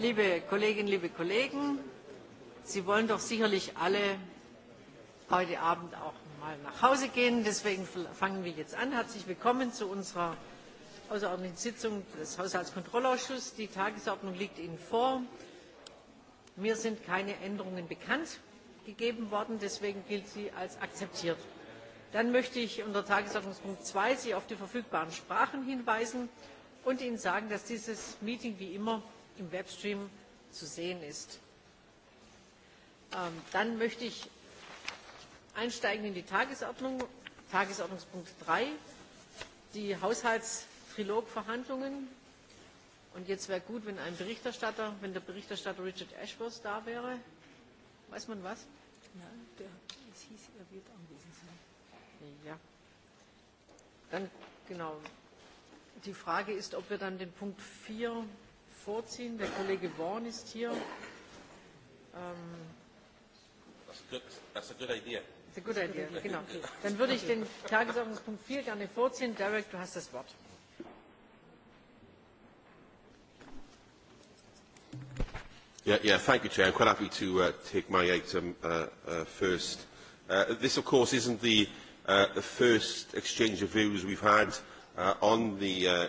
Liebe Kolleginnen, liebe Kollegen, Sie wollen doch sicherlich alle heute Abend auch mal nach Hause gehen. Deswegen fangen wir jetzt an. Herzlich willkommen zu unserer außerordentlichen Sitzung des Haushaltskontrollausschusses. Die Tagesordnung liegt Ihnen vor. Mir sind keine Änderungen bekannt gegeben worden. Deswegen gilt sie als akzeptiert. Dann möchte ich unter Tagesordnungspunkt 2 Sie auf die verfügbaren Sprachen hinweisen und Ihnen sagen, dass dieses Meeting wie immer im Webstream zu sehen ist. Ähm, dann möchte ich einsteigen in die Tagesordnung, Tagesordnungspunkt 3, die Haushaltstrilogverhandlungen. Und jetzt wäre gut, wenn ein Berichterstatter, wenn der Berichterstatter Richard Ashworth da wäre. Weiß man was? Nein, der, es hieß, er wird anwesend sein. Ja. Dann, genau. Die Frage ist, ob wir dann den Punkt 4 vorziehen. Der Kollege Vaughan ist hier. Ähm, that's, good, that's a good idea. That's a good idea, genau. Dann würde ich den Tagesordnungspunkt 4 gerne vorziehen. Derek, du hast das Wort. Yeah, yeah, thank you, Chair. I'm quite happy to uh, take my item uh, uh, first. Uh, this, of course, isn't the, uh, the first exchange of views we've had uh, on the uh,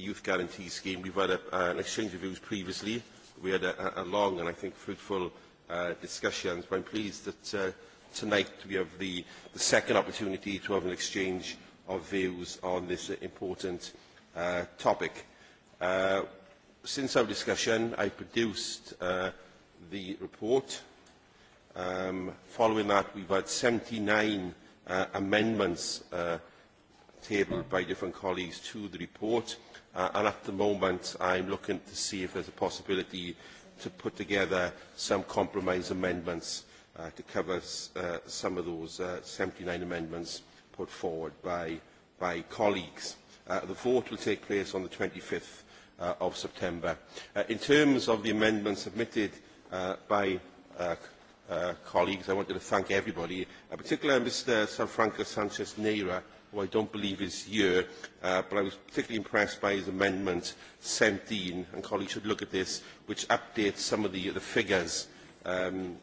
the Youth Guarantee Scheme. We've had a, uh, an exchange of views previously. We had a, a long and, I think, fruitful uh, discussions. But I'm pleased that uh, tonight we have the, the second opportunity to have an exchange of views on this important uh, topic. Uh, since our discussion, I produced uh, the report. Um, following that, we've had 79 uh, amendments uh, tabled by different colleagues to the report. Uh, and at the moment, I'm looking to see if there's a possibility to put together some compromise amendments uh, to cover uh, some of those uh, 79 amendments put forward by, by colleagues. Uh, the vote will take place on the 25th uh, of September. Uh, in terms of the amendments submitted uh, by uh, uh, colleagues, I wanted to thank everybody, in uh, particular Mr. Sanfranca Sanchez-Neira, who I don't believe is here, uh, but I was particularly impressed by his amendment 17, and colleagues should look at this, which updates some of the, the figures um,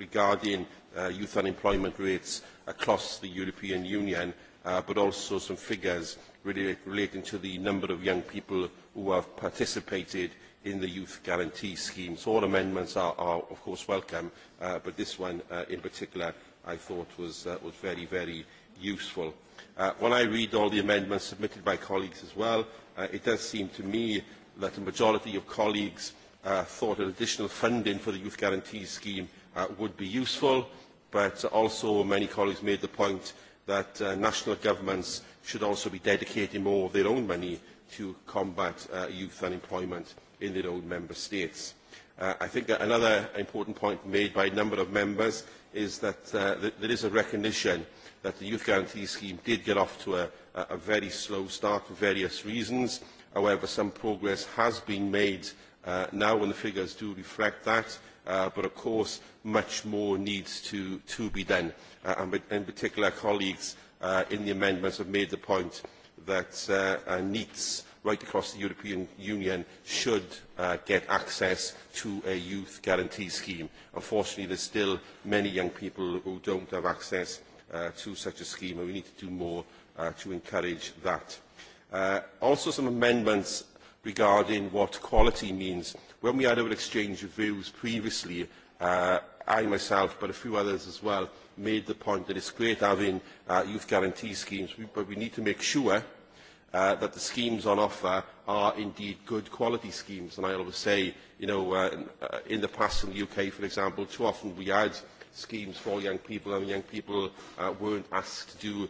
regarding uh, youth unemployment rates across the European Union, uh, but also some figures really relating to the number of young people who have participated in the Youth Guarantee Scheme. So all amendments are, are of course, welcome, uh, but this one uh, in particular I thought was, uh, was very, very useful. Uh, when I read all the amendments submitted by colleagues as well, uh, it does seem to me that a majority of colleagues uh, thought that additional funding for the Youth Guarantee Scheme uh, would be useful, but also many colleagues made the point that uh, national governments should also be dedicating more of their own money to combat uh, youth unemployment in their own member states. Uh, I think another important point made by a number of members is that uh, th there is a recognition uh, that the youth guarantee scheme did get off to a, a very slow start for various reasons. However, some progress has been made uh, now and the figures do reflect that. Uh, but of course, much more needs to, to be done. Uh, and in particular, colleagues uh, in the amendments have made the point that uh, uh, NEETs right across the European Union should uh, get access to a youth guarantee scheme. Unfortunately, there's still many young people who don't have access uh, to such a scheme, and we need to do more uh, to encourage that. Uh, also some amendments regarding what quality means. When we had our exchange of views previously, uh, I myself, but a few others as well, made the point that it's great having uh, youth guarantee schemes, but we need to make sure uh, that the schemes on offer are indeed good quality schemes. And I always say, you know, uh, in uh, the past in the UK, for example, too often we had schemes for young people and young people uh, weren't asked to do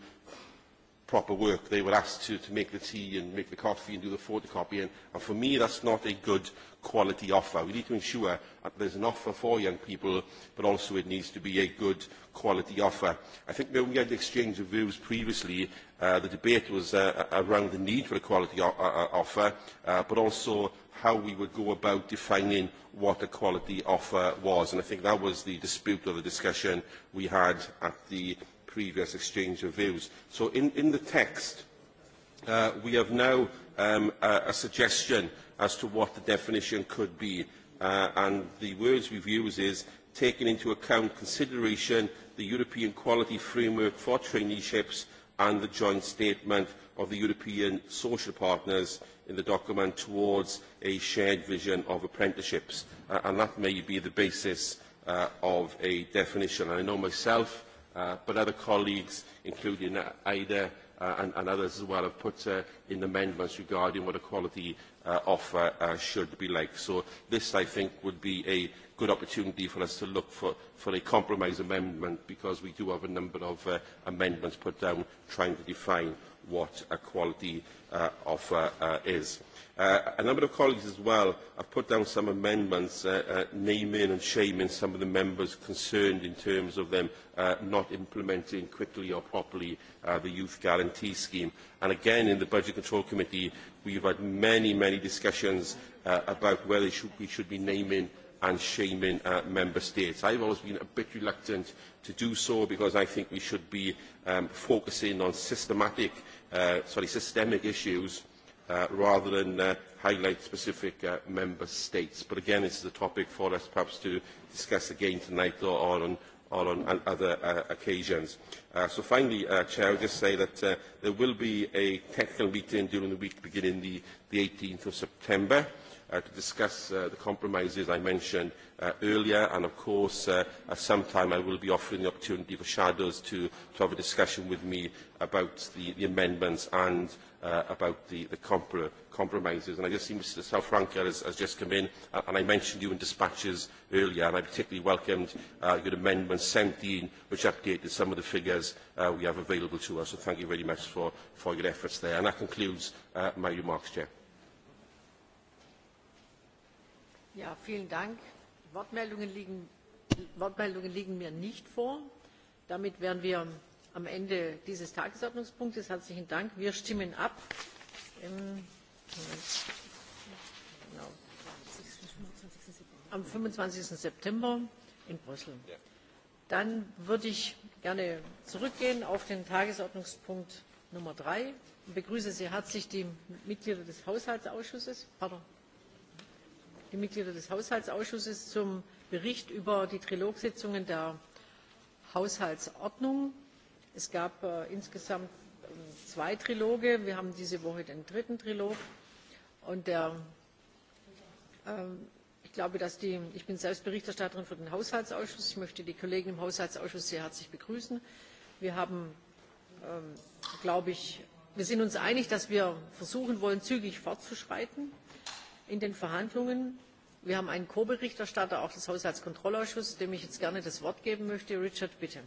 proper work. They were asked to, to make the tea and make the coffee and do the photocopy. And for me, that's not a good quality offer. We need to ensure that there's an offer for young people, but also it needs to be a good quality offer. I think when we had the exchange of views previously, uh, the debate was uh, around the need for a quality o- uh, uh offer, uh, but also how we would go about defining what a quality offer was. And I think that was the dispute or the discussion we had at the previous exchange of views. So in, in the text, uh, we have now um, a, a suggestion as to what the definition could be. Uh, and the words we've used is taking into account consideration the European Quality Framework for Traineeships and the joint statement of the European Social Partners in the document towards a shared vision of apprenticeships, uh, and that may be the basis uh, of a definition. And I know myself, uh, but other colleagues, including Ida uh, and, and others as well, have put uh, in amendments regarding what a quality uh, offer uh, should be like. So this, I think, would be a good opportunity for us to look for, for a compromise amendment because we do have a number of uh, amendments put down trying to define what a quality uh, offer uh, is. Uh, a number of colleagues as well have put down some amendments uh, uh, naming and shaming some of the members concerned in terms of them uh, not implementing quickly or properly uh, the youth guarantee scheme. And again, in the Budget Control Committee, we've had many, many discussions uh, about whether should, we should be naming and shaming uh, member states. I've always been a bit reluctant to do so because I think we should be um, focusing on systematic uh, sorry, systemic issues uh, rather than uh, highlight specific uh, member states. But again, this is a topic for us perhaps to discuss again tonight or, or on or on other uh, occasions. Uh, so finally, uh, Chair, I would just say that uh, there will be a technical meeting during the week beginning the, the 18th of September uh, to discuss uh, the compromises I mentioned uh, earlier and of course uh, at some time I will be offering the opportunity for shadows to, to have a discussion with me about the, the amendments and uh, about the, the comp compromises. And I just see Mr Salfranca has, has just come in, uh, and I mentioned you in dispatches earlier, and I particularly welcomed uh, your Amendment 17, which updated some of the figures uh, we have available to us. So thank you very much for, for your efforts there. And that concludes uh, my remarks, Chair. Wortmeldungen liegen, mir nicht vor. Damit wären wir am Ende dieses Tagesordnungspunktes. Herzlichen Dank. Wir stimmen ab. am fünfundzwanzig September in Brüssel. Dann würde ich gerne zurückgehen auf den Tagesordnungspunkt Nummer drei und begrüße sehr herzlich die Mitglieder des Haushaltsausschusses die Mitglieder des Haushaltsausschusses zum Bericht über die Trilogsitzungen der Haushaltsordnung. Es gab äh, insgesamt äh, zwei Triloge. Wir haben diese Woche den dritten Trilog. Und ähm, ich, glaube, dass die, ich bin selbst Berichterstatterin für den Haushaltsausschuss. Ich möchte die Kollegen im Haushaltsausschuss sehr herzlich begrüßen. Wir haben, ähm, wir sind uns einig, dass wir versuchen wollen, zügig fortzuschreiten in den Verhandlungen. Wir haben einen Co-Berichterstatter, auch des Haushaltskontrollausschusses, dem ich jetzt gerne das Wort geben möchte. Richard, bitte.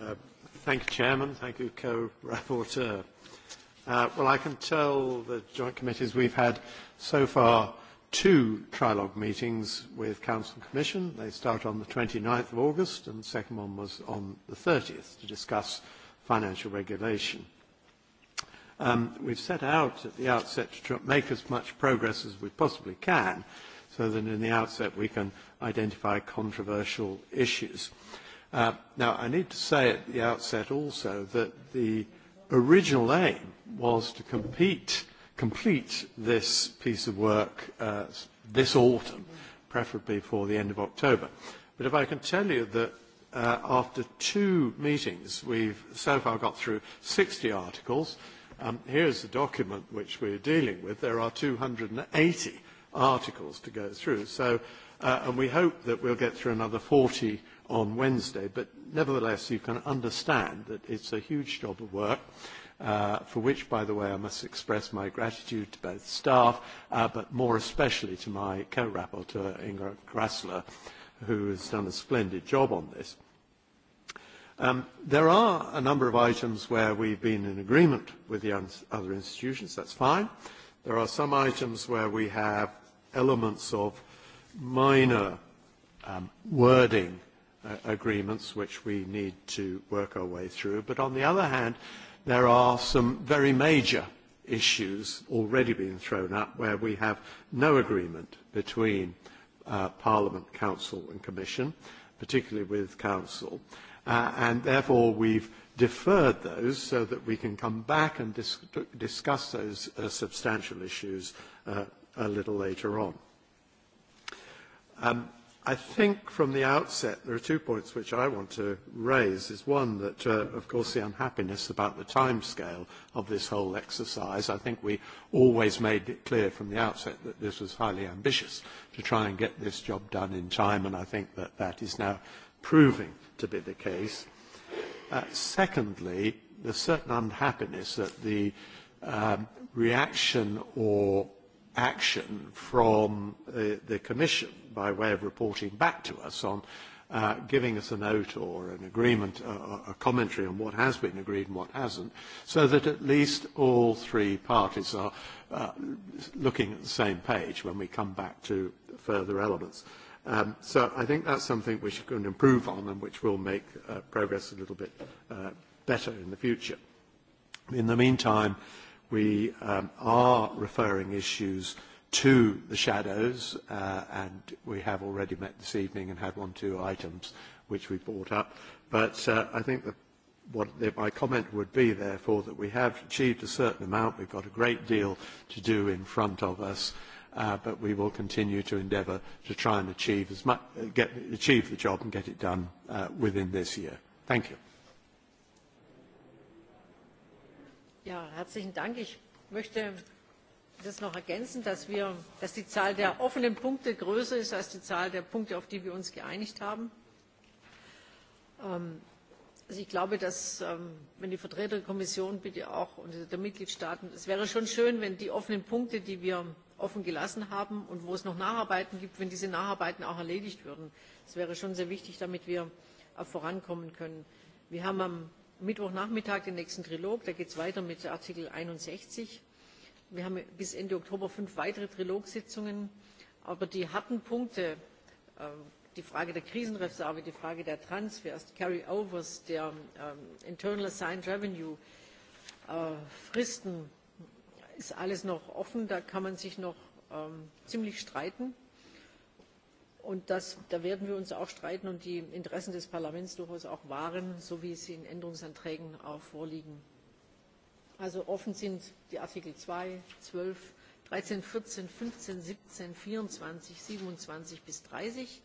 Uh, thank you, Chairman. Thank you, co-rapporteur. Uh, well, I can tell the joint committees we've had so far two trilogue meetings with Council and Commission. They start on the 29th of August, and the second one was on the 30th to discuss financial regulation. Um, we've set out at the outset to make as much progress as we possibly can so that in the outset we can identify controversial issues. Uh, now, I need to say at the outset also that the original aim was to compete, complete this piece of work uh, this autumn, preferably before the end of October. But if I can tell you that uh, after two meetings, we've so far got through 60 articles, Um, here is the document which we're dealing with. There are 280 articles to go through. So, uh, and we hope that we'll get through another 40 on Wednesday. But nevertheless, you can understand that it's a huge job of work. Uh, for which, by the way, I must express my gratitude to both staff, uh, but more especially to my co-rapporteur, Inga Grassler, who has done a splendid job on this. Um, there are a number of items where we've been in agreement with the other institutions. That's fine. There are some items where we have elements of minor um, wording uh, agreements which we need to work our way through. But on the other hand, there are some very major issues already being thrown up where we have no agreement between uh, Parliament, Council and Commission, particularly with Council uh, and therefore we've deferred those so that we can come back and dis discuss those uh, substantial issues uh, a little later on. Um, I think from the outset there are two points which I want to raise. Is one that, uh, of course, the unhappiness about the timescale of this whole exercise. I think we always made it clear from the outset that this was highly ambitious to try and get this job done in time, and I think that that is now proving to be the case. Uh, secondly, there's certain unhappiness at the um, reaction or action from uh, the Commission by way of reporting back to us on uh, giving us a note or an agreement, uh, a commentary on what has been agreed and what hasn't, so that at least all three parties are uh, looking at the same page when we come back to further elements. Um, so I think that's something we should can improve on and which will make uh, progress a little bit uh, better in the future. In the meantime, we um, are referring issues to the shadows, uh, and we have already met this evening and had one or two items which we brought up. But uh, I think the, what the, my comment would be, therefore, that we have achieved a certain amount. We've got a great deal to do in front of us Uh, but we will continue to endeavour to try and achieve, as much, uh, get, achieve the job and get it done uh, within this year. Thank you. Ja, herzlichen Dank. Ich möchte das noch ergänzen, dass, wir, dass die Zahl der offenen Punkte größer ist als die Zahl der Punkte, auf die wir uns geeinigt haben. Ähm, also ich glaube, dass ähm, wenn die Vertreter der Kommission bitte auch und der Mitgliedstaaten, es wäre schon schön, wenn die offenen Punkte, die wir offen gelassen haben und wo es noch Nacharbeiten gibt, wenn diese Nacharbeiten auch erledigt würden. Das wäre schon sehr wichtig, damit wir vorankommen können. Wir haben am Mittwochnachmittag den nächsten Trilog, da geht es weiter mit Artikel 61. Wir haben bis Ende Oktober fünf weitere Trilogsitzungen, aber die harten Punkte, ähm, die Frage der Krisenreserve, die Frage der Transfers, Carryovers, der ähm, Internal Assigned Revenue, äh, Fristen, ist alles noch offen, da kann man sich noch ähm, ziemlich streiten. Und das, da werden wir uns auch streiten und die Interessen des Parlaments durchaus auch wahren, so wie sie in Änderungsanträgen auch vorliegen. Also offen sind die Artikel 2, 12, 13, 14, 15, 17, 24, 27 bis 30,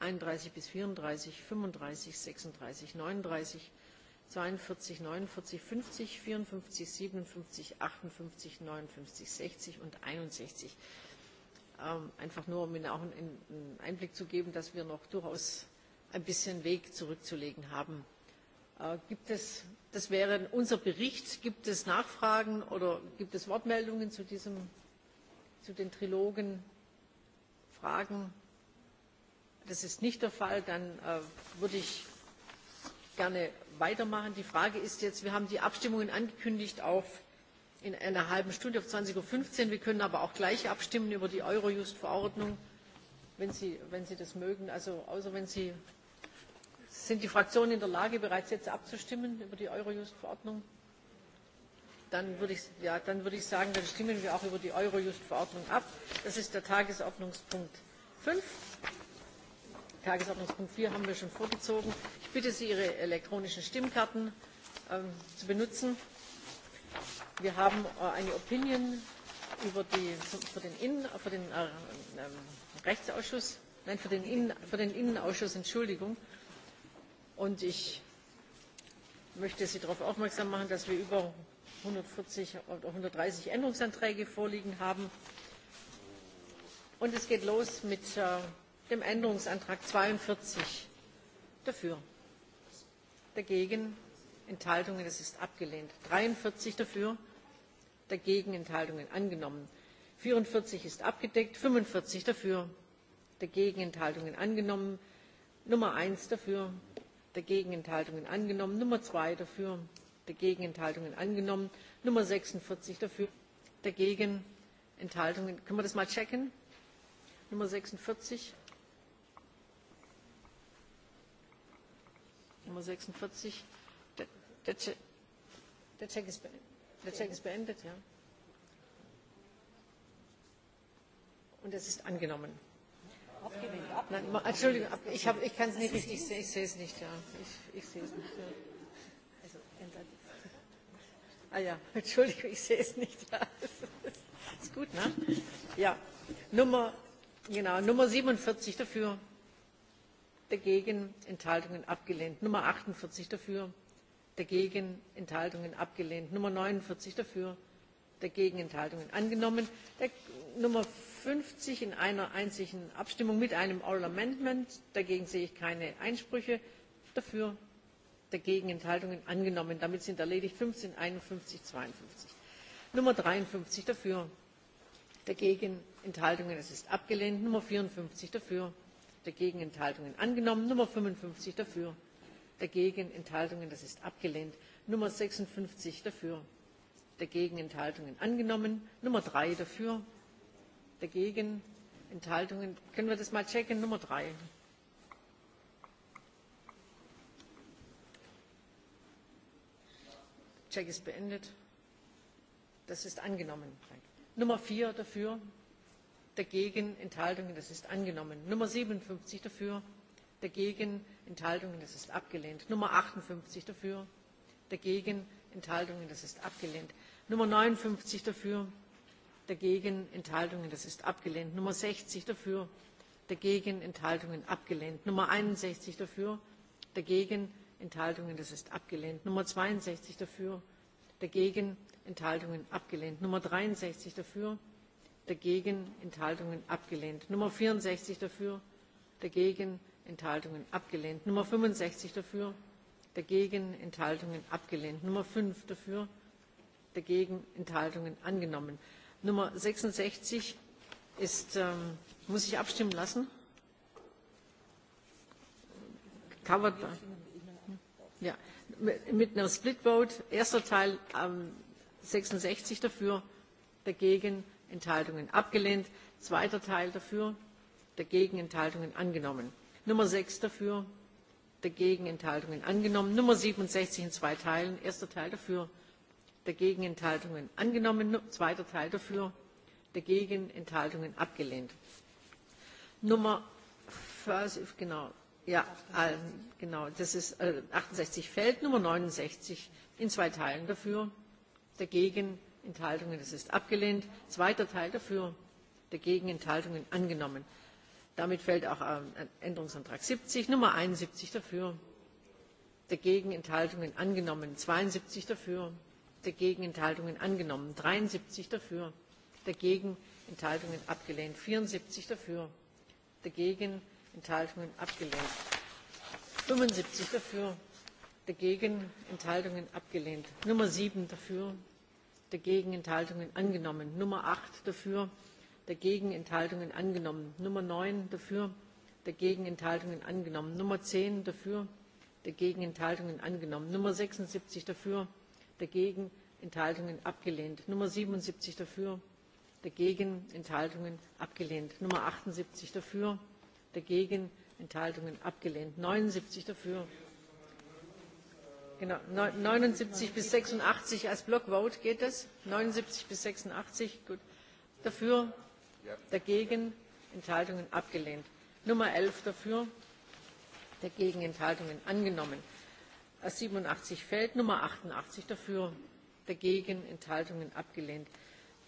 31 bis 34, 35, 36, 39, zweiundvierzig neunundvierzig fünfzig vierundfünfzig siebenundfünfzig achtundfünfzig neunundfünfzig sechzig und einundsechzig ähm, einfach nur um ihnen auch einen, einblick zu geben dass wir noch durchaus ein bisschen weg zurückzulegen haben. Äh, gibt es das wäre unser bericht gibt es nachfragen oder gibt es wortmeldungen zu diesem zu den trilogen fragen? das ist nicht der fall dann äh, würde ich gerne weitermachen. Die Frage ist jetzt, wir haben die Abstimmungen angekündigt auf in einer halben Stunde auf 20.15 Uhr. Wir können aber auch gleich abstimmen über die Eurojust-Verordnung, wenn Sie, wenn Sie das mögen. Also außer wenn Sie, sind die Fraktionen in der Lage, bereits jetzt abzustimmen über die Eurojust-Verordnung? Dann würde, ich, ja, dann würde ich sagen, dann stimmen wir auch über die Eurojust-Verordnung ab. Das ist der Tagesordnungspunkt 5. Tagesordnungspunkt vier haben wir schon vorgezogen. Ich bitte Sie, Ihre elektronischen Stimmkarten ähm, zu benutzen. Wir haben äh, eine Opinion für den, äh, ähm, Rechtsausschuss, nein, für den, für den Innenausschuss, Entschuldigung. Und ich möchte Sie darauf aufmerksam machen, dass wir über einhundertvierzig oder einhundertdreißig Änderungsanträge vorliegen haben. Und es geht los mit äh, dem Änderungsantrag zweiundvierzig dafür, dagegen, Enthaltungen, das ist abgelehnt. dreiundvierzig dafür, dagegen, Enthaltungen angenommen. Vierundvierzig ist abgedeckt, fünfundvierzig dafür, dagegen, Enthaltungen angenommen. Nummer eins dafür, dagegen, Enthaltungen angenommen. Nummer zwei dafür, dagegen, Enthaltungen angenommen. Nummer sechsundvierzig dafür, dagegen, Enthaltungen. Können wir das mal checken? Nummer sechsundvierzig. Nummer 46. Der, Check, ist beendet. ja. Und es ist angenommen. Nein, Entschuldigung, ich, hab, ich nicht richtig Ich sehe es nicht, ja. Ich, ich sehe es nicht, ja. Also, ah ja, Entschuldigung, ich sehe es nicht, ja. Ist gut, ne? Ja. Nummer, genau, Nummer 47 dafür dagegen enthaltungen abgelehnt; nummer achtundvierzig dafür dagegen enthaltungen abgelehnt; nummer neunundvierzig dafür dagegen enthaltungen angenommen; nummer fünfzig in einer einzigen abstimmung mit einem oral amendment dagegen sehe ich keine einsprüche dafür dagegen enthaltungen angenommen. damit sind erledigt fünfzehn einundfünfzig zweiundfünfzig nummer dreiundfünfzig dafür dagegen enthaltungen es ist abgelehnt; nummer vierundfünfzig dafür dagegen enthaltungen angenommen nummer fünfundfünfzig dafür dagegen enthaltungen das ist abgelehnt nummer sechsundfünfzig dafür dagegen enthaltungen angenommen nummer drei dafür dagegen enthaltungen können wir das mal checken nummer drei check ist beendet das ist angenommen nummer vier dafür dagegen enthaltungen das ist angenommen; nummer siebenundfünfzig dafür dagegen enthaltungen das ist abgelehnt; nummer achtundfünfzig dafür dagegen enthaltungen das ist abgelehnt; nummer neunundfünfzig dafür dagegen enthaltungen das ist abgelehnt; nummer sechzig dafür dagegen enthaltungen abgelehnt; nummer einundsechzig dafür dagegen enthaltungen das ist abgelehnt; nummer zweiundsechzig dafür dagegen enthaltungen abgelehnt; nummer dreiundsechzig dafür dagegen enthaltungen abgelehnt; nummer vierundsechzig dafür dagegen enthaltungen abgelehnt; nummer fünfundsechzig dafür dagegen enthaltungen abgelehnt; nummer fünf dafür dagegen enthaltungen angenommen; nummer sechsundsechzig ähm, muss ich abstimmen lassen? Covered by, mit einer split vote erster teil ähm, sechsundsechzig dafür dagegen enthaltungen abgelehnt zweiter teil dafür dagegen enthaltungen angenommen nummer sechs dafür dagegen enthaltungen angenommen nummer siebenundsechzig in zwei teilen erster teil dafür dagegen enthaltungen angenommen zweiter teil dafür dagegen enthaltungen abgelehnt nummer ähm, äh, achtundsechzig fällt nummer neunundsechzig in zwei teilen dafür dagegen Enthaltungen. Das ist abgelehnt. Zweiter Teil dafür, dagegen Enthaltungen angenommen. Damit fällt auch ähm, Änderungsantrag 70. Nummer 71 dafür, dagegen Enthaltungen angenommen. 72 dafür, dagegen Enthaltungen angenommen. 73 dafür, dagegen Enthaltungen abgelehnt. 74 dafür, dagegen Enthaltungen abgelehnt. Fünfundsiebzig dafür, dagegen Enthaltungen abgelehnt. Nummer sieben dafür, dagegen Enthaltungen angenommen. Nummer acht dafür, dagegen Enthaltungen angenommen. Nummer neun dafür, dagegen Enthaltungen angenommen. Nummer zehn dafür, dagegen Enthaltungen angenommen. Nummer 76 dafür, dagegen Enthaltungen abgelehnt. Nummer siebenundsiebzig dafür, dagegen Enthaltungen abgelehnt. Nummer achtundsiebzig dafür, dagegen Enthaltungen abgelehnt. neunundsiebzig dafür, Genau, 79 bis 86 als Block Vote geht das? 79 bis 86, gut. Dafür, dagegen, Enthaltungen abgelehnt. Nummer 11 dafür, dagegen, Enthaltungen angenommen. 87 äh, fällt, Nummer 88 dafür, dagegen, Enthaltungen abgelehnt.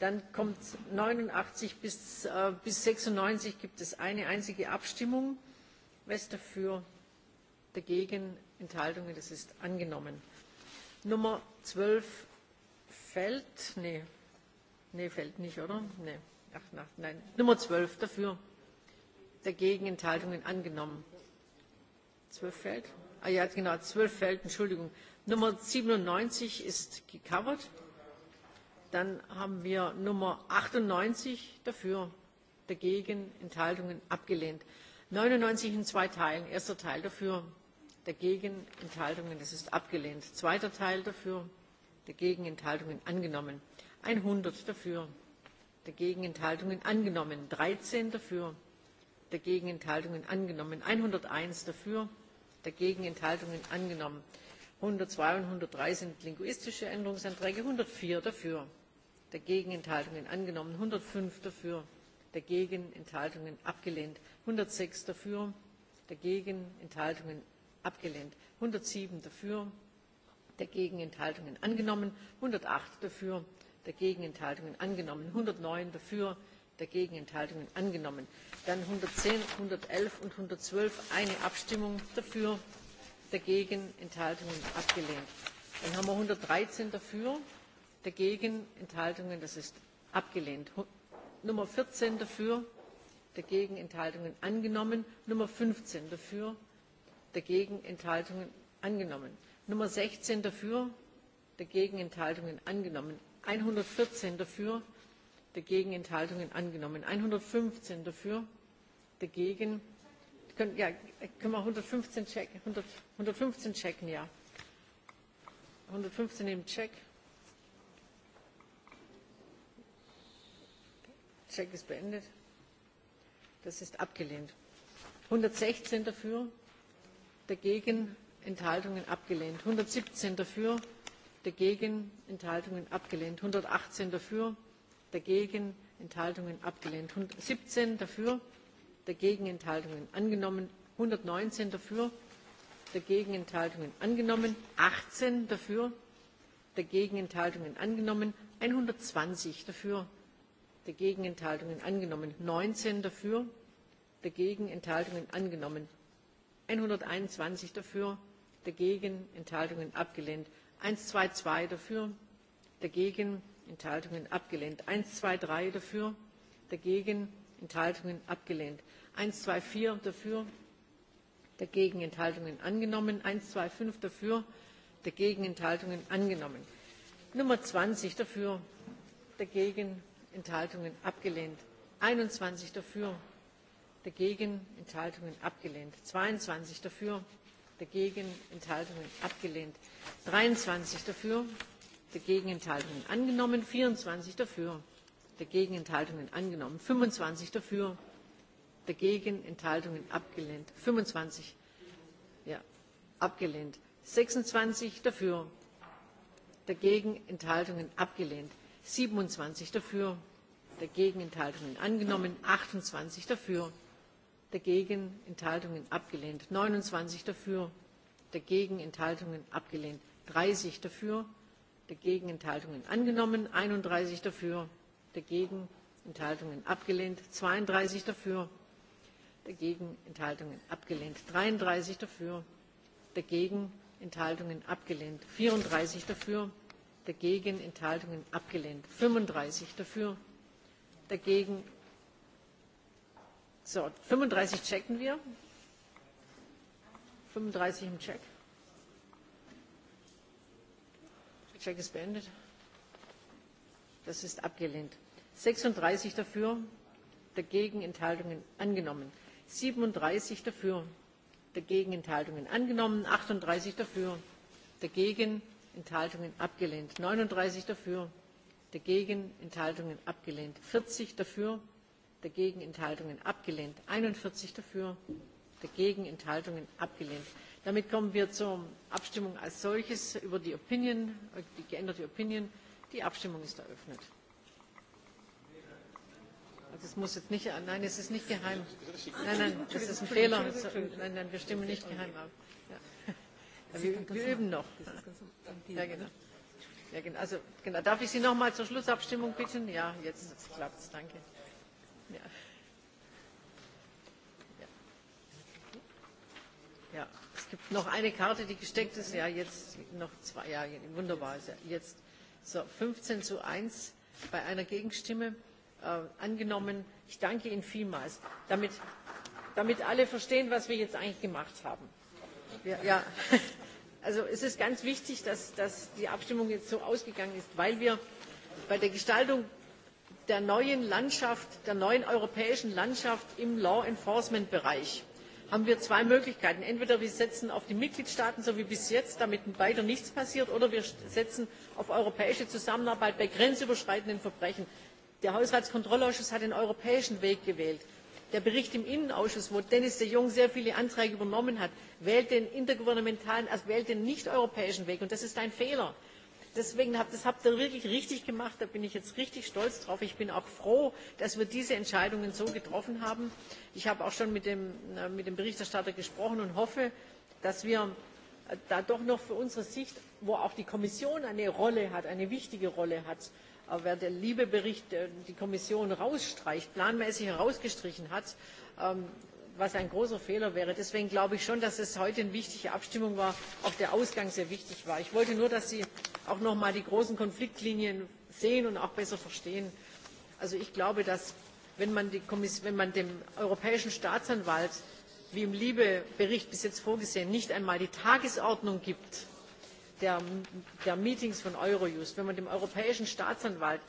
Dann kommt 89 bis, äh, bis 96 gibt es eine einzige Abstimmung. Wer ist dafür? Dagegen? Enthaltungen. Das ist angenommen. Nummer 12 fällt. Nee, nee fällt nicht, oder? Nee. Ach, na, nein. Nummer 12 dafür. Dagegen Enthaltungen angenommen. 12 fällt? Ah ja, genau, 12 fällt, Entschuldigung. Nummer 97 ist gecovert. Dann haben wir Nummer 98 dafür, dagegen, Enthaltungen abgelehnt. 99 in zwei Teilen. Erster Teil dafür, dagegen Enthaltungen, das ist abgelehnt. Zweiter Teil dafür, dagegen Enthaltungen angenommen. einhundert dafür, dagegen Enthaltungen angenommen. Dreizehn dafür, dagegen Enthaltungen angenommen. einhunderteins dafür, dagegen Enthaltungen angenommen. einhundertzwei und einhundertdrei sind linguistische Änderungsanträge. 104 dafür, dagegen Enthaltungen angenommen. 105 dafür, dagegen Enthaltungen abgelehnt. 106 dafür, dagegen Enthaltungen abgelehnt; einhundertsieben dafür dagegen enthaltungen angenommen; einhundertacht dafür dagegen enthaltungen angenommen; einhundertneun dafür dagegen enthaltungen angenommen; dann einhundertzehn einhundertelf und einhundertzwölf eine abstimmung dafür dagegen enthaltungen abgelehnt; dann haben wir einhundertdreizehn dafür dagegen enthaltungen das ist abgelehnt; nummer vierzehn dafür dagegen enthaltungen angenommen; nummer fünfzehn dafür dagegen enthaltungen angenommen; nummer sechzehn dafür dagegen enthaltungen angenommen; einhundertvierzehn dafür dagegen enthaltungen angenommen; einhundertfünfzehn dafür dagegen können, ja, können wir 115 checken, 100, 115 checken, ja. 115 im Check. Check ist beendet. Das ist abgelehnt. 116 dafür, dagegen enthaltungen abgelehnt einhundertsiebzehn dafür dagegen enthaltungen abgelehnt einhundertachtzehn dafür dagegen enthaltungen abgelehnt siebzehn dafür dagegen enthaltungen angenommen einhundertneunzehn dafür dagegen enthaltungen angenommen achtzehn dafür dagegen enthaltungen angenommen einhundertzwanzig dafür dagegen enthaltungen angenommen neunzehn dafür dagegen enthaltungen angenommen einhunderteinundzwanzig dafür dagegen enthaltungen abgelehnt einhundertzweiundzwanzig dafür dagegen enthaltungen abgelehnt einhundertdreiundzwanzig dafür dagegen enthaltungen abgelehnt einhundertvierundzwanzig dafür dagegen enthaltungen angenommen einhundertfünfundzwanzig dafür dagegen enthaltungen angenommen nummer zwanzig dafür dagegen enthaltungen abgelehnt einundzwanzig dafür dagegen Enthaltungen abgelehnt. 22 dafür, dagegen Enthaltungen abgelehnt. 23 dafür, dagegen Enthaltungen angenommen. 24 dafür, dagegen Enthaltungen angenommen. 25 dafür, dagegen Enthaltungen abgelehnt. 25 ja, abgelehnt. 26 dafür, dagegen Enthaltungen abgelehnt. 27 dafür, dagegen Enthaltungen angenommen. 28 dafür, dagegen Enthaltungen abgelehnt. 29 dafür, dagegen Enthaltungen abgelehnt. 30 dafür, dagegen Enthaltungen angenommen. 31 dafür, dagegen Enthaltungen abgelehnt. 32 dafür, dagegen Enthaltungen abgelehnt. 33 dafür, dagegen Enthaltungen abgelehnt. 34 dafür, dagegen Enthaltungen abgelehnt. 35 dafür, dagegen Fünfunddreißig checken wir. Fünfunddreißig im Check. Der Check ist beendet. Das ist abgelehnt. 36 dafür, dagegen Enthaltungen angenommen. 37 dafür, dagegen Enthaltungen angenommen. 38 dafür, dagegen Enthaltungen abgelehnt. 39 dafür, dagegen Enthaltungen abgelehnt. 40 dafür, dagegen enthaltungen abgelehnt; einundvierzig dafür dagegen enthaltungen abgelehnt. damit kommen wir zur abstimmung als solches über die, opinion, äh, die geänderte opinion. die abstimmung ist eröffnet. es muss jetzt nicht, äh, nein, es ist nicht geheim. Nein, nein, das ist ein Fehler. Nein, nein, wir stimmen nicht geheim ab. Ja. Wir, wir üben noch. Ja, genau. Ja, genau. Also, genau. Darf ich Sie nochmal zur Schlussabstimmung bitten? Ja, jetzt klappt es. Danke. Ja, es gibt noch eine Karte, die gesteckt ist. Ja, jetzt noch zwei. Ja, wunderbar. Jetzt so 15 zu 1 bei einer Gegenstimme äh, angenommen. Ich danke Ihnen vielmals, damit, damit alle verstehen, was wir jetzt eigentlich gemacht haben. Wir, ja, also es ist ganz wichtig, dass, dass die Abstimmung jetzt so ausgegangen ist, weil wir bei der Gestaltung der neuen Landschaft, der neuen europäischen Landschaft im Law Enforcement Bereich haben wir zwei möglichkeiten entweder wir setzen auf die mitgliedstaaten so wie bis jetzt damit weiter nichts passiert oder wir setzen auf europäische zusammenarbeit bei grenzüberschreitenden verbrechen. der haushaltskontrollausschuss hat den europäischen weg gewählt. der bericht im innenausschuss wo dennis de jong sehr viele anträge übernommen hat wählt den nicht europäischen weg und das ist ein fehler. Deswegen habt, das habt ihr wirklich richtig gemacht. Da bin ich jetzt richtig stolz drauf. Ich bin auch froh, dass wir diese Entscheidungen so getroffen haben. Ich habe auch schon mit dem, äh, mit dem Berichterstatter gesprochen und hoffe, dass wir äh, da doch noch für unsere Sicht, wo auch die Kommission eine Rolle hat, eine wichtige Rolle hat, äh, wer der LIBE Bericht die Kommission rausstreicht, planmäßig herausgestrichen hat, ähm, was ein großer Fehler wäre. Deswegen glaube ich schon, dass es heute eine wichtige Abstimmung war, auch der Ausgang sehr wichtig war. Ich wollte nur, dass Sie auch noch mal die großen konfliktlinien sehen und auch besser verstehen. also ich glaube dass wenn man, wenn man dem europäischen staatsanwalt wie im libe bericht bis jetzt vorgesehen nicht einmal die tagesordnung gibt der, der meetings von eurojust wenn man dem europäischen staatsanwalt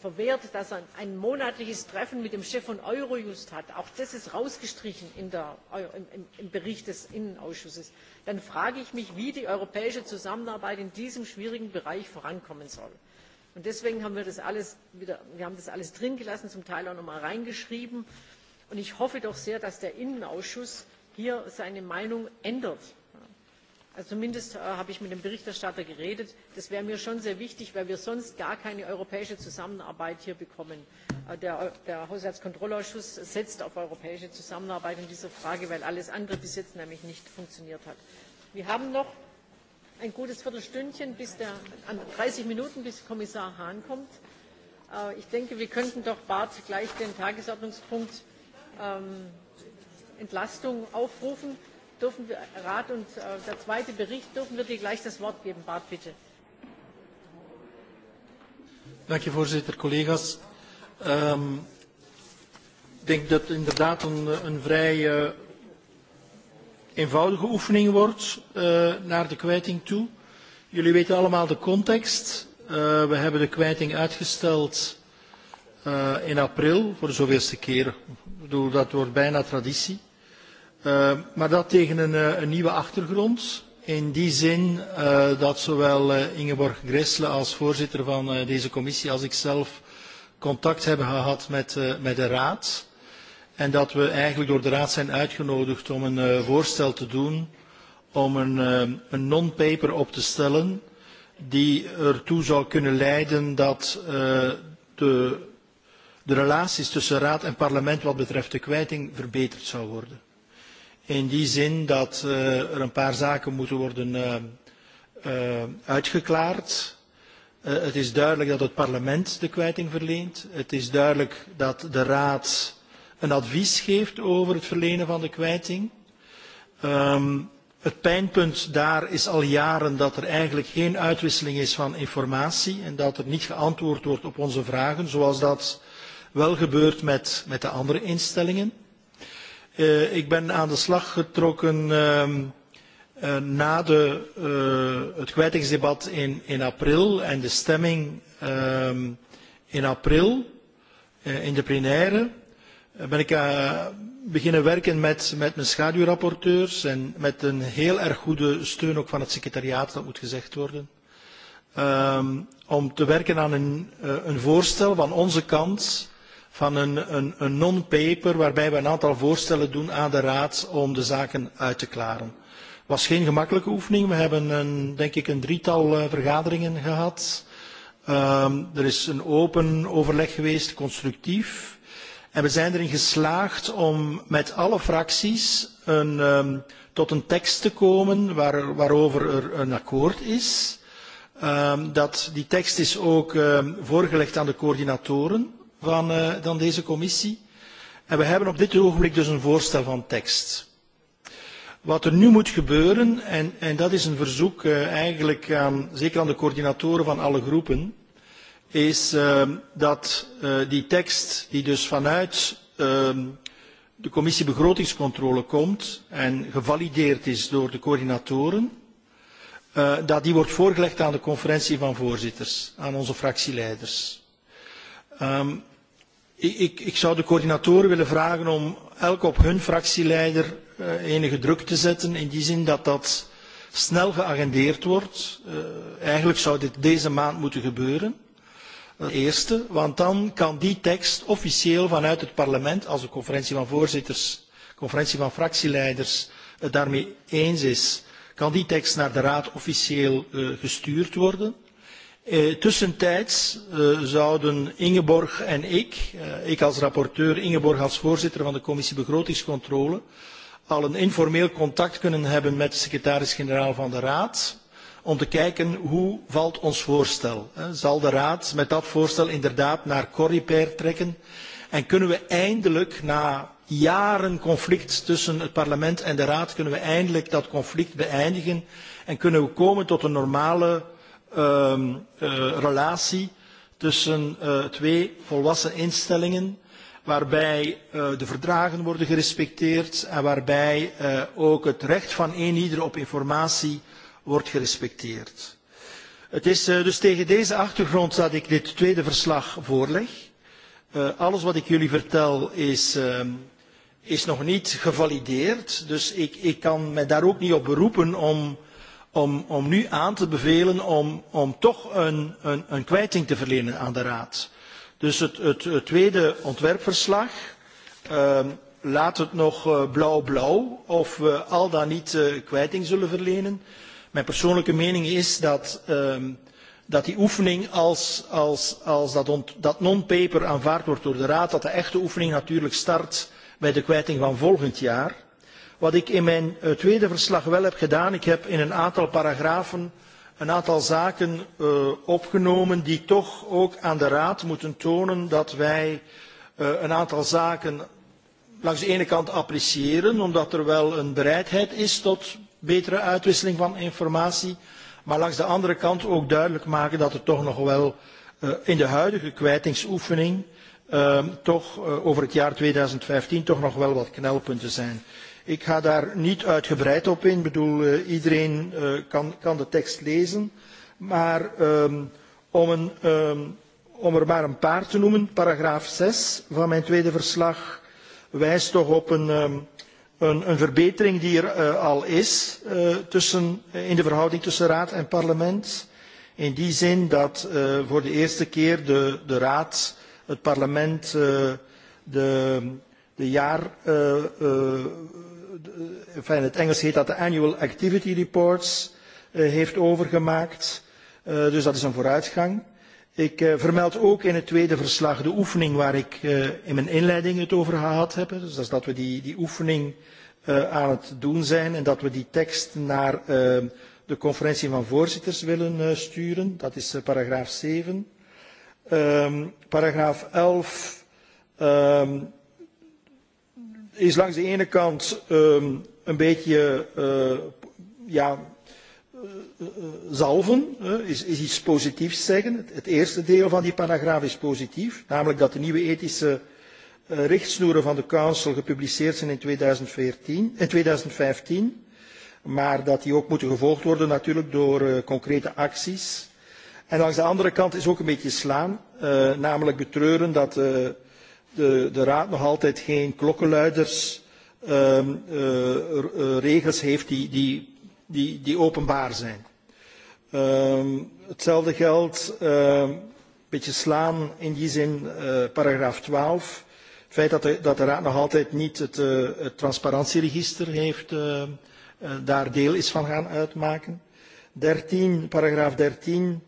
verwehrt dass er ein monatliches treffen mit dem chef von eurojust hat auch das ist rausgestrichen im, bericht des innenausschusses dann frage ich mich wie die europäische zusammenarbeit in diesem schwierigen bereich vorankommen soll. deswegen haben wir das alles drin gelassen zum teil auch noch mal reingeschrieben und ich hoffe doch sehr dass der innenausschuss hier seine meinung ändert. Also zumindest äh, habe ich mit dem Berichterstatter geredet. Das wäre mir schon sehr wichtig, weil wir sonst gar keine europäische Zusammenarbeit hier bekommen. Äh, der, Haushaltskontrollausschuss setzt auf europäische Zusammenarbeit in dieser Frage, weil alles andere bis jetzt nämlich nicht funktioniert hat. Wir haben noch ein gutes Viertelstündchen, bis Minuten, bis Kommissar Hahn kommt. Äh, ich denke, wir könnten doch Bart gleich den Tagesordnungspunkt ähm, Entlastung aufrufen dürfen wir Rat und äh, der zweite Bericht dürfen wir dir gleich das Wort geben. Bart, bitte. voorzitter, collega's. Ehm, ik denk dat het inderdaad een, een vrij eh, eenvoudige oefening wordt eh, naar de kwijting toe. Jullie weten allemaal de context. Eh, we hebben de kwijting uitgesteld in april voor de zoveelste keer. Ik bedoel, dat wordt bijna traditie. Uh, maar dat tegen een, uh, een nieuwe achtergrond. In die zin uh, dat zowel uh, Ingeborg Gressle als voorzitter van uh, deze commissie als ik zelf contact hebben gehad met, uh, met de Raad. En dat we eigenlijk door de Raad zijn uitgenodigd om een uh, voorstel te doen om een, uh, een non-paper op te stellen die ertoe zou kunnen leiden dat uh, de, de relaties tussen Raad en parlement wat betreft de kwijting verbeterd zou worden. In die zin dat eh, er een paar zaken moeten worden eh, eh, uitgeklaard. het is duidelijk dat het parlement de kwijting verleent. Het is duidelijk dat de raad een advies geeft over het verlenen van de kwijting. Um, het pijnpunt daar is al jaren dat er eigenlijk geen uitwisseling is van informatie en dat er niet geantwoord wordt op onze vragen, zoals dat wel gebeurt met, met de andere instellingen. Eh, ik ben aan de slag getrokken ehm, eh, na de, eh, het kwijtingsdebat in, in, april en de stemming ehm, in april in de plenaire ben ik beginnen werken met, met mijn schaduwrapporteurs en met een heel erg goede steun ook van het secretariaat, dat moet gezegd worden. Um, om te werken aan een, uh, een voorstel van onze kant van een, een, een non-paper waarbij we een aantal voorstellen doen aan de Raad om de zaken uit te klaren. Het was geen gemakkelijke oefening. We hebben een, denk ik een drietal eh, vergaderingen gehad. Um, er is een open overleg geweest, constructief. En we zijn erin geslaagd om met alle fracties een, um, tot een tekst te komen waar, waarover er een akkoord is. Um, dat, die tekst is ook voorgelegd aan de coördinatoren van, uh, eh, dan deze commissie. En we hebben op dit ogenblik dus een voorstel van tekst. Wat er nu moet gebeuren, en, en dat is een verzoek uh, eigenlijk aan, zeker aan de coördinatoren van alle groepen, is uh, dat uh, die tekst die dus vanuit ehm, de commissie begrotingscontrole komt en gevalideerd is door de coördinatoren, dat die wordt voorgelegd aan de conferentie van voorzitters, aan onze fractieleiders. Um, Ik, ik, ik zou de coördinatoren willen vragen om elk op hun fractieleider eh, enige druk te zetten, in die zin dat dat snel geagendeerd wordt. Uh, eigenlijk zou dit deze maand moeten gebeuren. Het eh, eerste, want dan kan die tekst officieel vanuit het parlement, als de conferentie van voorzitters, conferentie van fractieleiders het daarmee eens is, kan die tekst naar de raad officieel uh, gestuurd worden. Eh, tussentijds eh, zouden Ingeborg en ik, eh, ik als rapporteur, Ingeborg als voorzitter van de commissie begrotingscontrole, al een informeel contact kunnen hebben met de secretaris-generaal van de Raad om te kijken hoe valt ons voorstel. Zal de Raad met dat voorstel inderdaad naar Corriper trekken? En kunnen we eindelijk na jaren conflict tussen het parlement en de Raad, kunnen we eindelijk dat conflict beëindigen en kunnen we komen tot een normale um, uh, relatie tussen uh, twee volwassen instellingen waarbij uh, de verdragen worden gerespecteerd en waarbij uh, ook het recht van eenieder op informatie wordt gerespecteerd. Het is uh, dus tegen deze achtergrond dat ik dit tweede verslag voorleg. alles wat ik jullie vertel is, ehm, is nog niet gevalideerd, dus ik, ik kan mij daar ook niet op beroepen om om, om nu aan te bevelen om, om toch een, een, een kwijting te verlenen aan de Raad. Dus het, het, het tweede ontwerpverslag uh, laat het nog eh, blauw-blauw of we al dan niet uh, kwijting zullen verlenen. Mijn persoonlijke mening is dat, uh, dat die oefening, als, als, als dat, dat non-paper aanvaard wordt door de Raad, dat de echte oefening natuurlijk start bij de kwijting van volgend jaar. Wat ik in mijn eh, tweede verslag wel heb gedaan, ik heb in een aantal paragrafen een aantal zaken uh, opgenomen die toch ook aan de Raad moeten tonen dat wij uh, een aantal zaken langs de ene kant appreciëren, omdat er wel een bereidheid is tot betere uitwisseling van informatie, maar langs de andere kant ook duidelijk maken dat er toch nog wel uh, in de huidige kwijtingsoefening toch over het jaar 2015 toch nog wel wat knelpunten zijn. Ik ga daar niet uitgebreid op in. Ik bedoel, eh, iedereen eh, kan, kan de tekst lezen. Maar um, om, een, um, om er maar een paar te noemen, paragraaf zes van mijn tweede verslag wijst toch op een, um, een, een verbetering die er uh, al is uh, tussen, in de verhouding tussen raad en parlement. In die zin dat uh, voor de eerste keer de, de raad, het parlement, de, de jaar enfin in het Engels heet dat de Annual Activity Reports, eh, heeft overgemaakt. Eh, dus dat is een vooruitgang. Ik eh, vermeld ook in het tweede verslag de oefening waar ik in mijn inleiding het over gehad heb. Dus dat is dat we die, die oefening aan het doen zijn en dat we die tekst naar ehm, de conferentie van voorzitters willen sturen. Dat is paragraaf zeven. Ehm, paragraaf elf ehm, is langs de ene kant een beetje uh, ja, eh, zalven, eh, is, is iets positiefs zeggen. Het, het eerste deel van die paragraaf is positief, namelijk dat de nieuwe ethische richtsnoeren van de Council gepubliceerd zijn in 2014, in 2015, maar dat die ook moeten gevolgd worden natuurlijk door uh, concrete acties. En langs de andere kant is ook een beetje slaan, uh, namelijk betreuren dat uh, de, de Raad nog altijd geen klokkenluiders um, regels heeft die, die, die, die openbaar zijn. Um, hetzelfde geldt, ehm, een beetje slaan in die zin, eh, paragraaf 12. Het feit dat de, dat de Raad nog altijd niet het, het transparantieregister heeft, daar deel is van gaan uitmaken. 13, paragraaf 13,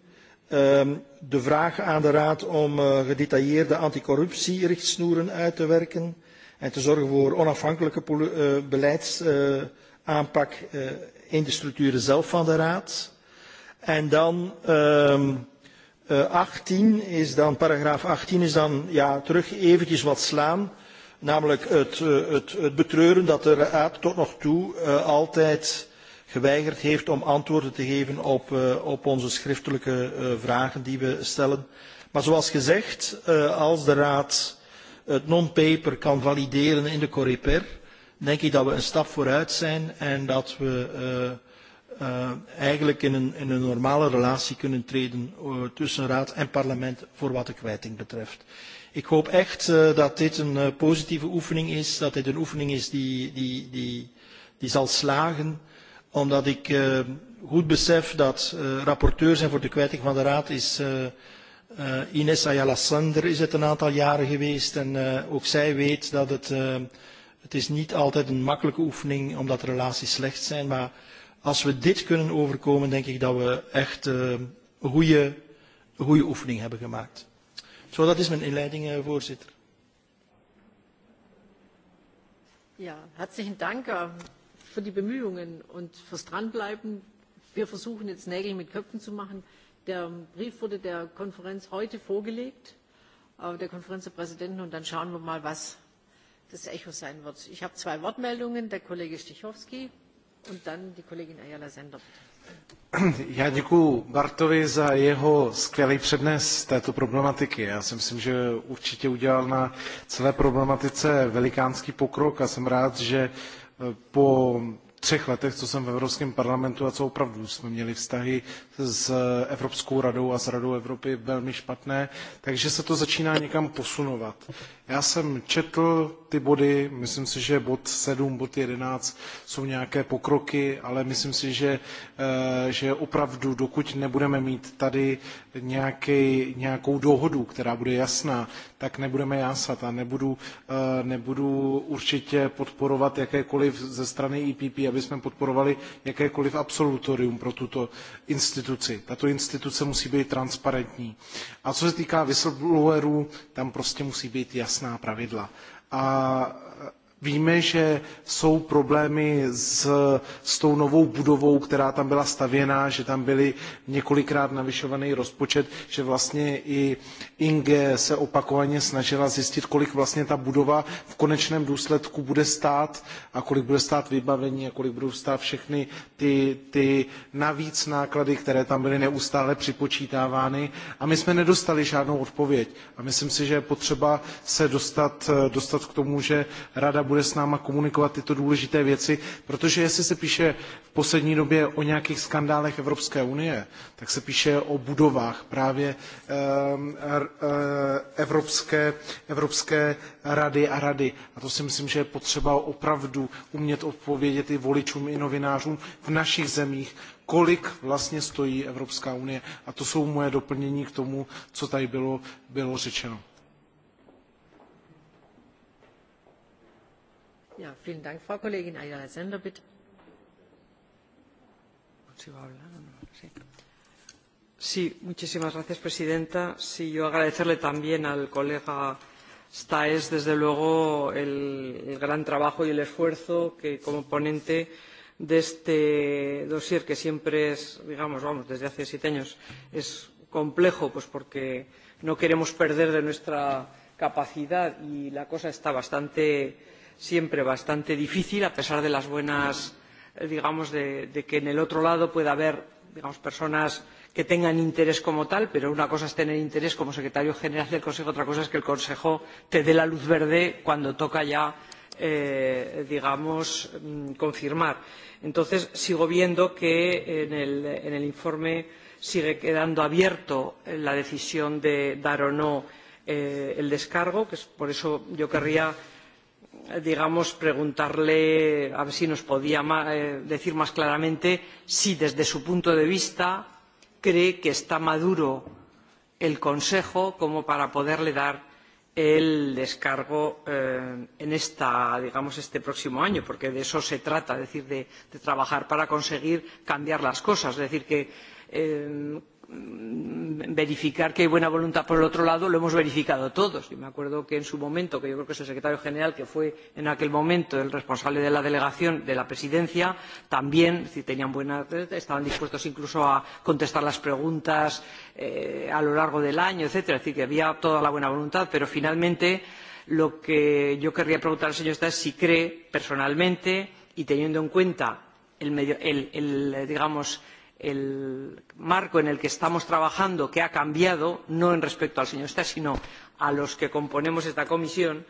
de vraag aan de Raad om gedetailleerde anticorruptierichtsnoeren uit te werken en te zorgen voor onafhankelijke eh, beleidsaanpak eh, in de structuren zelf van de Raad. En dan um, ehm, 18 eh, is dan, paragraaf 18 is dan ja, terug eventjes wat slaan. Namelijk het, het, het betreuren dat de Raad tot nog toe uh, altijd geweigerd heeft om antwoorden te geven op, uh, op onze schriftelijke uh, vragen die we stellen. Maar zoals gezegd, uh, als de Raad het non-paper kan valideren in de Coreper, denk ik dat we een stap vooruit zijn en dat we uh, uh, eigenlijk in een, in een normale relatie kunnen treden uh, tussen raad en parlement voor wat de kwijting betreft. Ik hoop echt uh, dat dit een uh, positieve oefening is, dat dit een oefening is die, die, die, die zal slagen, omdat ik uh, goed besef dat uh, rapporteur zijn voor de kwijting van de raad is... Uh, Uh, Ines Ayala Sander is het een aantal jaren geweest en uh, ook zij weet dat het, uh, het is niet altijd een makkelijke oefening is omdat relaties slecht zijn. Maar als we dit kunnen overkomen, denk ik dat we echt uh, een goede, goede oefening hebben gemaakt. Zo, dat is mijn inleiding, uh, voorzitter. Ja, herzlichen Dank für die Bemühungen und fürs Dranbleiben. Wir versuchen jetzt Nägel mit Köpfen zu machen. Der Brief wurde der Konferenz heute vorgelegt, äh, der Konferenz der Präsidenten, und dann schauen wir mal, was das Echo sein wird. Ich habe zwei Wortmeldungen, der Kollege Stichowski und dann die Kollegin Ayala Sender. Já děkuji Bartovi za jeho skvělý přednes této problematiky. Já si myslím, že určitě udělal na celé problematice velikánský pokrok a jsem rád, že eh, po třech letech, co jsem v Evropském parlamentu a co opravdu jsme měli vztahy s Evropskou radou a s Radou Evropy velmi špatné, takže se to začíná někam posunovat. Já jsem četl ty body, myslím si, že bod 7, bod 11 jsou nějaké pokroky, ale myslím si, že, eh, že opravdu, dokud nebudeme mít tady nějaký, nějakou dohodu, která bude jasná, tak nebudeme jásat a nebudu, eh, nebudu určitě podporovat jakékoliv ze strany EPP, aby jsme podporovali jakékoliv absolutorium pro tuto instituci. Tato instituce musí být transparentní. A co se týká whistleblowerů, tam prostě musí být jasná jasná pravidla. A Víme, že jsou problémy s, s tou novou budovou, která tam byla stavěná, že tam byly několikrát navyšovaný rozpočet, že vlastně i Inge se opakovaně snažila zjistit, kolik vlastně ta budova v konečném důsledku bude stát a kolik bude stát vybavení a kolik budou stát všechny ty, ty navíc náklady, které tam byly neustále připočítávány. A my jsme nedostali žádnou odpověď. A myslím si, že je potřeba se dostat, dostat k tomu, že Rada bude s námi komunikovat tyto důležité věci, protože jestli se píše v poslední době o nějakých skandálech Evropské unie, tak se píše o budovách právě ehm, e, Evropské, Evropské rady a rady. A to si myslím, že je potřeba opravdu umět odpovědět i voličům, i novinářům v našich zemích, kolik vlastně stojí Evropská unie. A to jsou moje doplnění k tomu, co tady bylo, bylo řečeno. Señora ¿no? presidenta. quiero yo agradecerle también al colega Staes, desde luego, el, gran trabajo y el esfuerzo que, como ponente, de este dossier que siempre es digamos vamos desde hace siete años es complejo pues porque no queremos perder de nuestra capacidad y la cosa está bastante siempre bastante difícil a pesar de las buenas eh, digamos de, de que en el otro lado pueda haber digamos, personas que tengan interés como tal pero una cosa es tener interés como secretario general del consejo otra cosa es que el consejo te dé la luz verde cuando toca ya eh, digamos mm, confirmar. entonces sigo viendo que en el, en el informe sigue quedando abierta la decisión de dar o no eh, el descargo que es por eso yo querría Eh, digamos preguntarle a ver si nos podía eh, decir más claramente si desde su punto de vista cree que está maduro el consejo como para poderle dar el descargo eh, en esta, digamos, este próximo año porque de eso se trata es decir de, de trabajar para conseguir cambiar las cosas es decir que eh, Mm, verificar que hay buena voluntad por el otro lado lo hemos verificado todos. yo me acuerdo que en su momento que yo creo que es el secretario general que fue en aquel momento el responsable de la delegación de la presidencia también si tenían buena estaban dispuestos incluso a contestar las preguntas eh, a lo largo del año etcétera es decir que había toda la buena voluntad pero finalmente lo que yo querría preguntar al señor staes es si cree personalmente y teniendo en cuenta el, medio, el, el digamos el marco en el que estamos trabajando que ha cambiado no respecto al señor staes sino a los que componemos esta comisión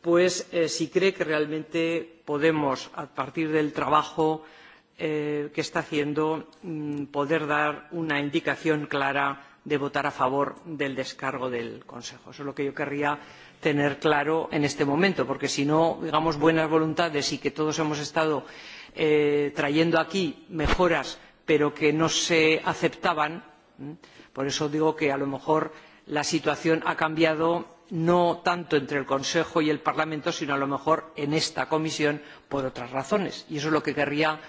pues eh, si cree que realmente podemos a partir del trabajo eh, que está haciendo mm, poder dar una indicación clara de votar a favor del descargo del consejo. eso es lo que yo querría tener claro en este momento porque si no digamos buenas voluntades y que todos hemos estado eh, trayendo aquí mejoras pero que no se aceptaban por eso digo que a lo mejor la situación ha cambiado no tanto entre el consejo y el parlamento sino a lo mejor en esta comisión por otras razones y eso es lo que querría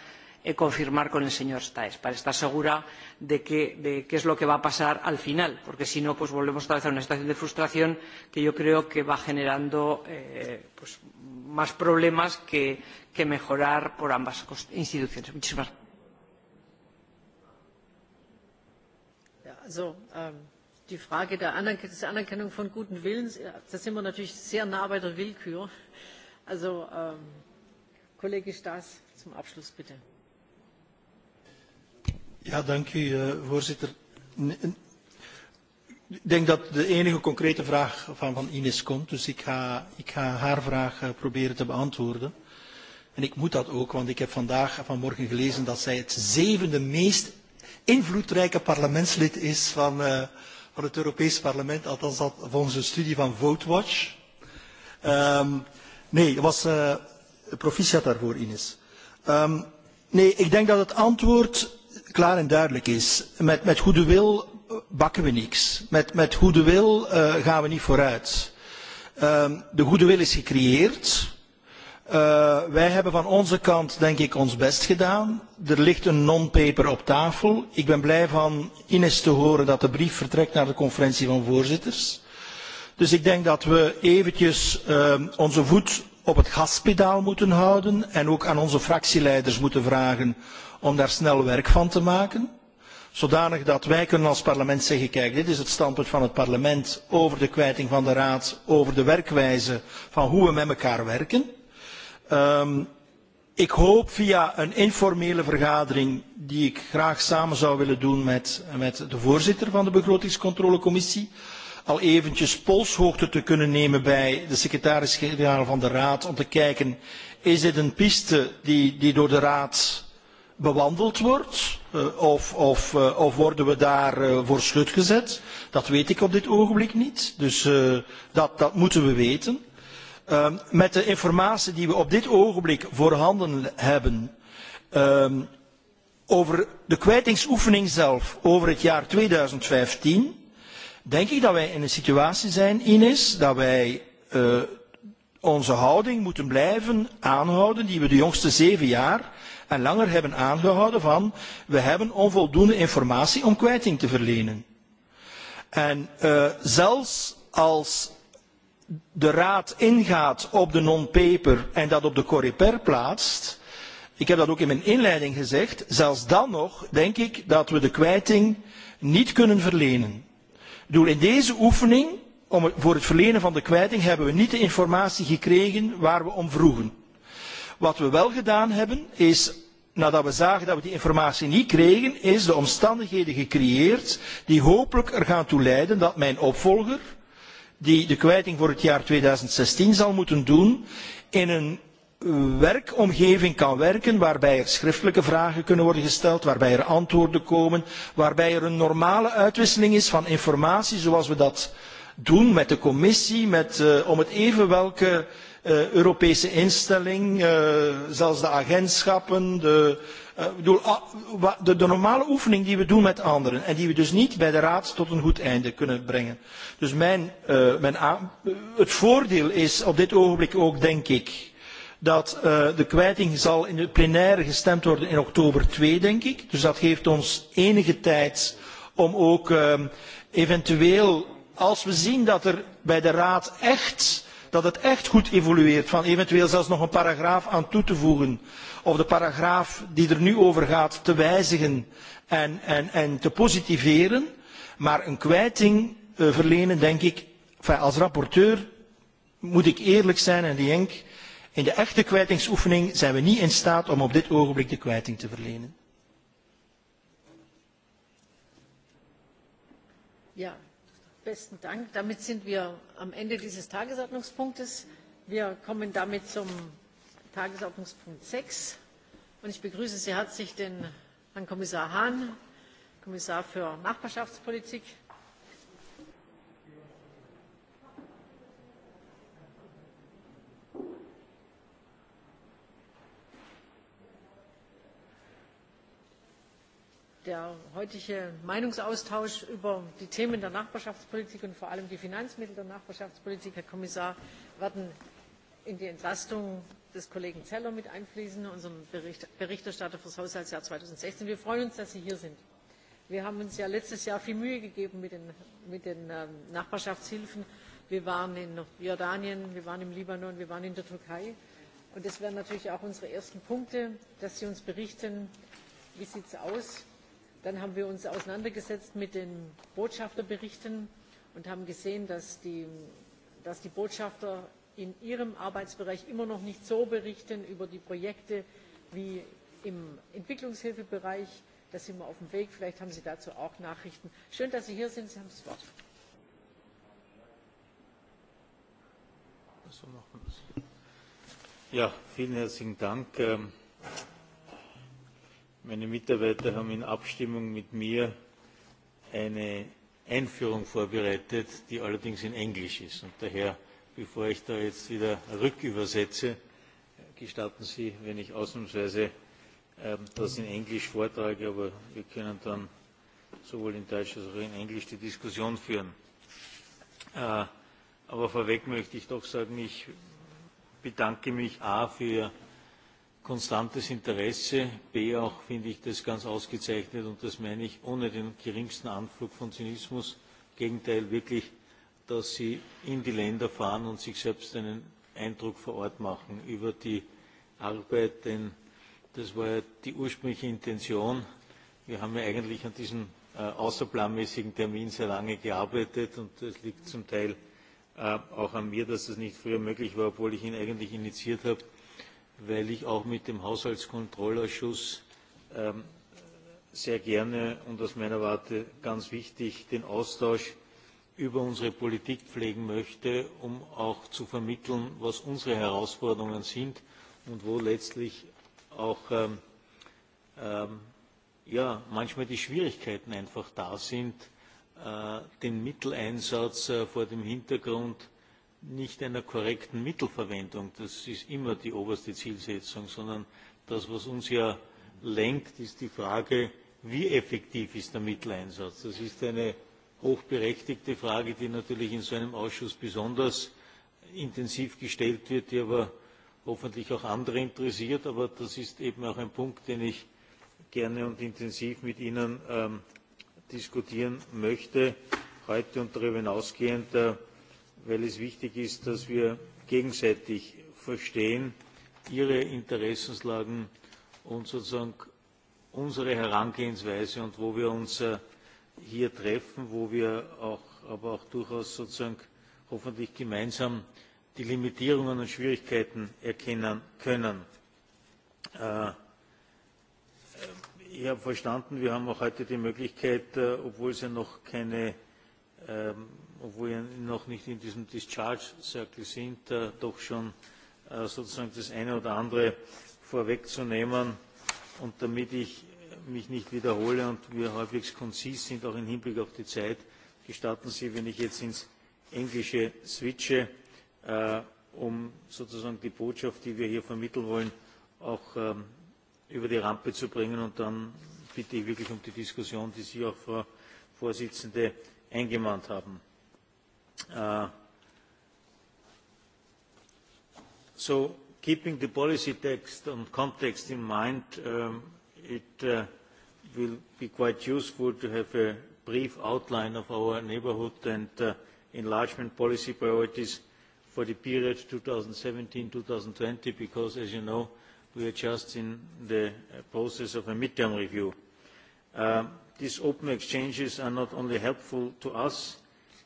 eh, confirmar con el señor staes para estar segura de qué es lo que va a pasar al final porque si no pues volvemos otra vez a una situación de frustración que yo creo que va generando eh, más problemas que, mejorar por ambas instituciones. muchísimas also ähm, die Frage der Anerk der Anerkennung von guten Willens, äh, da sind wir natürlich sehr nah bei der Willkür. Also ähm, Kollege Staas, zum Abschluss bitte. Ja, dank u, eh, voorzitter. Ik denk dat de enige concrete vraag van, van Ines komt, dus ik ga, ik ga haar vraag eh, proberen te beantwoorden. En ik moet dat ook, want ik heb vandaag en vanmorgen gelezen dat zij het zevende meest invloedrijke parlementslid is van, uh, van het Europees Parlement. Althans, dat volgens een studie van VoteWatch. Um, nee, was uh, proficiat daarvoor, Ines. Um, nee, ik denk dat het antwoord klaar en duidelijk is. Met, met goede wil eh, bakken we niks. Met, met goede wil uh, gaan we niet vooruit. Um, de goede wil is gecreëerd Eh, wij hebben van onze kant, denk ik, ons best gedaan. Er ligt een non-paper op tafel. Ik ben blij van Ines te horen dat de brief vertrekt naar de conferentie van voorzitters. Dus ik denk dat we eventjes uh, onze voet op het gaspedaal moeten houden en ook aan onze fractieleiders moeten vragen om daar snel werk van te maken. Zodanig dat wij kunnen als parlement zeggen, kijk, dit is het standpunt van het parlement over de kwijting van de raad, over de werkwijze van hoe we met elkaar werken. Um, ik hoop via een informele vergadering die ik graag samen zou willen doen met, met de voorzitter van de begrotingscontrolecommissie al eventjes polshoogte te kunnen nemen bij de secretaris-generaal van de Raad om te kijken is dit een piste die, die door de Raad bewandeld wordt uh, of, of, uh, of worden we daar uh, voor schut gezet? Dat weet ik op dit ogenblik niet, dus uh, dat, dat moeten we weten. Ehm, met de informatie die we op dit ogenblik voorhanden hebben ehm, over de kwijtingsoefening zelf over het jaar 2015, denk ik dat wij in een situatie zijn, Ines, dat wij uh, onze houding moeten blijven aanhouden die we de jongste zeven jaar en langer hebben aangehouden van we hebben onvoldoende informatie om kwijting te verlenen. En uh, zelfs als de raad ingaat op de non-paper en dat op de coreper plaatst, ik heb dat ook in mijn inleiding gezegd, zelfs dan nog denk ik dat we de kwijting niet kunnen verlenen. in deze oefening om, voor het verlenen van de kwijting hebben we niet de informatie gekregen waar we om vroegen. Wat we wel gedaan hebben is, nadat we zagen dat we die informatie niet kregen, is de omstandigheden gecreëerd die hopelijk er gaan toe leiden dat mijn opvolger die de kwijting voor het jaar tweeduizendzestien zal moeten doen, in een eh, werkomgeving kan werken waarbij er schriftelijke vragen kunnen worden gesteld, waarbij er antwoorden komen, waarbij er een normale uitwisseling is van informatie zoals we dat doen met de commissie, met uh, om het even welke uh, Europese instelling, uh, zelfs de agentschappen, de Eh, ik bedoel, ah, de, de normale oefening die we doen met anderen en die we dus niet bij de Raad tot een goed einde kunnen brengen. Dus mijn, uh, mijn eh, het voordeel is op dit ogenblik ook, denk ik, dat uh, de kwijting zal in de plenaire gestemd worden in oktober 2, denk ik. Dus dat geeft ons enige tijd om ook uh, eventueel, als we zien dat er bij de Raad echt, dat het echt goed evolueert, van eventueel zelfs nog een paragraaf aan toe te voegen of de paragraaf die er nu over gaat te wijzigen en, en, en te positiveren. Maar een kwijting uh, verlenen, denk ik, enfin, als rapporteur moet ik eerlijk zijn en die Henk, in de echte kwijtingsoefening zijn we niet in staat om op dit ogenblik de kwijting te verlenen. Ja, besten Dank. Damit sind wir am Ende dieses Tagesordnungspunktes. Wir kommen damit zum Tagesordnungspunkt sechs, Und ich begrüße sehr herzlich den Herrn Kommissar Hahn, Kommissar für Nachbarschaftspolitik. der heutige meinungsaustausch über die themen der nachbarschaftspolitik und vor allem die finanzmittel der nachbarschaftspolitik herr kommissar werden in die entlastung des Kollegen Zeller mit einfließen, unserem Berichterstatter für das Haushaltsjahr zweitausendsechzehn Wir freuen uns, dass Sie hier sind. Wir haben uns ja letztes Jahr viel Mühe gegeben mit den, ähm, Nachbarschaftshilfen. Wir waren in Jordanien, wir waren im Libanon, wir waren in der Türkei. Und das wären natürlich auch unsere ersten Punkte, dass Sie uns berichten, wie sieht es aus. Dann haben wir uns auseinandergesetzt mit den Botschafterberichten und haben gesehen, dass die Botschafter in ihrem arbeitsbereich immer noch nicht so berichten über die projekte wie im entwicklungshilfebereich. da sind wir auf dem weg vielleicht haben sie dazu auch nachrichten. schön dass sie hier sind sie haben das wort. Ja, vielen herzlichen Dank. Ähm, meine Mitarbeiter haben in Abstimmung mit mir eine Einführung vorbereitet, die allerdings in Englisch ist und daher bevor ich da jetzt wieder rückübersetze, gestatten Sie, wenn ich ausnahmsweise ähm, das in Englisch vortrage, aber wir können dann sowohl in Deutsch als auch in Englisch die Diskussion führen. Äh, aber vorweg möchte ich doch sagen, ich bedanke mich A für Ihr konstantes Interesse, B auch finde ich das ganz ausgezeichnet und das meine ich ohne den geringsten Anflug von Zynismus, im Gegenteil wirklich dass sie in die Länder fahren und sich selbst einen Eindruck vor Ort machen über die Arbeit, denn das war ja die ursprüngliche Intention. Wir haben ja eigentlich an diesem äh, außerplanmäßigen Termin sehr lange gearbeitet und es liegt zum Teil äh, auch an mir, dass das nicht früher möglich war, obwohl ich ihn eigentlich initiiert habe, weil ich auch mit dem Haushaltskontrollausschuss ähm, sehr gerne und aus meiner Warte ganz wichtig den Austausch über unsere Politik pflegen möchte, um auch zu vermitteln, was unsere Herausforderungen sind und wo letztlich auch ähm, ähm, ja, manchmal die Schwierigkeiten einfach da sind, äh, den Mitteleinsatz äh, vor dem Hintergrund nicht einer korrekten Mittelverwendung, das ist immer die oberste Zielsetzung, sondern das, was uns ja lenkt, ist die Frage, wie effektiv ist der Mitteleinsatz. Das ist eine hochberechtigte Frage, die natürlich in so einem Ausschuss besonders intensiv gestellt wird, die aber hoffentlich auch andere interessiert. Aber das ist eben auch ein Punkt, den ich gerne und intensiv mit Ihnen ähm, diskutieren möchte, heute und darüber hinausgehend, äh, weil es wichtig ist, dass wir gegenseitig verstehen, Ihre Interessenslagen und sozusagen unsere Herangehensweise und wo wir uns äh, hier treffen, wo wir aber auch durchaus sozusagen hoffentlich gemeinsam die Limitierungen und Schwierigkeiten erkennen können. Äh, ich habe verstanden, wir haben auch heute die Möglichkeit, äh, obwohl sie noch keine, ähm, obwohl wir noch nicht in diesem Discharge Circle sind, äh, doch schon sozusagen das eine oder andere vorwegzunehmen. Und damit ich mich nicht wiederhole und wir halbwegs konzis sind, auch im Hinblick auf die Zeit, gestatten Sie, wenn ich jetzt ins Englische switche, äh, um sozusagen die Botschaft, die wir hier vermitteln wollen, auch ähm, über die Rampe zu bringen. Und dann bitte ich wirklich um die Diskussion, die Sie auch, Frau Vorsitzende, eingemahnt haben. Äh, so keeping the policy text and context in mind, ähm, it uh, will be quite useful to have a brief outline of our neighbourhood and uh, enlargement policy priorities for the period 2017-2020 because, as you know, we are just in the uh, process of a midterm review. Uh, these open exchanges are not only helpful to us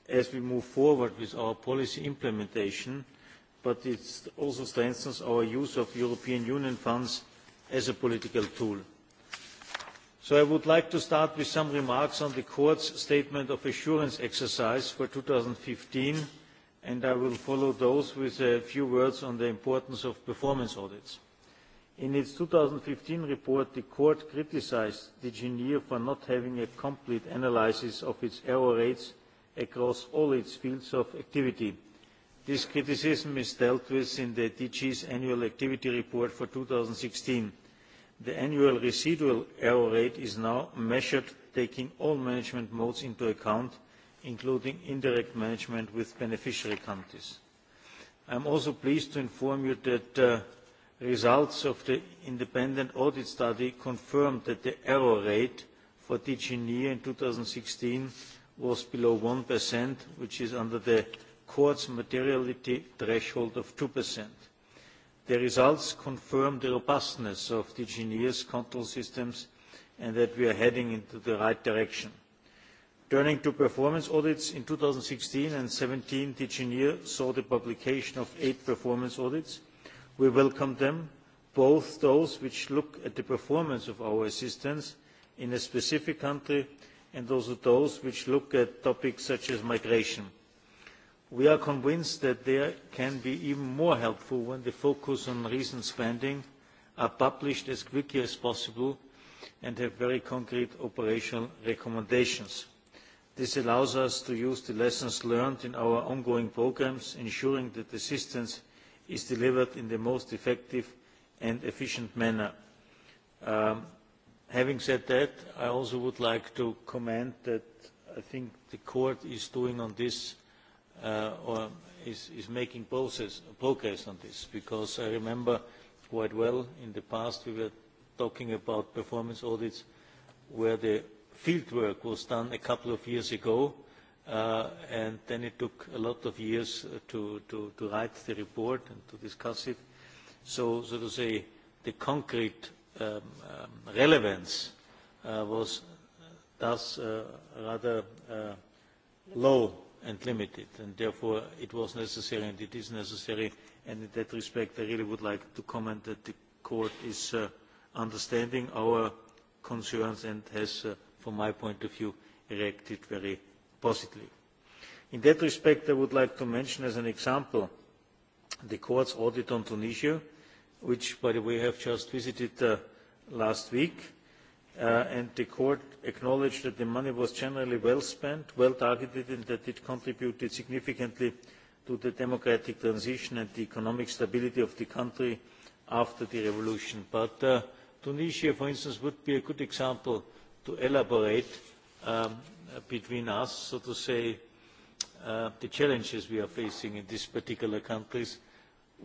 as we move forward with our policy implementation, but it also strengthens our use of European Union funds as a political tool. So I would like to start with some remarks on the Court's Statement of Assurance exercise for fifteen, and I will follow those with a few words on the importance of performance audits. In its fifteen report, the Court criticised DG near for not having a complete analysis of its error rates across all its fields of activity. This criticism is dealt with in the DG's annual activity report for sixteen the annual residual error rate is now measured taking all management modes into account, including indirect management with beneficiary countries. I am also pleased to inform you that the uh, results of the independent audit study confirmed that the error rate for DG near in sixteen was below 1%, which is under the court's materiality threshold of 2%. The results confirm the robustness of DG NEAR's control systems and that we are heading into the right direction. Turning to performance audits, in sixteen and 2017, DG saw the publication of eight performance audits. We welcome them, both those which look at the performance of our assistance in a specific country and also those which look at topics such as migration. We are convinced that they can be even more helpful when the focus on recent spending are published as quickly as possible and have very concrete operational recommendations. This allows us to use the lessons learned in our ongoing programmes, ensuring that assistance is delivered in the most effective and efficient manner. Um, having said that, I also would like to comment that I think the Court is doing on this uh, is, is making progress on this because I remember quite well in the past we were talking about performance audits where the field work was done a couple of years ago uh, and then it took a lot of years uh, to, to, to write the report and to discuss it. So, so to say, the concrete um, um, relevance uh, was uh, thus uh, rather uh, low and limited. And therefore, it was necessary and it is necessary. And in that respect, I really would like to comment that the court is uh, understanding our concerns and has, uh, from my point of view, reacted very positively. In that respect, I would like to mention as an example the court's audit on Tunisia, which, by the way, I have just visited uh, last week Uh, and the court acknowledged that the money was generally well spent, well targeted, and that it contributed significantly to the democratic transition and the economic stability of the country after the revolution. But uh, Tunisia, for instance, would be a good example to elaborate um, between us, so to say, uh, the challenges we are facing in these particular countries.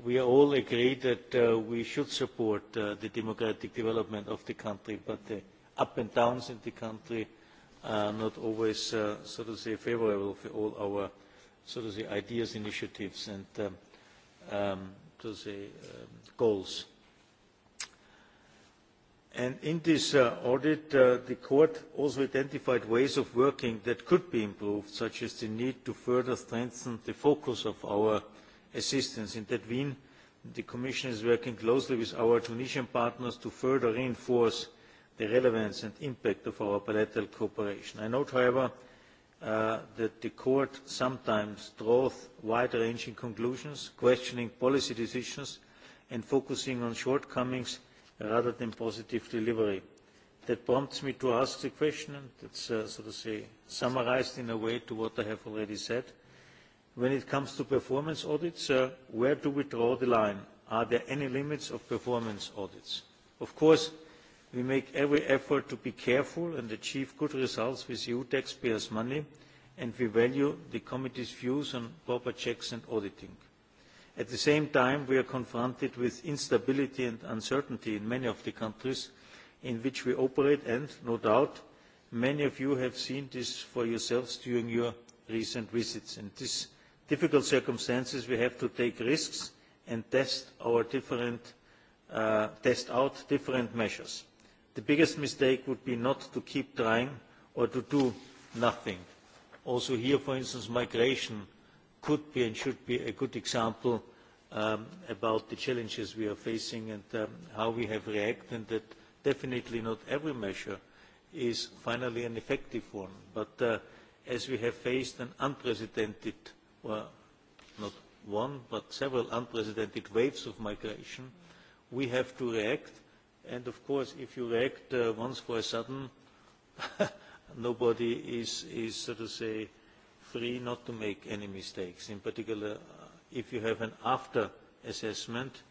We all agree that uh, we should support uh, the democratic development of the country, but the up and downs in the country are not always, uh, so to say, favorable for all our, so to say, ideas, initiatives, and, um, um, to say, um, goals. And in this uh, audit, uh, the court also identified ways of working that could be improved, such as the need to further strengthen the focus of our assistance. In that vein, the Commission is working closely with our Tunisian partners to further reinforce uh, the relevance and impact of our bilateral cooperation. I note, however, uh, that the Court sometimes draws wide-ranging conclusions, questioning policy decisions and focusing on shortcomings rather than positive delivery. That prompts me to ask the question, and that's uh, so to say summarised in a way to what I have already said. When it comes to performance audits, uh, where do we draw the line? Are there any limits of performance audits? Of course, we make every effort to be careful and achieve good results with eu taxpayers' money and we value the committee's views on proper checks and auditing. at the same time we are confronted with instability and uncertainty in many of the countries in which we operate and no doubt many of you have seen this for yourselves during your recent visits. in these difficult circumstances we have to take risks and test, different, uh, test out different measures the biggest mistake would be not to keep trying or to do nothing. Also here, for instance, migration could be and should be a good example um, about the challenges we are facing and um, how we have reacted and that definitely not every measure is finally an effective one. But uh, as we have faced an unprecedented, well, not one, but several unprecedented waves of migration, we have to react And of course, if you act uh, once for a sudden, nobody is, is, so to say, free not to make any mistakes. In particular, uh, if you have an after assessment,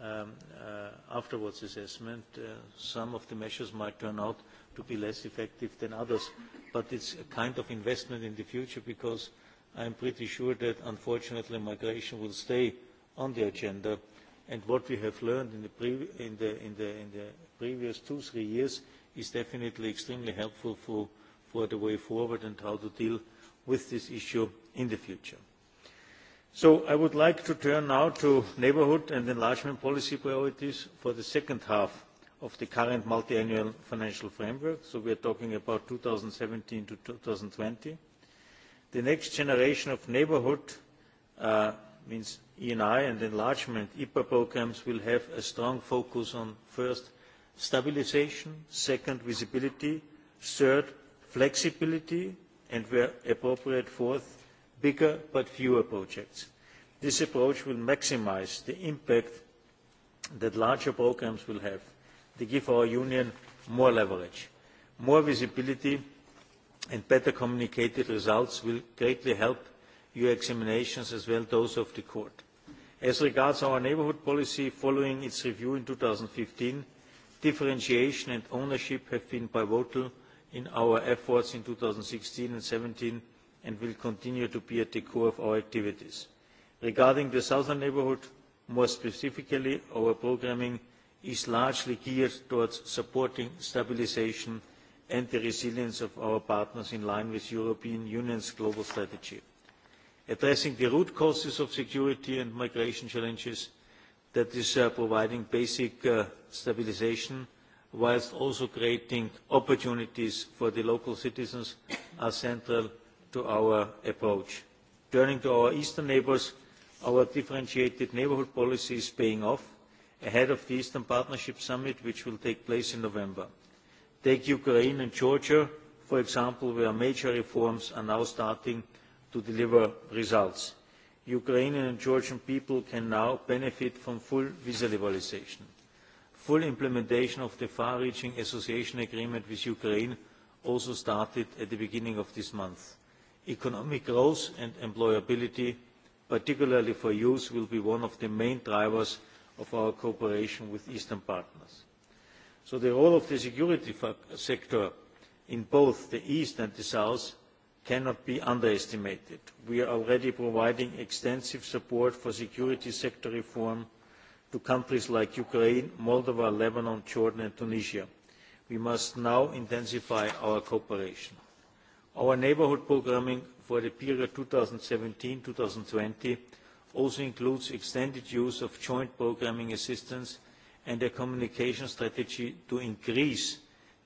um, uh, afterwards assessment, uh, some of the measures might turn out to be less effective than others. But it's a kind of investment in the future because I'm pretty sure that unfortunately migration will stay on the agenda and what we have learned in the, previous two, three years is definitely extremely helpful for, for the way forward and how to deal with this issue in the future. So I would like to turn now to neighbourhood and enlargement policy priorities for the second half of the current multiannual financial framework. So we are talking about 2017 to 2020. The next generation of neighbourhood uh, means ENI and enlargement IPA programmes will have a strong focus on first stabilisation, second visibility, third flexibility, and where appropriate fourth bigger but fewer projects. This approach will maximise the impact that larger programmes will have. They give our union more leverage. More visibility and better communicated results will greatly help your examinations as well those of the court. As regards our neighbourhood policy following its review in fifteen, differentiation and ownership have been pivotal in our efforts in sixteen and seventeen and will continue to be at the core of our activities. Regarding the southern neighbourhood, more specifically, our programming is largely geared towards supporting stabilisation and the resilience of our partners in line with the European Union's global strategy addressing the root causes of security and migration challenges that is uh, providing basic uh, stabilisation whilst also creating opportunities for the local citizens are central to our approach. Turning to our eastern neighbours, our differentiated neighbourhood policy is paying off ahead of the Eastern Partnership Summit, which will take place in November. Take Ukraine and Georgia, for example, where major reforms are now starting to deliver results. Ukrainian and Georgian people can now benefit from full visa liberalisation. Full implementation of the far-reaching association agreement with Ukraine also started at the beginning of this month. Economic growth and employability, particularly for youth, will be one of the main drivers of our cooperation with Eastern partners. So the role of the security sector in both the East and the South cannot be underestimated. we are already providing extensive support for security sector reform to countries like ukraine moldova lebanon jordan and tunisia. we must now intensify our cooperation. our neighbourhood programming for the period two thousand and seventeen two thousand and twenty also includes extended use of joint programming assistance and a communication strategy to increase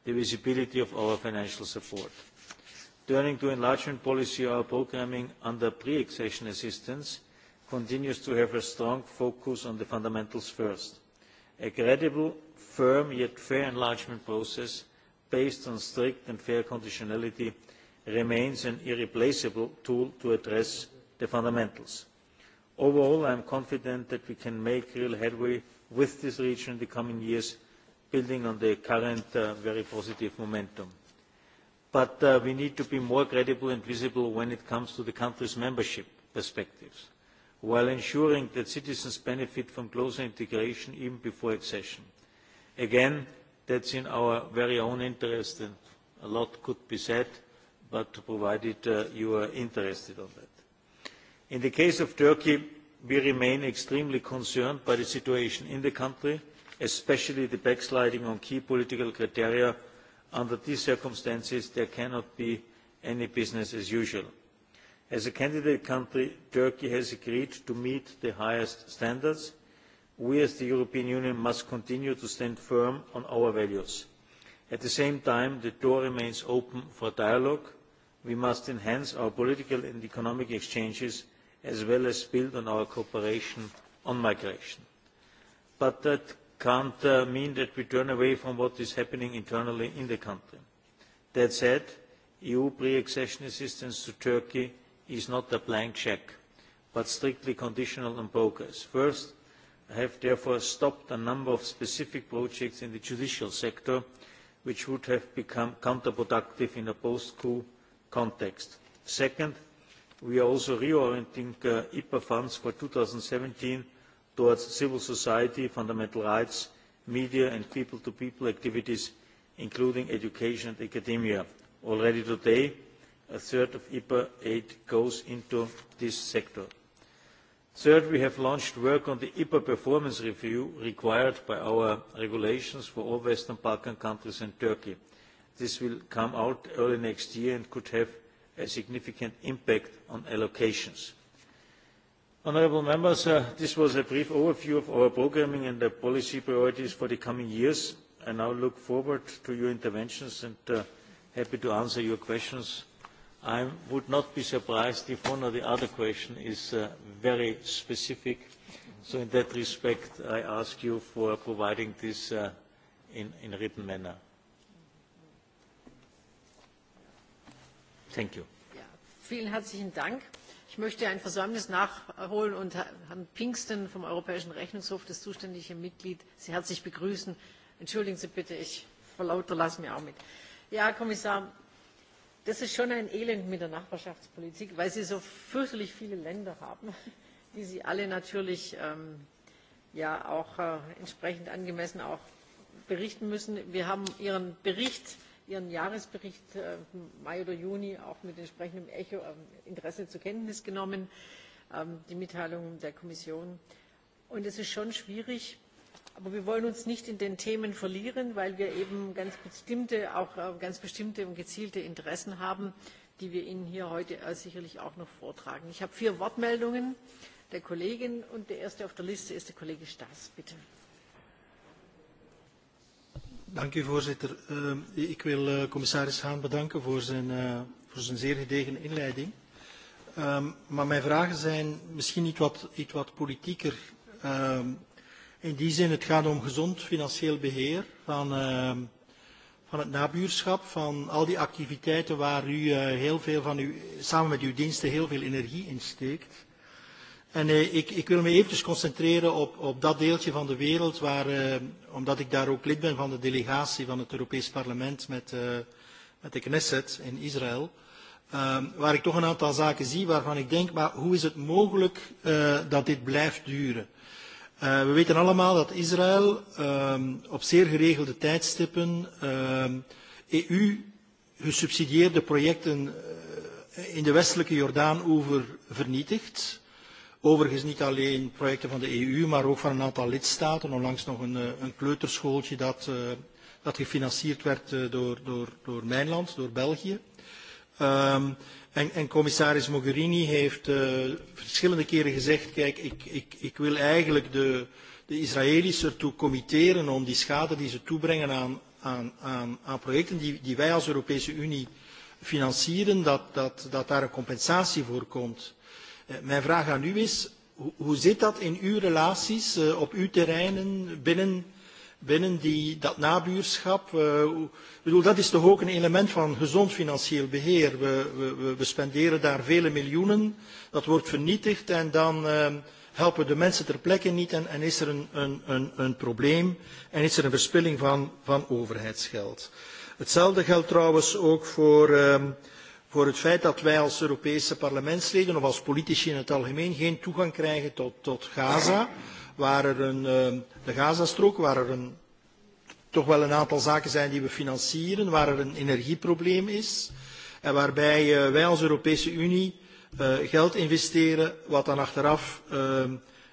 the visibility of our financial support. Turning to enlargement policy, our programming under pre-accession assistance continues to have a strong focus on the fundamentals first. A credible, firm, yet fair enlargement process based on strict and fair conditionality remains an irreplaceable tool to address the fundamentals. Overall, I am confident that we can make real headway with this region in the coming years, building on the current uh, very positive momentum but uh, we need to be more credible and visible when it comes to the country's membership perspectives, while ensuring that citizens benefit from closer integration even before accession. Again, that's in our very own interest, and a lot could be said, but provided uh, you are interested on that. In the case of Turkey, we remain extremely concerned by the situation in the country, especially the backsliding on key political criteria under these circumstances there cannot be any business as usual. as a candidate country turkey has agreed to meet the highest standards. we as the european union must continue to stand firm on our values. at the same time the door remains open for dialogue. we must enhance our political and economic exchanges as well as build on our cooperation on migration. but that can't uh, mean that we turn away from what is happening internally in the country. That said, EU pre-accession assistance to Turkey is not a blank cheque, but strictly conditional on progress. First, I have therefore stopped a number of specific projects in the judicial sector which would have become counterproductive in a post-coup context. Second, we are also reorienting uh, IPA funds for seventeen towards civil society fundamental rights media and people to people activities including education and academia. already today a third of ipa aid goes into this sector. third we have launched work on the ipa performance review required by our regulations for all western balkan countries and turkey. this will come out early next year and could have a significant impact on allocations honourable members uh, this was a brief overview of our programming and the policy priorities for the coming years. i now look forward to your interventions and am uh, happy to answer your questions. i would not be surprised if one or the other question is uh, very specific so in that respect i ask you for providing this in a written manner. thank you. Ich möchte ein Versäumnis nachholen und Herrn Pinkston vom Europäischen Rechnungshof, das zuständige Mitglied, Sie herzlich begrüßen. Entschuldigen Sie bitte, ich verlauter lasse mir auch mit. Ja, Herr Kommissar, das ist schon ein Elend mit der Nachbarschaftspolitik, weil Sie so fürchterlich viele Länder haben, die Sie alle natürlich ähm, ja auch äh, entsprechend angemessen auch berichten müssen. Wir haben Ihren Bericht ihren jahresbericht im äh, mai oder juni auch mit entsprechendem echo ähm, interesse zur kenntnis genommen ähm, die mitteilung der kommission und es ist schon schwierig aber wir wollen uns nicht in den themen verlieren weil wir eben ganz bestimmte auch äh, ganz bestimmte und gezielte interessen haben die wir ihnen hier heute äh, sicherlich auch noch vortragen. ich habe vier wortmeldungen der kollegen und der erste auf der liste ist der kollege staes. bitte. Dank u voorzitter. Uh, ik wil uh, commissaris Haan bedanken voor zijn, uh, voor zijn zeer gedegen inleiding. Um, maar mijn vragen zijn misschien iets wat, iets wat politieker. Um, in die zin, het gaat om gezond financieel beheer van, uh, van het nabuurschap, van al die activiteiten waar u uh, heel veel van uw, samen met uw diensten heel veel energie in steekt. En uh, ik, ik wil me eventjes concentreren op, op dat deeltje van de wereld waar, uh, omdat ik daar ook lid ben van de delegatie van het Europees Parlement met, uh, met de Knesset in Israël, uh, waar ik toch een aantal zaken zie waarvan ik denk, maar hoe is het mogelijk uh, dat dit blijft duren? Uh, we weten allemaal dat Israël uh, op zeer geregelde tijdstippen uh, ehm, EU-gesubsidieerde projecten in de westelijke Jordaan-oever vernietigt Overigens niet alleen projecten van de EU, maar ook van een aantal lidstaten. Onlangs nog een, eh, een kleuterschooltje dat, uh, dat gefinancierd werd eh, door, door, door mijn land, door België. Um, en, en commissaris Mogherini heeft uh, verschillende keren gezegd, kijk, ik, ik, ik wil eigenlijk de, de Israëli's ertoe committeren om die schade die ze toebrengen aan, aan, aan, aan projecten die, die wij als Europese Unie financieren, dat, dat, dat daar een compensatie voor komt. Eh, mijn vraag aan u is, hoe zit dat in uw relaties eh, op uw terreinen binnen, binnen die, dat nabuurschap? Eh, ik bedoel, dat is toch ook een element van gezond financieel beheer. We, we, we spenderen daar vele miljoenen, dat wordt vernietigd en dan helpen de mensen ter plekke niet en, en is er een, een, een, een probleem en is er een verspilling van, van overheidsgeld. Hetzelfde geldt trouwens ook voor... Ehm, voor het feit dat wij als Europese parlementsleden of als politici in het algemeen geen toegang krijgen tot, tot Gaza, waar er een, eh, de Gazastrook, waar er een, toch wel een aantal zaken zijn die we financieren, waar er een energieprobleem is en waarbij eh, wij als Europese Unie eh, geld investeren wat dan achteraf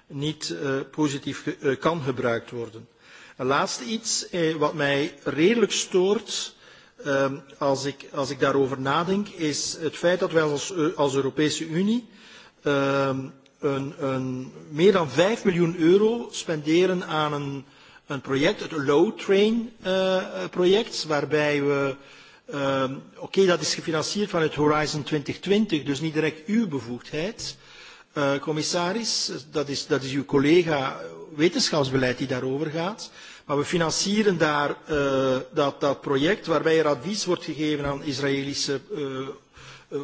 niet positief kan gebruikt worden. Een laatste iets wat mij redelijk stoort Ehm, als ik, als ik daarover nadenk, is het feit dat wij als, als Europese Unie ehm, een, een, meer dan vijf miljoen euro spenderen aan een, een project, het Low Train eh, eh, project, waarbij we ehm, Oké, okay, dat is gefinancierd vanuit Horizon 2020, dus niet direct uw bevoegdheid. Uh, commissaris, dat is, dat is uw collega wetenschapsbeleid die daarover gaat. Maar we financieren daar uh, dat, dat project waarbij er advies wordt gegeven aan Israëlische uh,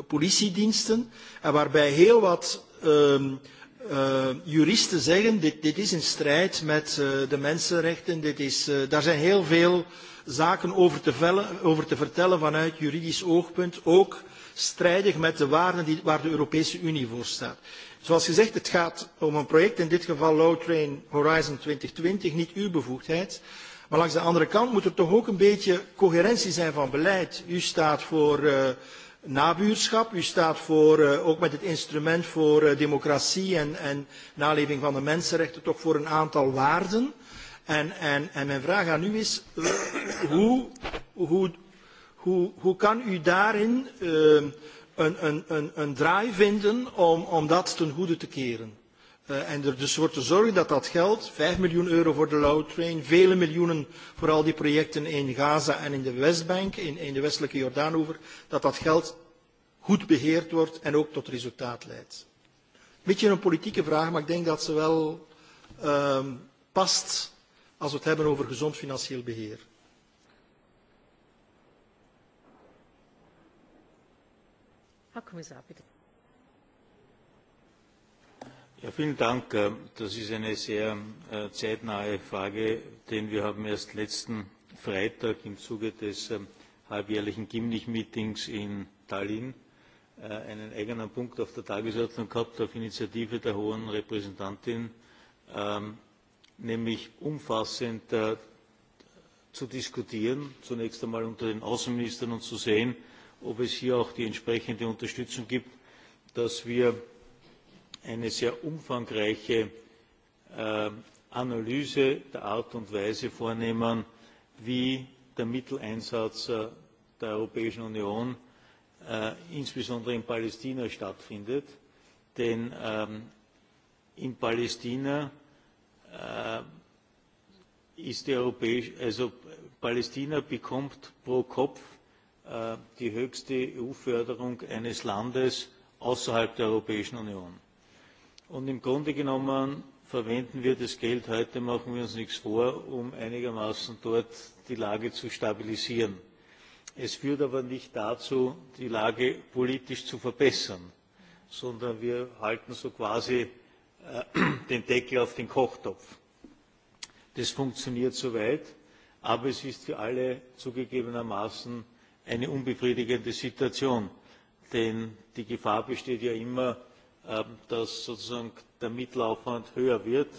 politiediensten en waarbij heel wat uh, juristen zeggen dit, dit is in strijd met uh, de mensenrechten, dit is, uh, daar zijn heel veel zaken over te, vellen, over te vertellen vanuit juridisch oogpunt, ook strijdig met de waarden die, waar de Europese Unie voor staat. Zoals gezegd, het gaat om een project, in dit geval Low Train Horizon 2020, niet uw bevoegdheid. Maar langs de andere kant moet er toch ook een beetje coherentie zijn van beleid. U staat voor uh, nabuurschap, u staat voor, uh, ook met het instrument voor uh, democratie en, en naleving van de mensenrechten, toch voor een aantal waarden. En, en, en mijn vraag aan u is, hoe, hoe, hoe, hoe kan u daarin ehm, een, een, een, een draai vinden om, om dat ten goede te keren? Eh, en er dus voor te zorgen dat dat geld, vijf miljoen euro voor de Low Train, vele miljoenen voor al die projecten in Gaza en in de Westbank, in, in de westelijke Jordaanover, dat dat geld goed beheerd wordt en ook tot resultaat leidt. Een beetje een politieke vraag, maar ik denk dat ze wel uh, past als we het hebben over gezond financieel beheer. Ja, vielen Dank. Äh, das ist eine sehr äh, zeitnahe Frage, denn wir haben erst letzten Freitag im Zuge des ähm, halbjährlichen Gimlich-Meetings in Tallinn äh, einen eigenen Punkt auf der Tagesordnung gehabt, auf Initiative der Hohen Repräsentantin ähm, nämlich umfassend zu diskutieren, zunächst einmal unter den Außenministern und zu sehen, ob es hier auch die entsprechende Unterstützung gibt, dass wir eine sehr umfangreiche äh, Analyse der Art und Weise vornehmen, wie der Mitteleinsatz äh, der Europäischen Union äh, insbesondere in Palästina stattfindet. Denn ähm, in Palästina Äh, ist die europäische, also Palästina bekommt pro Kopf äh, die höchste EU-Förderung eines Landes außerhalb der Europäischen Union. Und im Grunde genommen verwenden wir das Geld heute, machen wir uns nichts vor, um einigermaßen dort die Lage zu stabilisieren. Es führt aber nicht dazu, die Lage politisch zu verbessern, sondern wir halten so quasi Äh, den Deckel auf den Kochtopf. Das funktioniert soweit, aber es ist für alle zugegebenermaßen eine unbefriedigende Situation, denn die Gefahr besteht ja immer, ähm, dass sozusagen der Mittelaufwand höher wird,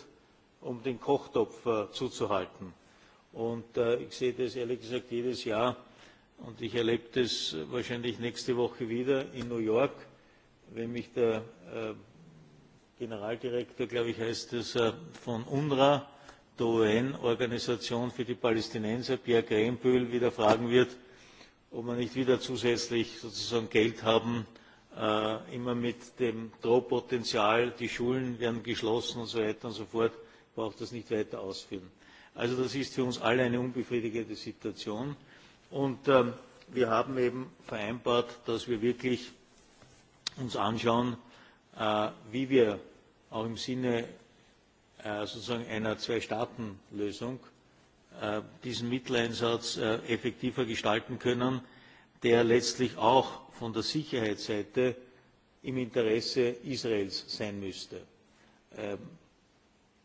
um den Kochtopf äh, zuzuhalten. Und äh, ich sehe das ehrlich gesagt jedes Jahr und ich erlebe das wahrscheinlich nächste Woche wieder in New York, wenn mich der generaldirektor glaube ich heißt es äh, von unrwa der un organisation für die palästinenser pierre grenbühl wieder fragen wird ob man nicht wieder zusätzlich sozusagen geld haben äh, immer mit dem drohpotenzial die schulen werden geschlossen und so weiter und so fort ich brauche das nicht weiter ausführen. also das ist für uns alle eine unbefriedigende situation und ähm, wir haben eben vereinbart dass wir uns wirklich anschauen äh, wie wir auch im Sinne äh, sozusagen einer Zwei-Staaten-Lösung äh, diesen Mitteleinsatz äh, effektiver gestalten können, der letztlich auch von der Sicherheitsseite im Interesse Israels sein müsste. Ähm,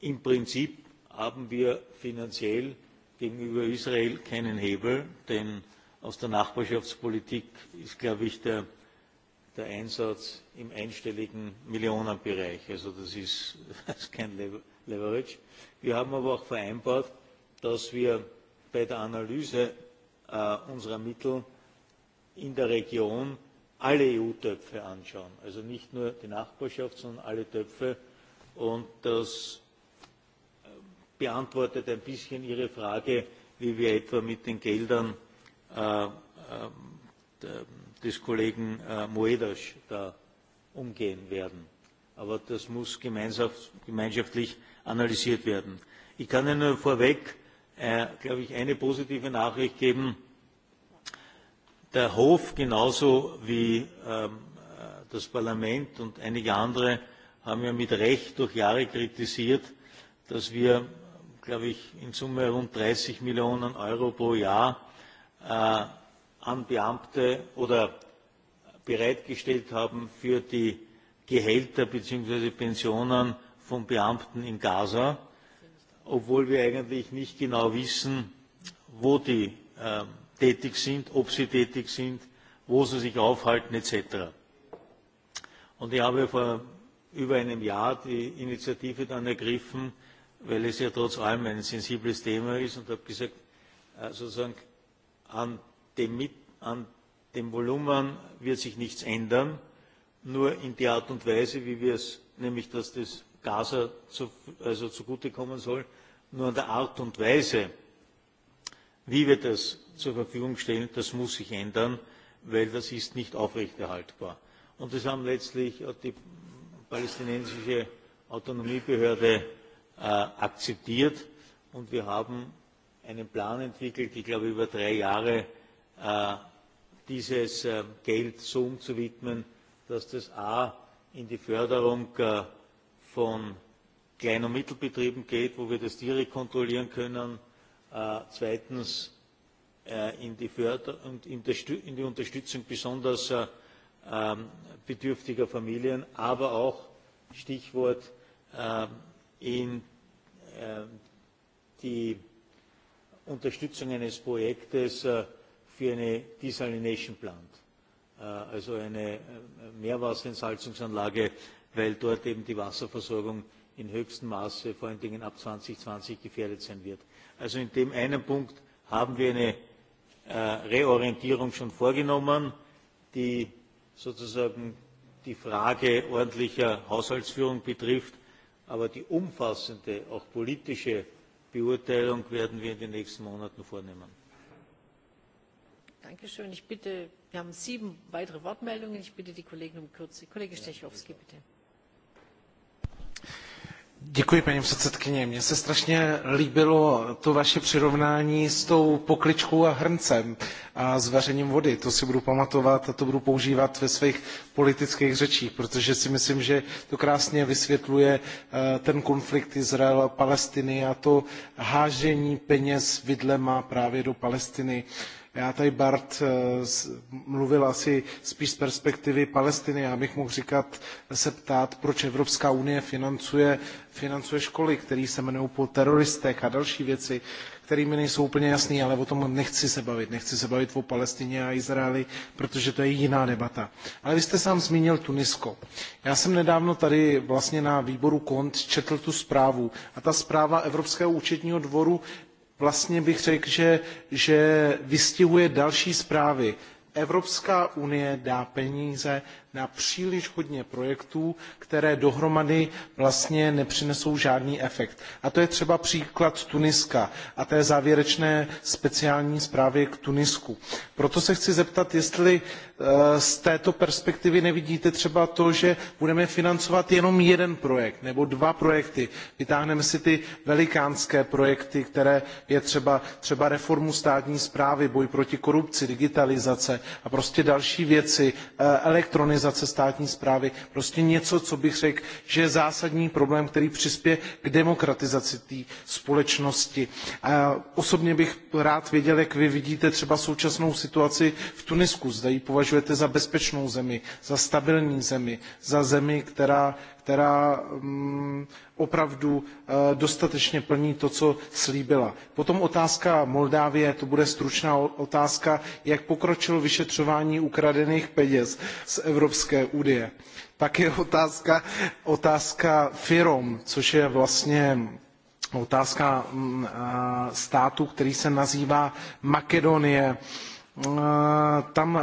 Im Prinzip haben wir finanziell gegenüber Israel keinen Hebel, denn aus der Nachbarschaftspolitik ist, glaube ich, der der Einsatz im einstelligen Millionenbereich. Also das ist, das ist kein Leverage. Wir haben aber auch vereinbart, dass wir bei der Analyse äh, unserer Mittel in der Region alle EU-Töpfe anschauen. Also nicht nur die Nachbarschaft, sondern alle Töpfe. Und das äh, beantwortet ein bisschen Ihre Frage, wie wir etwa mit den Geldern äh, äh, des Kollegen äh, Moedas da umgehen werden. Aber das muss gemeinschaftlich analysiert werden. Ich kann Ihnen nur vorweg, äh, glaube ich, eine positive Nachricht geben. Der Hof genauso wie ähm, äh, das Parlament und einige andere haben ja mit Recht durch Jahre kritisiert, dass wir, glaube ich, in Summe rund dreißig Millionen Euro pro Jahr äh, an Beamte oder bereitgestellt haben für die Gehälter bzw. Pensionen von Beamten in Gaza, obwohl wir eigentlich nicht genau wissen, wo die äh, tätig sind, ob sie tätig sind, wo sie sich aufhalten etc. Und ich habe vor über einem Jahr die Initiative dann ergriffen, weil es ja trotz allem ein sensibles Thema ist und habe gesagt, äh, sozusagen an an dem Volumen wird sich nichts ändern, nur in der Art und Weise, wie wir es, nämlich dass das Gaza zu, also zugutekommen soll, nur an der Art und Weise, wie wir das zur Verfügung stellen, das muss sich ändern, weil das ist nicht aufrechterhaltbar. Und das haben letztlich die palästinensische Autonomiebehörde äh, akzeptiert und wir haben einen Plan entwickelt, ich glaube über drei Jahre, Äh, dieses äh, Geld so umzuwidmen, dass das A in die Förderung äh, von Klein- und Mittelbetrieben geht, wo wir das direkt kontrollieren können, zweitens in die, Förder und in, in die Unterstützung besonders ähm, bedürftiger Familien, aber auch Stichwort in die Unterstützung eines Projektes für eine Desalination Plant, äh, also eine äh, Meerwasserentsalzungsanlage, weil dort eben die Wasserversorgung in höchstem Maße, vor allen Dingen ab 2020, gefährdet sein wird. Also in dem einen Punkt haben wir eine äh, Reorientierung schon vorgenommen, die sozusagen die Frage ordentlicher Haushaltsführung betrifft, aber die umfassende, auch politische Beurteilung werden wir in den nächsten Monaten vornehmen wir haben sieben weitere Wortmeldungen. Ich bitte die Kollegen um Kürze. Kollege bitte. paní předsedkyně. Mně se strašně líbilo to vaše přirovnání s tou pokličkou a hrncem a s vařením vody. To si budu pamatovat a to budu používat ve svých politických řečích, protože si myslím, že to krásně vysvětluje eh, ten konflikt Izrael a Palestiny a to hážení peněz vidlema právě do Palestiny. Já tady Bart eh, mluvil asi spíš z perspektivy Palestiny. Já bych mohl říkat, se ptát, proč Evropská unie financuje, financuje školy, které se jmenují po teroristech a další věci, které mi nejsou úplně jasné, ale o tom nechci se bavit. Nechci se bavit o Palestině a Izraeli, protože to je jiná debata. Ale vy jste sám zmínil Tunisko. Já jsem nedávno tady vlastně na výboru KONT četl tu zprávu a ta zpráva Evropského účetního dvoru vlastně bych řekl, že, že vystihuje další zprávy. Evropská unie dá peníze na příliš hodně projektů, které dohromady vlastně nepřinesou žádný efekt. A to je třeba příklad Tuniska a té závěrečné speciální zprávy k Tunisku. Proto se chci zeptat, jestli eh, z této perspektivy nevidíte třeba to, že budeme financovat jenom jeden projekt nebo dva projekty. Vytáhneme si ty velikánské projekty, které je třeba, třeba reformu státní správy, boj proti korupci, digitalizace a prostě další věci, eh, elektronizace reorganizace státní správy, prostě něco, co bych řekl, že je zásadní problém, který přispěje k demokratizaci té společnosti. A osobně bych rád věděl, jak vy vidíte třeba současnou situaci v Tunisku. Zda ji považujete za bezpečnou zemi, za stabilní zemi, za zemi, která, která mm, opravdu eh, dostatečně plní to, co slíbila. Potom otázka Moldávie, to bude stručná otázka, jak pokročilo vyšetřování ukradených peněz z Evropské unie. Také otázka, otázka FIROM, což je vlastně otázka mm, eh, státu, který se nazývá Makedonie. Eh, tam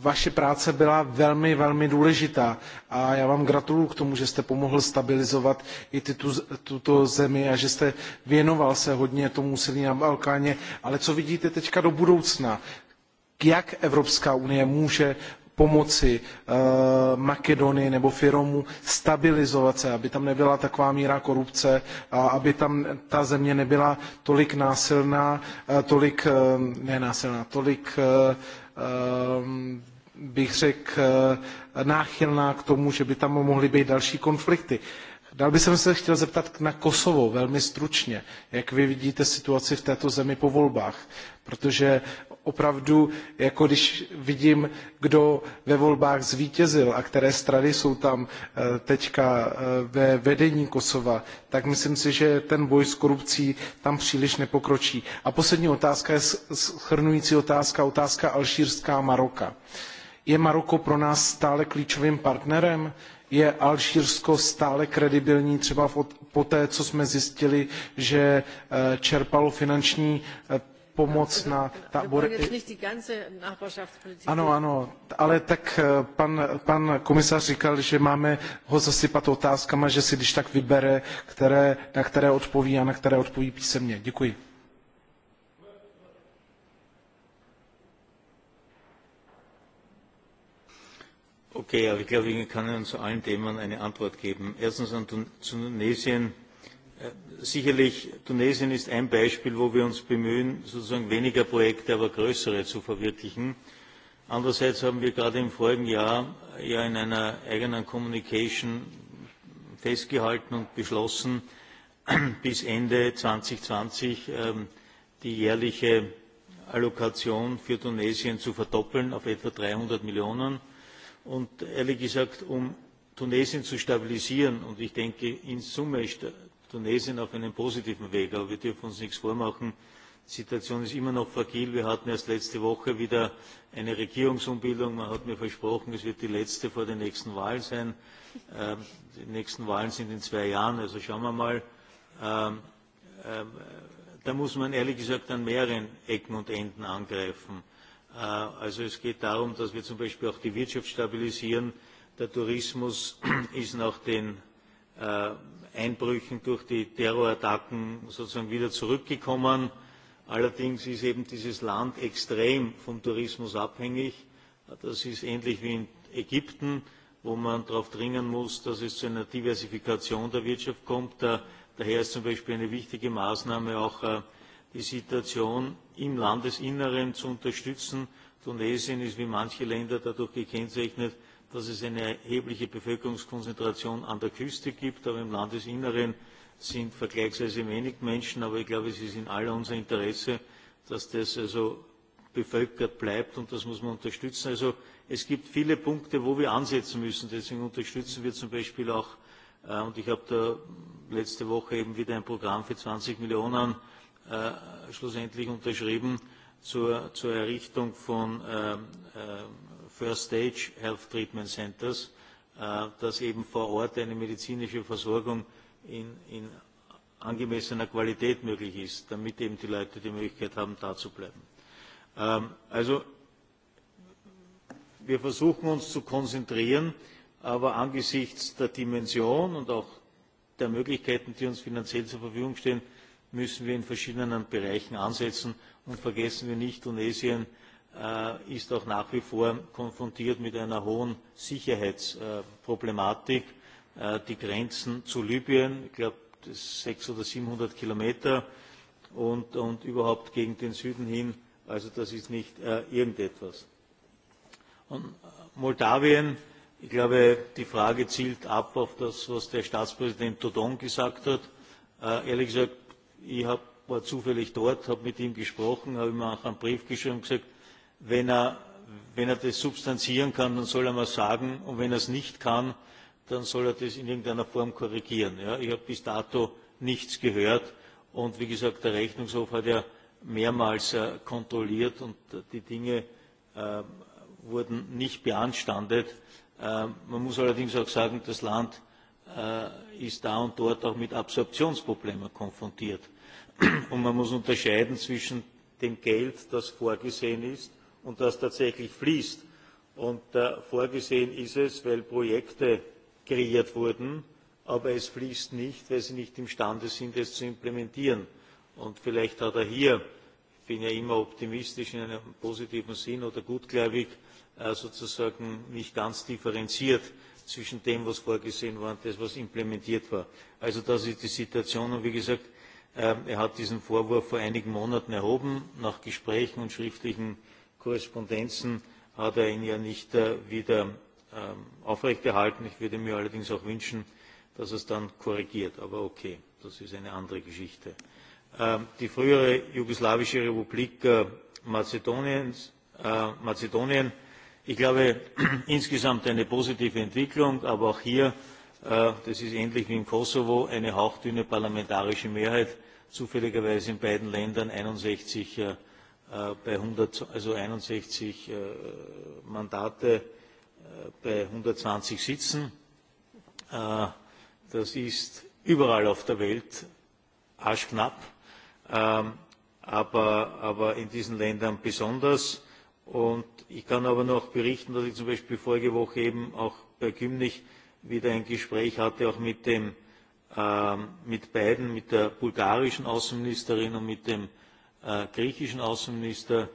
vaše práce byla velmi, velmi důležitá a já vám gratuluju k tomu, že jste pomohl stabilizovat i ty, tu, tuto zemi a že jste věnoval se hodně tomu úsilí na Balkáně. Ale co vidíte teďka do budoucna? Jak Evropská unie může pomoci uh, Makedonii nebo Firomu stabilizovat se, aby tam nebyla taková míra korupce a aby tam ta země nebyla tolik násilná, uh, tolik, uh, eh, ne násilná, tolik uh, Ehm, bych řekl, eh, náchylná k tomu, že by tam mohly být další konflikty. Dál bych se chtěl zeptat na Kosovo velmi stručně, jak vy vidíte situaci v této zemi po volbách, protože opravdu, jako když vidím, kdo ve volbách zvítězil a které strany jsou tam eh, teďka eh, ve vedení Kosova, tak myslím si, že ten boj s korupcí tam příliš nepokročí. A poslední otázka je shrnující otázka, otázka alžírská Maroka. Je Maroko pro nás stále klíčovým partnerem? je Alžírsko stále kredibilní, třeba po té, co jsme zjistili, že eh, čerpalo finanční na tábory. Ano, ano, ale tak eh, pan, pan komisař říkal, že máme ho zasypat otázkama, že si když tak vybere, které, na které odpoví a na které odpoví písemně. Děkuji. Okay, aber ich glaube, zu allen Themen eine Antwort geben. Erstens an Tunesien. Äh, sicherlich, Tunesien ist ein Beispiel, wo wir uns bemühen, sozusagen weniger Projekte, aber größere zu verwirklichen. Andererseits haben wir gerade im vorigen Jahr ja in einer eigenen Communication festgehalten und beschlossen, bis Ende 2020 ähm, die jährliche Allokation für Tunesien zu verdoppeln auf etwa 300 Millionen. Und ehrlich gesagt, um Tunesien zu stabilisieren, und ich denke, in Summe tunesien auf einem positiven weg aber wir dürfen uns nichts vormachen die situation ist immer noch fragil. wir hatten erst letzte woche wieder eine regierungsumbildung. man hat mir versprochen es wird die letzte vor den nächsten wahlen sein. Ähm, die nächsten wahlen sind in zwei jahren also schauen wir mal. Ähm, ähm, da muss man ehrlich gesagt an mehreren ecken und enden angreifen. Äh, also es geht darum dass wir zum beispiel auch die wirtschaft stabilisieren. der tourismus ist nach den äh, Einbrüchen durch die Terrorattacken sozusagen wieder zurückgekommen. Allerdings ist eben dieses Land extrem vom Tourismus abhängig. Das ist ähnlich wie in Ägypten, wo man darauf dringen muss, dass es zu einer Diversifikation der Wirtschaft kommt. Daher ist zum Beispiel eine wichtige Maßnahme auch äh, die Situation im Landesinneren zu unterstützen. Tunesien ist wie manche Länder dadurch gekennzeichnet, dass es eine erhebliche Bevölkerungskonzentration an der Küste gibt, aber im Landesinneren sind vergleichsweise wenig Menschen, aber ich glaube, es ist in aller unser Interesse, dass das also bevölkert bleibt und das muss man unterstützen. Also es gibt viele Punkte, wo wir ansetzen müssen. Deswegen unterstützen wir zum Beispiel auch, äh, und ich habe da letzte Woche eben wieder ein Programm für 20 Millionen äh, schlussendlich unterschrieben zur, zur Errichtung von äh, First Stage Health Treatment Centers, äh, dass eben vor Ort eine medizinische Versorgung in, in angemessener Qualität möglich ist, damit eben die Leute die Möglichkeit haben, da zu bleiben. Ähm, also wir versuchen uns zu konzentrieren, aber angesichts der Dimension und auch der Möglichkeiten, die uns finanziell zur Verfügung stehen, müssen wir in verschiedenen Bereichen ansetzen und vergessen wir nicht Tunesien, Äh, ist auch nach wie vor konfrontiert mit einer hohen Sicherheitsproblematik. Äh, die Grenzen zu Libyen, ich glaube, das sechs oder 700 Kilometer und, und überhaupt gegen den Süden hin, also das ist nicht äh, irgendetwas. Und Moldawien, ich glaube, die Frage zielt ab auf das, was der Staatspräsident Dodon gesagt hat. Äh, ehrlich gesagt, ich hab, war zufällig dort, habe mit ihm gesprochen, habe ihm auch einen Brief geschrieben und gesagt, Wenn er, wenn er das substanzieren kann, dann soll er mal sagen. Und wenn er es nicht kann, dann soll er das in irgendeiner Form korrigieren. Ja, ich habe bis dato nichts gehört. Und wie gesagt, der Rechnungshof hat ja mehrmals äh, kontrolliert und die Dinge äh, wurden nicht beanstandet. Äh, man muss allerdings auch sagen, das Land äh, ist da und dort auch mit Absorptionsproblemen konfrontiert. Und man muss unterscheiden zwischen dem Geld, das vorgesehen ist, und das tatsächlich fließt. Und äh, vorgesehen ist es, weil Projekte kreiert wurden, aber es fließt nicht, weil sie nicht imstande sind, es zu implementieren. Und vielleicht hat er hier, ich bin ja immer optimistisch in einem positiven Sinn oder gutgläubig, äh, sozusagen nicht ganz differenziert zwischen dem, was vorgesehen war und dem, was implementiert war. Also das ist die Situation. Und wie gesagt, ähm, er hat diesen Vorwurf vor einigen Monaten erhoben, nach Gesprächen und schriftlichen Korrespondenzen hat er ihn ja nicht äh, wieder ähm, aufrechterhalten. Ich würde mir allerdings auch wünschen, dass er es dann korrigiert. Aber okay, das ist eine andere Geschichte. Ähm, die frühere jugoslawische Republik äh, Mazedonien, äh, Mazedonien ich glaube, insgesamt eine positive Entwicklung, aber auch hier, das ist ähnlich wie im Kosovo, eine hauchdünne parlamentarische Mehrheit, zufälligerweise in beiden Ländern 61 bei 100, also 61 äh, Mandate äh, bei 120 Sitzen. Äh, das ist überall auf der Welt arschknapp, ähm, aber, aber in diesen Ländern besonders. Und ich kann aber noch berichten, dass ich zum Beispiel vorige Woche eben auch bei Gymnich wieder ein Gespräch hatte, auch mit, dem, ähm, mit beiden, mit der bulgarischen Außenministerin und mit dem Äh, griechischen Außenminister.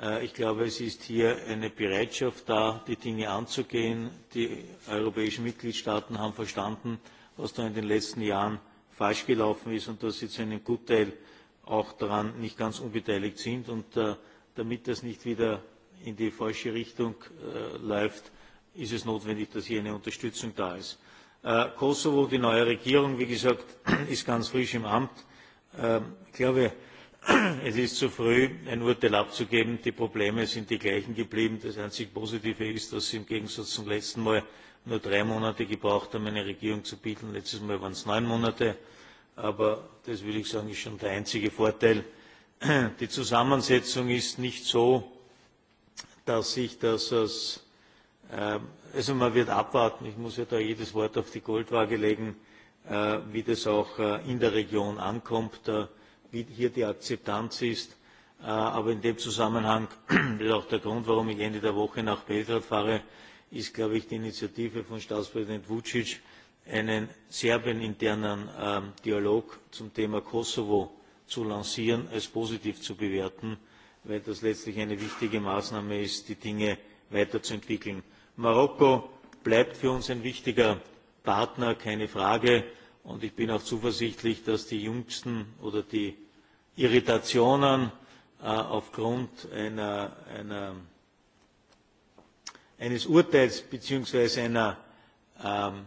Äh, ich glaube, es ist hier eine Bereitschaft da, die Dinge anzugehen. Die europäischen Mitgliedstaaten haben verstanden, was da in den letzten Jahren falsch gelaufen ist und dass sie zu einem Gutteil auch daran nicht ganz unbeteiligt sind. Und äh, damit das nicht wieder in die falsche Richtung läuft, ist es notwendig, dass hier eine Unterstützung da ist. Kosovo, die neue Regierung, wie gesagt, ist ganz frisch im Amt. Ähm, ich glaube, es ist zu früh ein urteil abzugeben. die probleme sind die gleichen geblieben. das einzig positive ist dass sie im gegensatz zum letzten mal nur drei monate gebraucht haben eine regierung zu bilden. letztes mal waren es neun monate. aber das würde ich sagen ist schon der einzige vorteil. die zusammensetzung ist nicht so dass sich das als ähm, also man wird abwarten ich muss ja da jedes wort auf die goldwaage legen äh, wie das auch äh, in der region ankommt äh, wie hier die Akzeptanz ist. Äh, aber in dem Zusammenhang, das ist auch der Grund, warum ich Ende der Woche nach Belgrad fahre, ist, glaube ich, die Initiative von Staatspräsident Vucic, einen serbeninternen internen ähm, Dialog zum Thema Kosovo zu lancieren, als positiv zu bewerten, weil das letztlich eine wichtige Maßnahme ist, die Dinge weiterzuentwickeln. Marokko bleibt für uns ein wichtiger Partner, keine Frage Und ich bin auch zuversichtlich, dass die jüngsten oder die Irritationen äh, aufgrund einer, einer, eines Urteils bzw. einer ähm,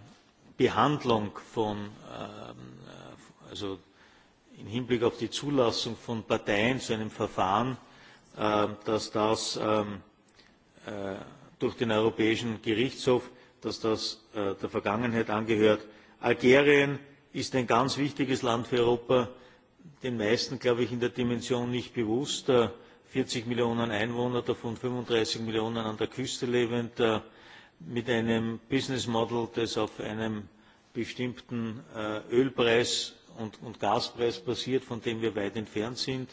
Behandlung von, ähm, äh, also im Hinblick auf die Zulassung von Parteien zu einem Verfahren, äh, dass das ähm, äh, durch den Europäischen Gerichtshof, dass das äh, der Vergangenheit angehört algerien ist ein ganz wichtiges land für europa den meisten glaube ich in der dimension nicht bewusst äh, vierzig millionen einwohner davon fünfunddreißig millionen an der küste lebend äh, mit einem business model das auf einem bestimmten äh, ölpreis und, gaspreis basiert von dem wir weit entfernt sind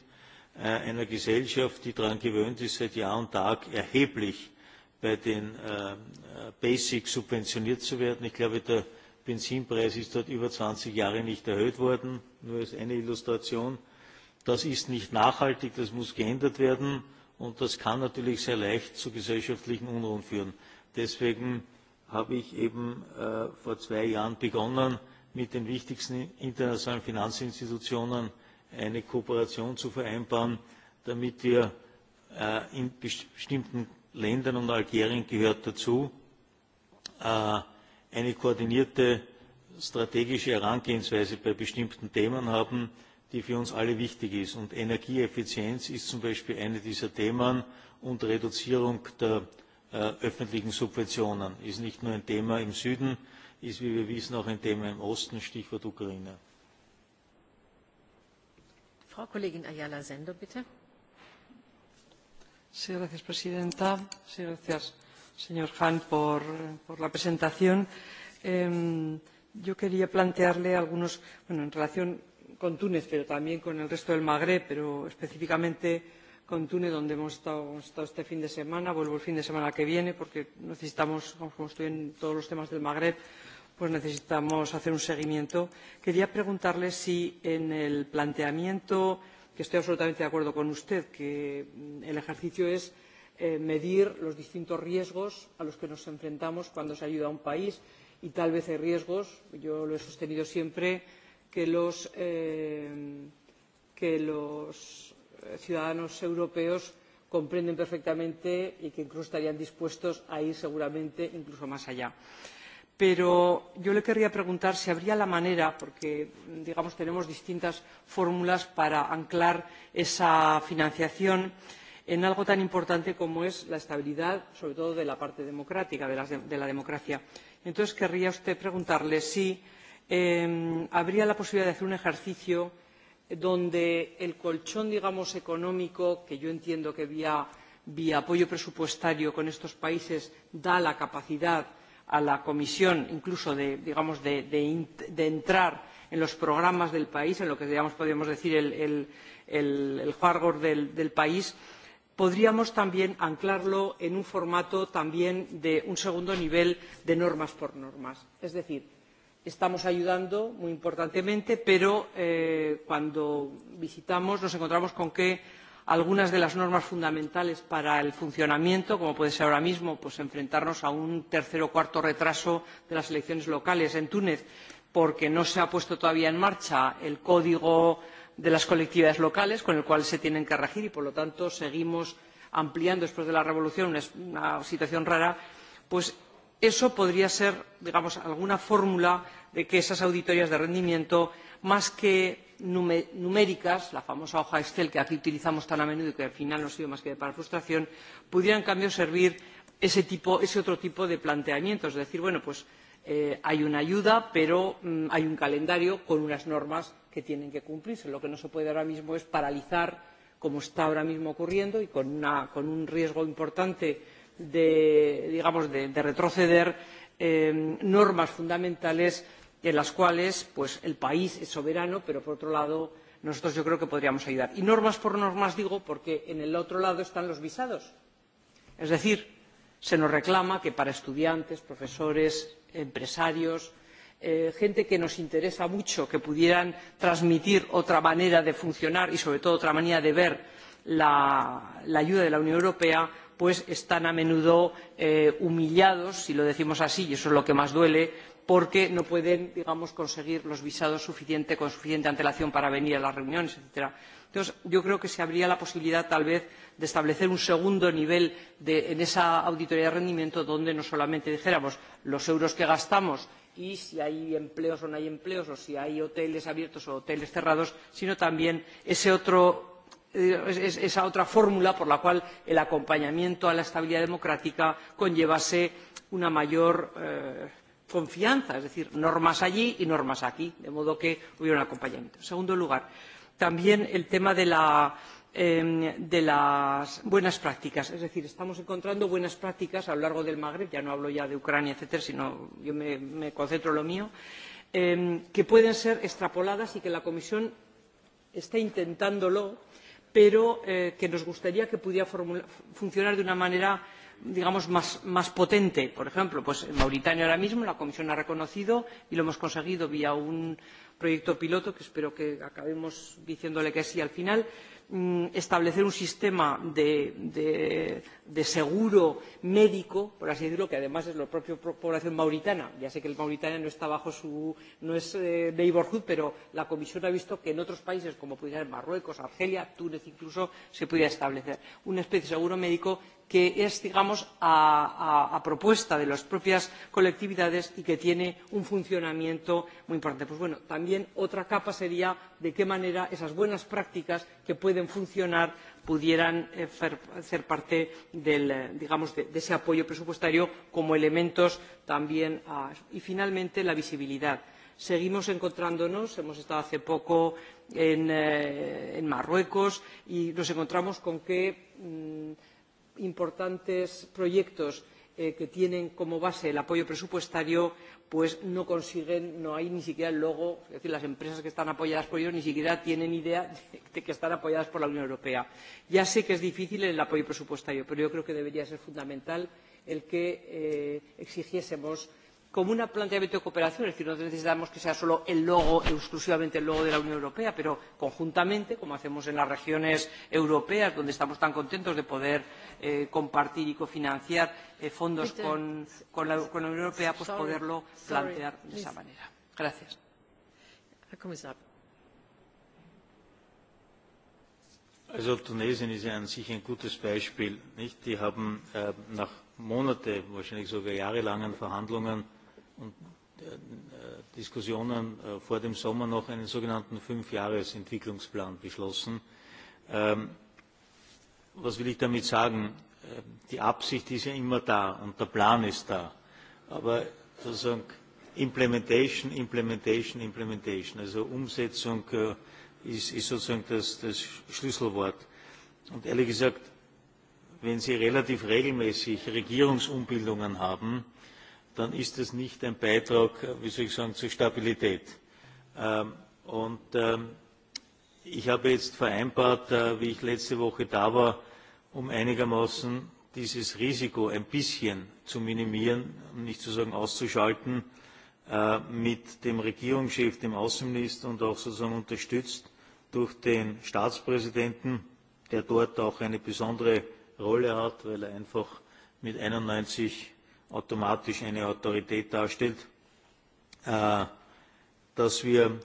einer gesellschaft die daran gewöhnt ist seit jahr und tag erheblich bei den Basics subventioniert zu werden. ich glaube der Benzinpreis ist dort über zwanzig Jahre nicht erhöht worden, nur als eine Illustration. Das ist nicht nachhaltig, das muss geändert werden und das kann natürlich sehr leicht zu gesellschaftlichen Unruhen führen. Deswegen habe ich eben äh, vor zwei Jahren begonnen, mit den wichtigsten internationalen Finanzinstitutionen eine Kooperation zu vereinbaren, damit wir äh, in bestimmten Ländern und Algerien gehört dazu, äh, eine koordinierte strategische Herangehensweise bei bestimmten Themen haben, die für uns alle wichtig ist. Und Energieeffizienz ist zum Beispiel eine dieser Themen und Reduzierung der äh, öffentlichen Subventionen ist nicht nur ein Thema im Süden, ist, wie wir wissen, auch ein Thema im Osten, Stichwort Ukraine. Frau Kollegin Ayala bitte señor hahn por, la presentación. yo quería plantearle algunos bueno, en relación con túnez pero también con el resto del magreb pero específicamente con túnez donde hemos estado, este fin de semana vuelvo el fin de semana que viene porque necesitamos como estoy en todos los temas del magreb pues necesitamos hacer un seguimiento. quería preguntarle si en el planteamiento que estoy absolutamente de acuerdo con usted que el ejercicio es Eh, medir los distintos riesgos a los que nos enfrentamos cuando se ayuda a un país y tal vez hay riesgos yo lo he sostenido siempre que los, eh, que los eh, ciudadanos europeos comprenden perfectamente y que incluso estarían dispuestos a ir seguramente incluso más allá. Pero yo le querría preguntar si habría la manera, porque digamos tenemos distintas fórmulas para anclar esa financiación, eh, en algo tan importante como es la estabilidad sobre todo de la parte democrática de la, democracia. entonces querría usted preguntarle si habría la posibilidad de hacer un ejercicio donde el colchón digamos económico que yo entiendo que vía, vía apoyo presupuestario con estos países da la capacidad a la comisión incluso de, digamos, de, de, de entrar en los programas del país en lo que digamos, podríamos decir el, el, el hardware del, del país podríamos también anclarlo en un formato también de un segundo nivel de normas por normas es decir estamos ayudando muy importantemente pero eh, cuando visitamos nos encontramos con que algunas de las normas fundamentales para el funcionamiento como puede ser ahora mismo pues enfrentarnos a un tercer o cuarto retraso de las elecciones locales en túnez porque no se ha puesto todavía en marcha el código de las colectividades locales con el cual se tienen que regir y por lo tanto seguimos ampliando después de la revolución una, situación rara pues eso podría ser digamos alguna fórmula de que esas auditorías de rendimiento más que numéricas la famosa hoja excel que aquí utilizamos tan a menudo y que al final no sirve más que para frustración pudieran en cambio servir ese otro tipo de planteamientos es decir bueno pues Eh, hay una ayuda, pero mm, hay un calendario con unas normas que tienen que cumplirse. Lo que no se puede ahora mismo es paralizar, como está ahora mismo ocurriendo y con, una, con un riesgo importante de, digamos, de, de retroceder eh, normas fundamentales en las cuales pues, el país es soberano, pero por otro lado nosotros yo creo que podríamos ayudar. Y normas por normas digo porque en el otro lado están los visados. Es decir, se nos reclama que para estudiantes, profesores, empresarios eh, gente que nos interesa mucho que pudieran transmitir otra manera de funcionar y sobre todo otra manera de ver la, ayuda de la unión europea pues están a menudo eh, humillados si lo decimos así y eso es lo que más duele porque no pueden digamos, conseguir los visados suficiente, con suficiente antelación para venir a las reuniones, etc. Entonces, yo creo que se abría la posibilidad, tal vez, de establecer un segundo nivel de, en esa auditoría de rendimiento donde no solamente dijéramos los euros que gastamos y si hay empleos o no hay empleos, o si hay hoteles abiertos o hoteles cerrados, sino también ese otro eh, esa otra fórmula por la cual el acompañamiento a la estabilidad democrática conllevase una mayor eh, confianza, es decir, normas allí y normas aquí, de modo que hubiera un acompañamiento. En segundo lugar, también el tema de, la, eh, de las buenas prácticas, es decir, estamos encontrando buenas prácticas a lo largo del Magreb, ya no hablo ya de Ucrania, etcétera, sino yo me, me concentro en lo mío, eh, que pueden ser extrapoladas y que la Comisión está intentándolo, pero eh, que nos gustaría que pudiera funcionar de una manera digamos, más, más potente. Por ejemplo, pues en Mauritania ahora mismo la Comisión ha reconocido y lo hemos conseguido vía un proyecto piloto que espero que acabemos diciéndole que sí al final mm, establecer un sistema de, de, de seguro médico por así decirlo que además es la propia población mauritana ya sé que el mauritania no está bajo su no es eh, neighbourhood pero la comisión ha visto que en otros países como puede ser marruecos argelia túnez incluso se puede establecer una especie de seguro médico que es digamos a, a, a propuesta de las propias colectividades y que tiene un funcionamiento muy importante. pues bueno también otra capa sería de qué manera esas buenas prácticas que pueden funcionar pudieran ser eh, parte del, eh, digamos, de, de, ese apoyo presupuestario como elementos también a, y finalmente la visibilidad seguimos encontrándonos hemos estado hace poco en, eh, en Marruecos y nos encontramos con que mmm, importantes proyectos eh, que tienen como base el apoyo presupuestario pues no consiguen, no hay ni siquiera el logo, es decir, las empresas que están apoyadas por ellos ni siquiera tienen idea de que están apoyadas por la Unión Europea. Ya sé que es difícil el apoyo presupuestario, pero yo creo que debería ser fundamental el que eh, exigiésemos como un planteamiento de cooperación, es decir, no necesitamos que sea solo el logo, exclusivamente el logo de la Unión Europea, pero conjuntamente, como hacemos en las regiones europeas, donde estamos tan contentos de poder eh, compartir y cofinanciar eh, fondos con, con, la, con la Unión Europea, pues sorry, poderlo plantear sorry, de esa manera. Gracias. Also Tunesien ist ja an sich ein gutes Beispiel. Nicht? Die haben äh, nach Monate, wahrscheinlich sogar jahrelangen Verhandlungen und äh, Diskussionen äh, vor dem Sommer noch einen sogenannten Fünfjahresentwicklungsplan beschlossen. Ähm, was will ich damit sagen? Ähm, die Absicht ist ja immer da und der Plan ist da. Aber sozusagen Implementation, Implementation, Implementation, also Umsetzung äh, ist, ist sozusagen das, das Schlüsselwort. Und ehrlich gesagt, wenn Sie relativ regelmäßig Regierungsumbildungen haben, dann ist das nicht ein Beitrag, wie soll ich sagen, zur Stabilität. Ähm, und ähm, ich habe jetzt vereinbart, äh, wie ich letzte Woche da war, um einigermaßen dieses Risiko ein bisschen zu minimieren, um nicht zu sagen auszuschalten, äh, mit dem Regierungschef, dem Außenminister und auch sozusagen unterstützt durch den Staatspräsidenten, der dort auch eine besondere Rolle hat, weil er einfach mit 91 automatisch eine Autorität darstellt, äh, dass wir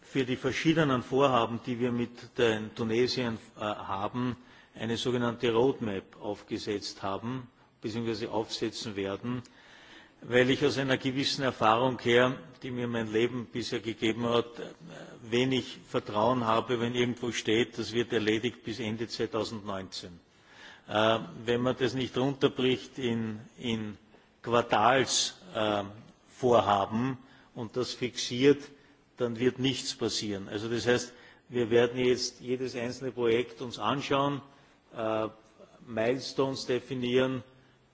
für die verschiedenen Vorhaben, die wir mit den Tunesien äh, haben, eine sogenannte Roadmap aufgesetzt haben bzw. aufsetzen werden, weil ich aus einer gewissen Erfahrung her, die mir mein Leben bisher gegeben hat, äh, wenig Vertrauen habe, wenn irgendwo steht, das wird erledigt bis Ende 2019 Äh, wenn man das nicht runterbricht in, Quartalsvorhaben äh, und das fixiert, dann wird nichts passieren. Also das heißt, wir werden uns jetzt jedes einzelne Projekt uns anschauen, äh, Milestones definieren,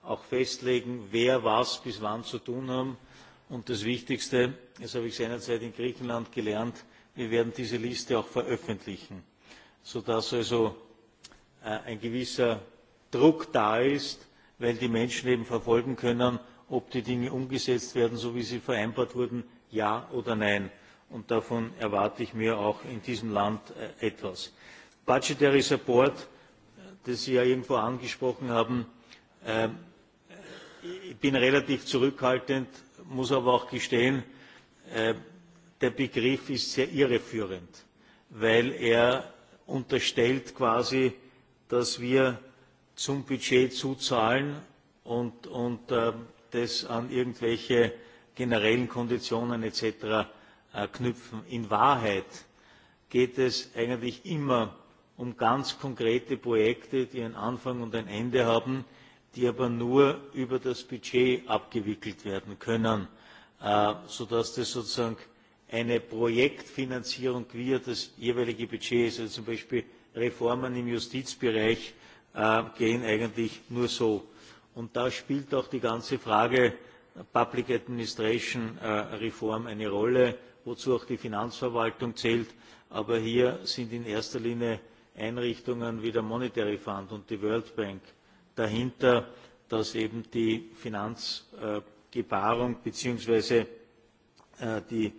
auch festlegen, wer was bis wann zu tun haben. Und das Wichtigste, das habe ich seinerzeit in Griechenland gelernt, wir werden diese Liste auch veröffentlichen, sodass also ein gewisser Druck da ist, weil die Menschen eben verfolgen können, ob die Dinge umgesetzt werden, so wie sie vereinbart wurden, ja oder nein. Und davon erwarte ich mir auch in diesem Land äh, etwas. Budgetary Support, das Sie ja irgendwo angesprochen haben, ähm, ich bin relativ zurückhaltend, muss aber auch gestehen, äh, der Begriff ist sehr irreführend, weil er unterstellt quasi, dass wir zum Budget zuzahlen und, und äh, das an irgendwelche generellen Konditionen etc. Äh, knüpfen. In Wahrheit geht es eigentlich immer um ganz konkrete Projekte, die einen Anfang und ein Ende haben, die aber nur über das Budget abgewickelt werden können, äh, sodass das sozusagen eine Projektfinanzierung via das jeweilige Budget ist, also zum Beispiel Reformen im Justizbereich Äh, gehen eigentlich nur so. Und da spielt auch die ganze Frage Public Administration äh, Reform eine Rolle, wozu auch die Finanzverwaltung zählt. Aber hier sind in erster Linie Einrichtungen wie der Monetary Fund und die World Bank dahinter, dass eben die Finanzgebarung beziehungsweise bzw. Äh, die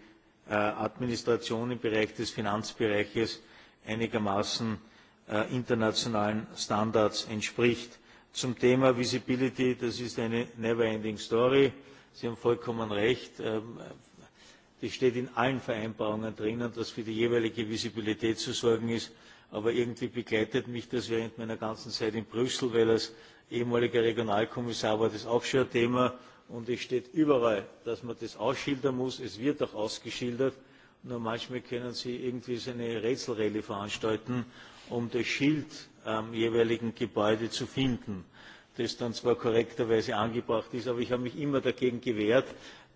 Administration im Bereich des Finanzbereiches einigermaßen Äh, internationalen Standards entspricht. Zum Thema Visibility, das ist eine never-ending story. Sie haben vollkommen recht. Ähm, das steht in allen Vereinbarungen drinnen, dass für die jeweilige Visibilität zu sorgen ist. Aber irgendwie begleitet mich das während meiner ganzen Zeit in Brüssel, weil als ehemaliger Regionalkommissar war das auch schon ein Thema. Und es steht überall, dass man das ausschildern muss. Es wird auch ausgeschildert. Nur manchmal können Sie irgendwie so eine Rätselrallye veranstalten um das Schild am jeweiligen Gebäude zu finden, das dann zwar korrekterweise angebracht ist, aber ich habe mich immer dagegen gewehrt,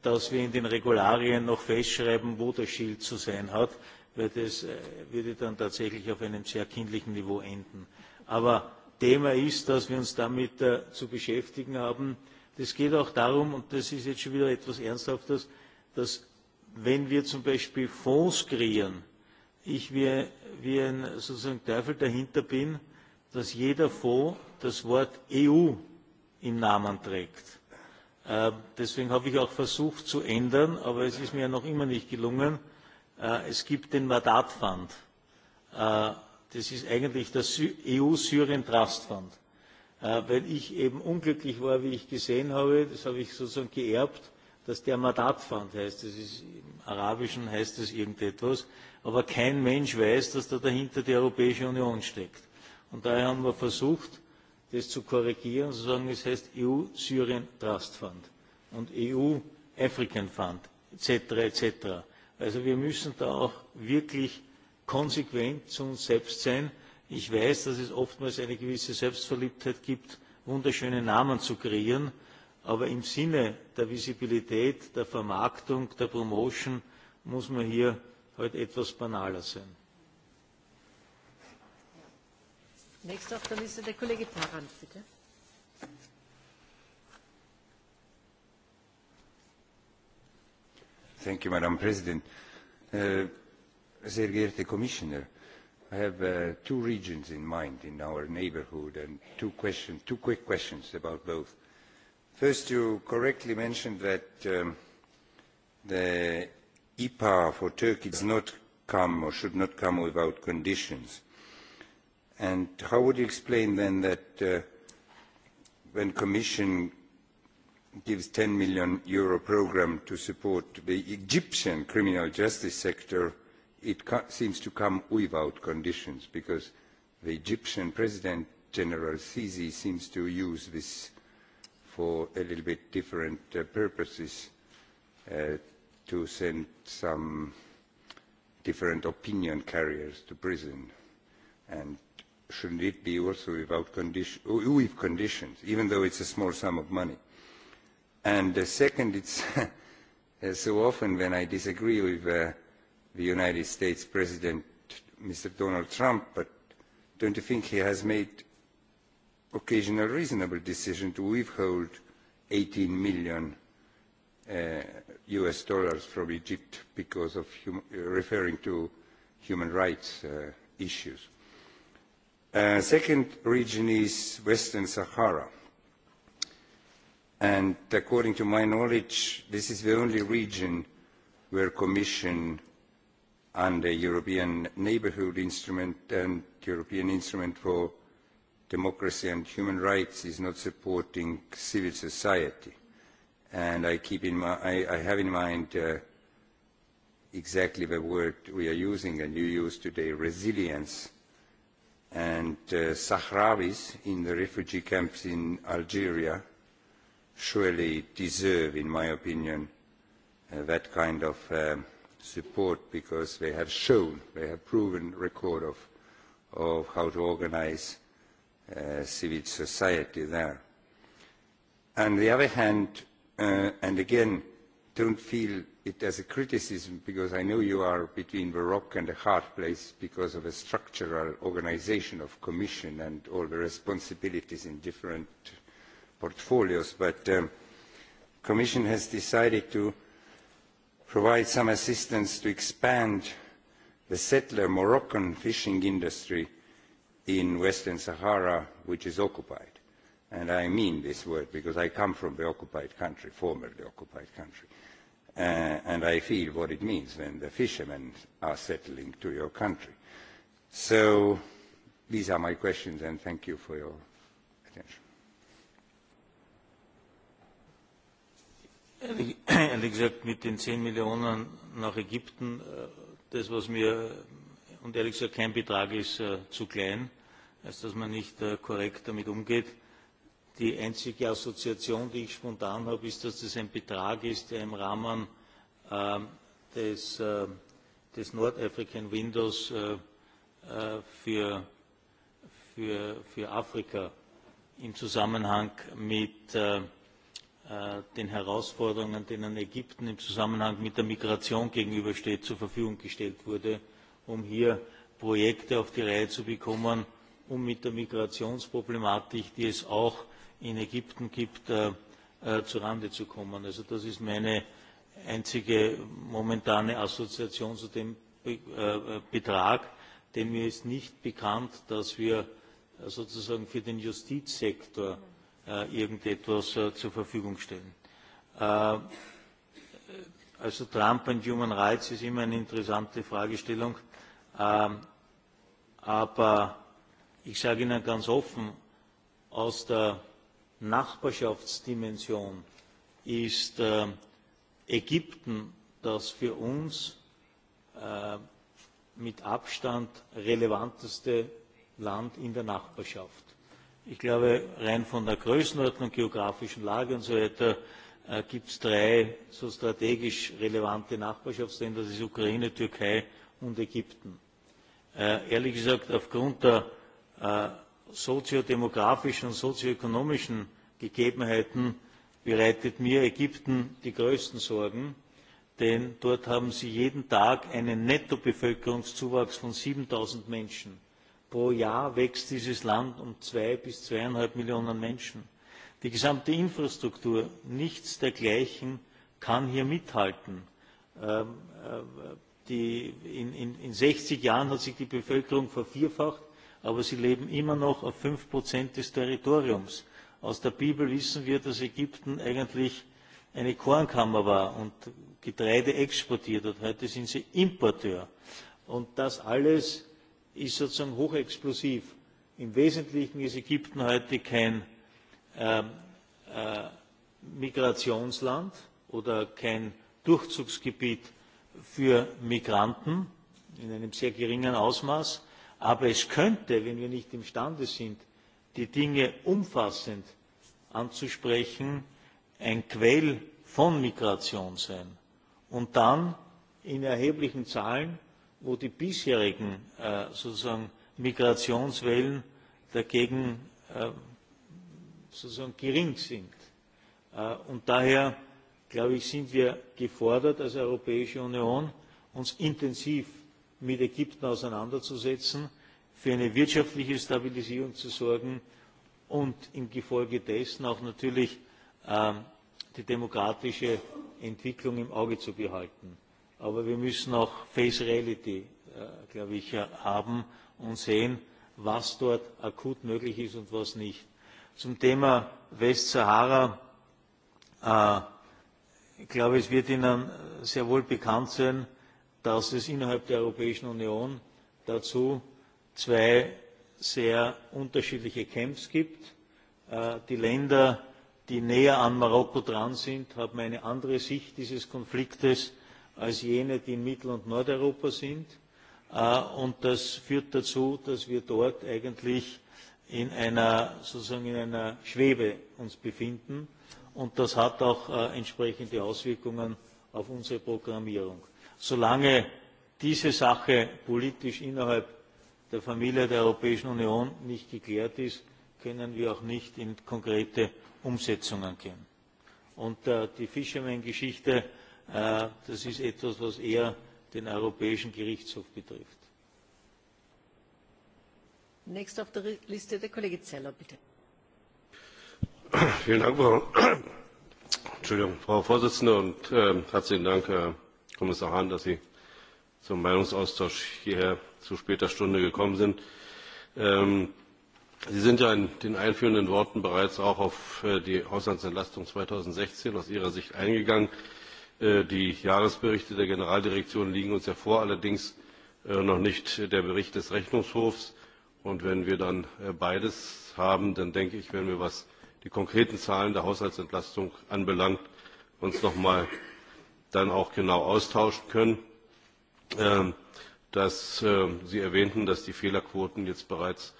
dass wir in den Regularien noch festschreiben, wo das Schild zu sein hat, weil das äh, würde dann tatsächlich auf einem sehr kindlichen Niveau enden. Aber Thema ist, dass wir uns damit äh, zu beschäftigen haben. Es geht auch darum, und das ist jetzt schon wieder etwas Ernsthaftes, dass wenn wir zum Beispiel Fonds kreieren, ich wie, wie ein sozusagen Teufel dahinter bin, dass jeder Fonds das Wort EU im Namen trägt. Äh, deswegen habe ich auch versucht zu ändern, aber es ist mir noch immer nicht gelungen. Äh, es gibt den Madat Fund. Äh, das ist eigentlich der EU-Syrien Trust Fund. Äh, weil ich eben unglücklich war, wie ich gesehen habe, das habe ich sozusagen geerbt, dass der Madat Fund heißt. Das ist, Im Arabischen heißt das irgendetwas aber kein Mensch weiß, dass da dahinter die Europäische Union steckt. Und daher haben wir versucht, das zu korrigieren, und zu sagen, es heißt EU-Syrien Trust Fund und EU-African Fund etc. etc. Also wir müssen da auch wirklich konsequent zu uns selbst sein. Ich weiß, dass es oftmals eine gewisse Selbstverliebtheit gibt, wunderschöne Namen zu kreieren, aber im Sinne der Visibilität, der Vermarktung, der Promotion muss man hier heute etwas banaler sind. Nächster auf der Liste der Kollege Tarand, bitte. Thank you, Madam President. Uh, sehr geehrte Commissioner, I have uh, two regions in mind in our neighborhood and two, question, two quick questions about both. First, you correctly mentioned that um, the EPA for Turkey does not come or should not come without conditions. And how would you explain then that uh, when Commission gives 10 million euro program to support the Egyptian criminal justice sector, it seems to come without conditions because the Egyptian President General Sisi seems to use this for a little bit different uh, purposes uh, to send some different opinion carriers to prison? And shouldn't it be also without condition, with conditions, even though it's a small sum of money? And uh, second, it's so often when I disagree with uh, the United States President, Mr. Donald Trump, but don't you think he has made occasional reasonable decision to withhold 18 million US uh, dollars from Egypt because of hum uh, referring to human rights uh, issues. Uh, second region is Western Sahara. And according to my knowledge, this is the only region where Commission under European Neighbourhood Instrument and European Instrument for Democracy and Human Rights is not supporting civil society and I, keep in my, I, I have in mind uh, exactly the word we are using and you use today, resilience. And uh, Sahrawis in the refugee camps in Algeria surely deserve, in my opinion, uh, that kind of um, support because they have shown, they have proven record of, of how to organize uh, civil society there. On the other hand, Uh, and again, don't feel it as a criticism because I know you are between the rock and a hard place because of a structural organisation of commission and all the responsibilities in different portfolios, but um, commission has decided to provide some assistance to expand the settler Moroccan fishing industry in Western Sahara, which is occupied and I mean this word because I come from the occupied country, formerly occupied country, uh, and I feel what it means when the fishermen are settling to your country. So these are my questions, and thank you for your attention. Und gesagt, mit den 10 Millionen nach Ägypten, äh, das was mir, und ehrlich gesagt kein Betrag ist, äh, zu klein, als dass man nicht äh, korrekt damit umgeht Die einzige Assoziation, die ich spontan habe, ist, dass das ein Betrag ist, der im Rahmen äh, des, äh, des North African Windows äh, äh, für, für, für Afrika im Zusammenhang mit äh, äh, den Herausforderungen, denen Ägypten im Zusammenhang mit der Migration gegenübersteht, zur Verfügung gestellt wurde, um hier Projekte auf die Reihe zu bekommen, um mit der Migrationsproblematik, die es auch in Ägypten gibt, äh, äh, zu Rande zu kommen. Also das ist meine einzige momentane Assoziation zu dem äh, Betrag, denn mir ist nicht bekannt, dass wir sozusagen für den Justizsektor irgendetwas zur Verfügung stellen. Also Trump und Human Rights ist immer eine interessante Fragestellung. Ähm, aber ich sage Ihnen ganz offen, aus der Nachbarschaftsdimension ist ähm, Ägypten das für uns äh, mit Abstand relevanteste Land in der Nachbarschaft. Ich glaube, rein von der Größenordnung, geografischen Lage und so weiter äh, gibt es drei so strategisch relevante Nachbarschaftsländer, das ist Ukraine, Türkei und Ägypten. Äh, ehrlich gesagt, aufgrund der äh, soziodemografischen und sozioökonomischen Gegebenheiten bereitet mir Ägypten die größten Sorgen, denn dort haben sie jeden Tag einen Nettobevölkerungszuwachs von 7000 Menschen. Pro Jahr wächst dieses Land um zwei bis zweieinhalb Millionen Menschen. Die gesamte Infrastruktur, nichts dergleichen, kann hier mithalten. Ähm, äh, die, in, in, in 60 Jahren hat sich die Bevölkerung vervierfacht aber sie leben immer noch auf fünf Prozent des Territoriums. Aus der Bibel wissen wir, dass Ägypten eigentlich eine Kornkammer war und Getreide exportiert hat. Heute sind sie Importeur. Und das alles ist sozusagen hochexplosiv. Im Wesentlichen ist Ägypten heute kein äh, äh, Migrationsland oder kein Durchzugsgebiet für Migranten in einem sehr geringen Ausmaß, Aber es könnte, wenn wir nicht imstande sind, die Dinge umfassend anzusprechen, ein Quell von Migration sein. Und dann in erheblichen Zahlen, wo die bisherigen äh, sozusagen Migrationswellen dagegen äh, sozusagen gering sind. Äh, und daher, glaube ich, sind wir gefordert als Europäische Union, uns intensiv mit Ägypten auseinanderzusetzen, für eine wirtschaftliche Stabilisierung zu sorgen und im Gefolge dessen auch natürlich ähm, die demokratische Entwicklung im Auge zu behalten. Aber wir müssen auch Face Reality, äh, glaube ich, äh, haben und sehen, was dort akut möglich ist und was nicht. Zum Thema Westsahara, äh, ich glaube, es wird Ihnen sehr wohl bekannt sein, dass es innerhalb der Europäischen Union dazu zwei sehr unterschiedliche Camps gibt. Äh, die Länder, die näher an Marokko dran sind, haben eine andere Sicht dieses Konfliktes als jene, die in Mittel- und Nordeuropa sind. Äh, und das führt dazu, dass wir dort eigentlich in einer, sozusagen in einer Schwebe uns befinden. Und das hat auch äh, entsprechende Auswirkungen auf unsere Programmierung solange diese Sache politisch innerhalb der Familie der Europäischen Union nicht geklärt ist, können wir auch nicht in konkrete Umsetzungen gehen. Und äh, die Fisherman-Geschichte, äh, das ist etwas, was eher den Europäischen Gerichtshof betrifft. Next auf der Liste der Kollege Zeller, bitte. Vielen Dank, Frau, Entschuldigung, Frau Vorsitzende und äh, herzlichen Dank, Herr äh, Kommissar Hahn, dass Sie zum Meinungsaustausch hierher zu später Stunde gekommen sind. Ähm, Sie sind ja in den einführenden Worten bereits auch auf äh, die Haushaltsentlastung 2016 aus Ihrer Sicht eingegangen. Äh, die Jahresberichte der Generaldirektion liegen uns ja vor, allerdings äh, noch nicht der Bericht des Rechnungshofs. Und wenn wir dann beides haben, dann denke ich, werden wir, was die konkreten Zahlen der Haushaltsentlastung anbelangt, uns noch mal dann auch genau austauschen können. Ähm, dass, ähm, Sie erwähnten, dass die Fehlerquoten jetzt bereits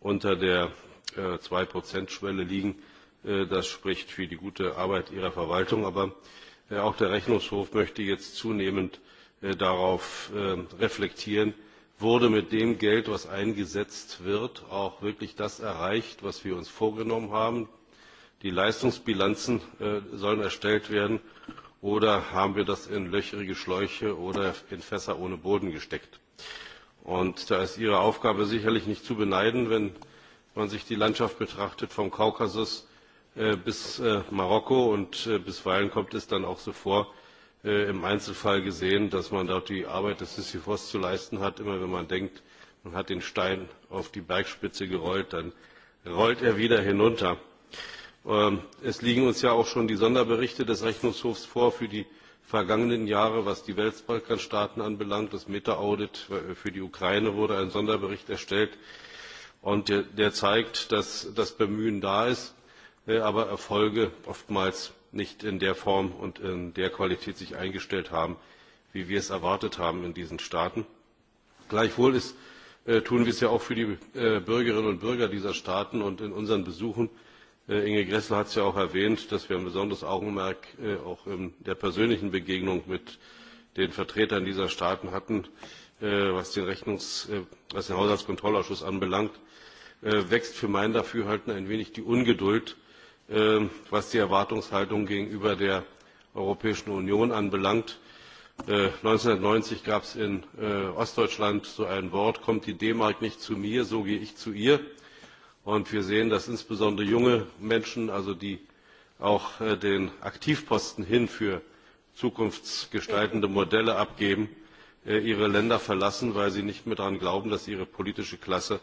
unter der äh, zwei Prozent Schwelle liegen. Äh, das spricht für die gute Arbeit Ihrer Verwaltung. Aber äh, auch der Rechnungshof möchte jetzt zunehmend darauf ähm, reflektieren, wurde mit dem Geld, das eingesetzt wird, auch wirklich das erreicht, was wir uns vorgenommen haben. Die Leistungsbilanzen sollen erstellt werden oder haben wir das in löcherige Schläuche oder in Fässer ohne Boden gesteckt? Und da ist Ihre Aufgabe sicherlich nicht zu beneiden, wenn man sich die Landschaft betrachtet vom Kaukasus äh, bis äh, Marokko und äh, bisweilen kommt es dann auch so vor, im Einzelfall gesehen, dass man dort die Arbeit des Sisyphos zu leisten hat. Immer wenn man denkt, man hat den Stein auf die Bergspitze gerollt, dann rollt er wieder hinunter. Ähm, es liegen uns ja auch schon die sonderberichte des rechnungshofs vor für die vergangenen jahre was die westbalkanstaaten anbelangt das meta audit äh, für die ukraine wurde ein sonderbericht erstellt und der zeigt dass das bemühen da ist äh, aber erfolge oftmals nicht in der form und in der qualität sich eingestellt haben wie wir es erwartet haben in diesen staaten. gleichwohl ist, äh, tun wir es ja auch für die bürgerinnen und bürger dieser staaten und in unseren besuchen Äh, Inge Gressel hat es ja auch erwähnt, dass wir ein besonderes Augenmerk äh, auch in der persönlichen Begegnung mit den Vertretern dieser Staaten hatten, äh, was den, Rechnungs-, was den Haushaltskontrollausschuss anbelangt, wächst für mein Dafürhalten ein wenig die Ungeduld, was die Erwartungshaltung gegenüber der Europäischen Union anbelangt. 1990 gab es in Ostdeutschland so ein Wort, kommt die D-Mark nicht zu mir, so gehe ich zu ihr Und wir sehen, dass insbesondere junge Menschen, also die auch äh, den Aktivposten hin für zukunftsgestaltende Modelle abgeben, äh, ihre Länder verlassen, weil sie nicht mehr daran glauben, dass ihre politische Klasse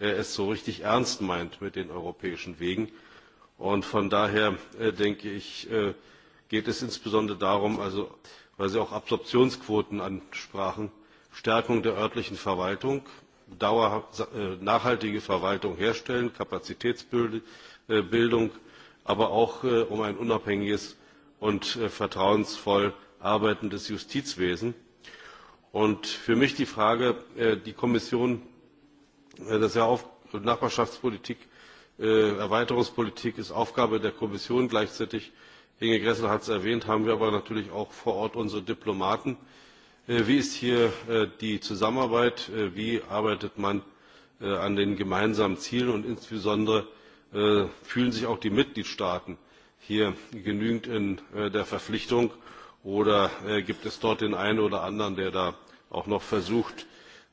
äh, es so richtig ernst meint mit den europäischen Wegen. Und von daher denke ich, geht es insbesondere darum, also, weil Sie auch Absorptionsquoten ansprachen, Stärkung der örtlichen Verwaltung, nachhaltige Verwaltung herstellen, Kapazitätsbildung, äh, aber auch äh, um ein unabhängiges und äh, vertrauensvoll arbeitendes Justizwesen. Und für mich die Frage, die Kommission, das ist ja auf Nachbarschaftspolitik, Erweiterungspolitik ist Aufgabe der Kommission. Gleichzeitig, Inge Gressel hat es erwähnt, haben wir aber natürlich auch vor Ort unsere Diplomaten. Äh, wie ist hier äh, die Zusammenarbeit? Äh, wie arbeitet man an den gemeinsamen Zielen? Und insbesondere fühlen sich auch die Mitgliedstaaten hier genügend in der Verpflichtung? Oder gibt es dort den einen oder anderen, der da auch noch versucht,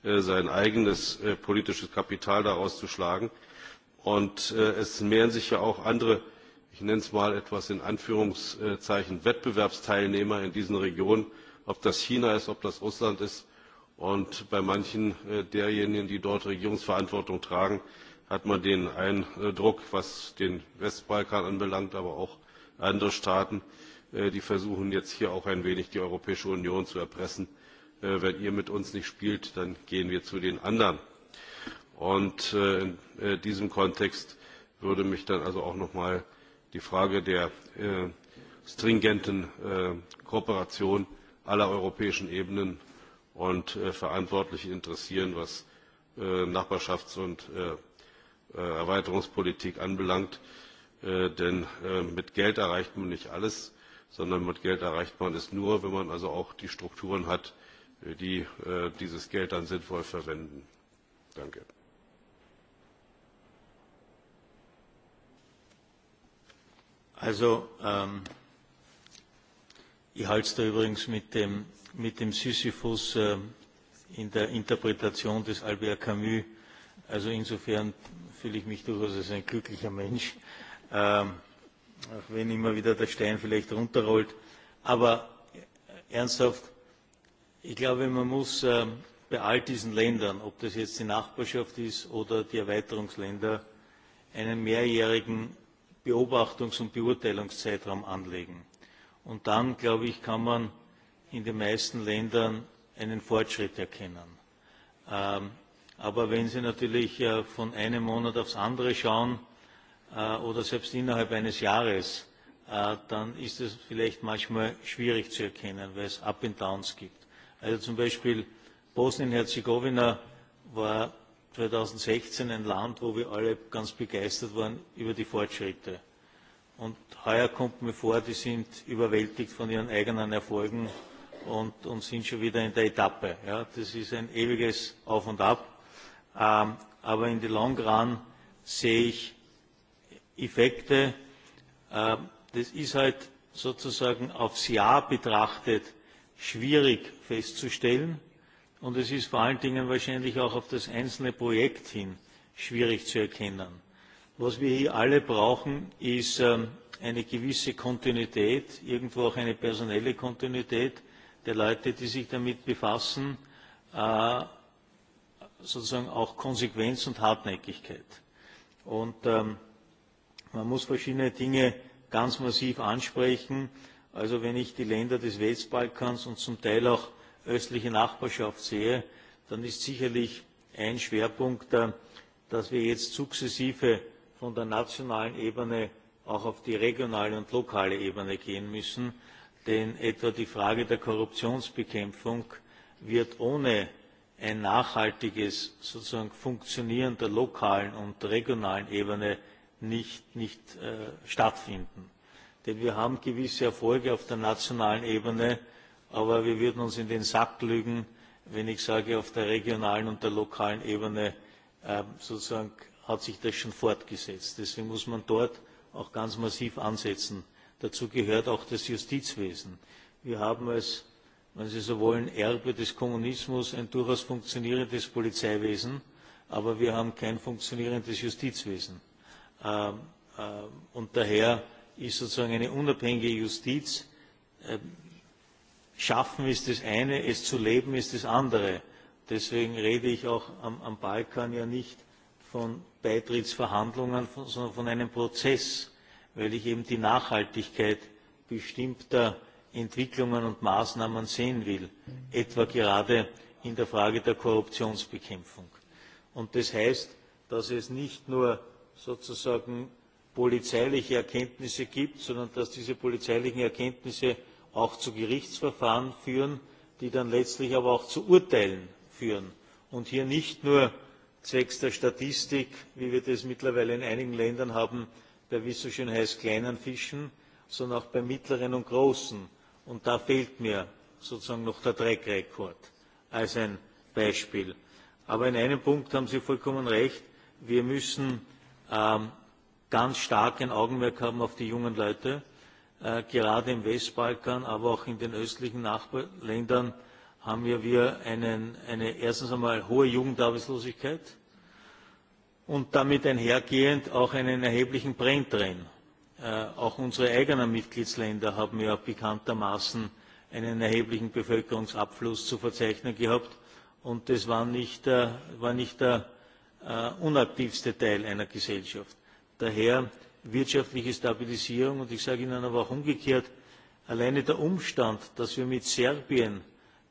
sein eigenes politisches Kapital daraus zu schlagen? Und es mehren sich ja auch andere ich nenne es mal etwas in Anführungszeichen Wettbewerbsteilnehmer in diesen Regionen, ob das China ist, ob das Russland ist. Und bei manchen äh, derjenigen, die dort Regierungsverantwortung tragen, hat man den Eindruck, was den Westbalkan anbelangt, aber auch andere Staaten, äh, die versuchen jetzt hier auch ein wenig die Europäische Union zu erpressen. Äh, wenn ihr mit uns nicht spielt, dann gehen wir zu den anderen. Und in diesem Kontext würde mich dann also auch noch mal die Frage der stringenten Kooperation aller europäischen Ebenen und äh, Verantwortliche interessieren, was äh, Nachbarschafts- und äh, äh Erweiterungspolitik anbelangt. Äh, denn äh, mit Geld erreicht man nicht alles, sondern mit Geld erreicht man es nur, wenn man also auch die Strukturen hat, die dieses Geld dann sinnvoll verwenden. Danke. Also, ähm ich halte es da übrigens mit dem, mit dem Sisyphus äh, in der Interpretation des Albert Camus. Also insofern fühle ich mich durchaus als ein glücklicher Mensch, ähm, auch wenn immer wieder der Stein vielleicht runterrollt. Aber äh, ernsthaft, ich glaube, man muss äh, bei all diesen Ländern, ob das jetzt die Nachbarschaft ist oder die Erweiterungsländer, einen mehrjährigen Beobachtungs- und Beurteilungszeitraum anlegen Und dann, glaube ich, kann man in den meisten Ländern einen Fortschritt erkennen. Ähm, aber wenn Sie natürlich äh, von einem Monat aufs andere schauen äh, oder selbst innerhalb eines Jahres, äh, dann ist es vielleicht manchmal schwierig zu erkennen, weil es Up and Downs gibt. Also zum Beispiel Bosnien-Herzegowina war 2016 ein Land, wo wir alle ganz begeistert waren über die Fortschritte. Und heuer kommt mir vor, die sind überwältigt von ihren eigenen Erfolgen und, und sind schon wieder in der Etappe. Ja, das ist ein ewiges Auf und Ab. Ähm, aber in the long run sehe ich Effekte. Ähm, das ist halt sozusagen aufs Jahr betrachtet schwierig festzustellen. Und es ist vor allen Dingen wahrscheinlich auch auf das einzelne Projekt hin schwierig zu erkennen. Was wir hier alle brauchen, ist ähm, eine gewisse Kontinuität, irgendwo auch eine personelle Kontinuität der Leute, die sich damit befassen, äh, sozusagen auch Konsequenz und Hartnäckigkeit. Und ähm, man muss verschiedene Dinge ganz massiv ansprechen. Also wenn ich die Länder des Westbalkans und zum Teil auch östliche Nachbarschaft sehe, dann ist sicherlich ein Schwerpunkt, äh, dass wir jetzt sukzessive von der nationalen Ebene auch auf die regionale und lokale Ebene gehen müssen, denn etwa die Frage der Korruptionsbekämpfung wird ohne ein nachhaltiges sozusagen Funktionieren der lokalen und regionalen Ebene nicht, nicht äh, stattfinden. Denn wir haben gewisse Erfolge auf der nationalen Ebene, aber wir würden uns in den Sack lügen, wenn ich sage, auf der regionalen und der lokalen Ebene äh, sozusagen hat sich das schon fortgesetzt. Deswegen muss man dort auch ganz massiv ansetzen. Dazu gehört auch das Justizwesen. Wir haben als, wenn Sie so wollen, Erbe des Kommunismus ein durchaus funktionierendes Polizeiwesen, aber wir haben kein funktionierendes Justizwesen. Ähm, äh, und daher ist sozusagen eine unabhängige Justiz, ähm, schaffen ist das eine, es zu leben ist das andere. Deswegen rede ich auch am, am Balkan ja nicht von Beitrittsverhandlungen, sondern von einem Prozess, weil ich eben die Nachhaltigkeit bestimmter Entwicklungen und Maßnahmen sehen will, etwa gerade in der Frage der Korruptionsbekämpfung. Und das heißt, dass es nicht nur sozusagen polizeiliche Erkenntnisse gibt, sondern dass diese polizeilichen Erkenntnisse auch zu Gerichtsverfahren führen, die dann letztlich aber auch zu Urteilen führen und hier nicht nur zwecks der Statistik, wie wir das mittlerweile in einigen Ländern haben, bei, wie es so schön heißt, kleinen Fischen, sondern auch bei mittleren und großen. Und da fehlt mir sozusagen noch der record als ein Beispiel. Aber in einem Punkt haben Sie vollkommen recht. Wir müssen ähm, ganz stark ein Augenmerk haben auf die jungen Leute, äh, gerade im Westbalkan, aber auch in den östlichen Nachbarländern haben wir, wir einen, eine erstens einmal hohe Jugendarbeitslosigkeit und damit einhergehend auch einen erheblichen Brenntrenn. Äh, auch unsere eigenen Mitgliedsländer haben ja bekanntermaßen einen erheblichen Bevölkerungsabfluss zu verzeichnen gehabt und das war nicht, äh, war nicht der äh, unaktivste Teil einer Gesellschaft. Daher wirtschaftliche Stabilisierung und ich sage Ihnen aber auch umgekehrt, alleine der Umstand, dass wir mit Serbien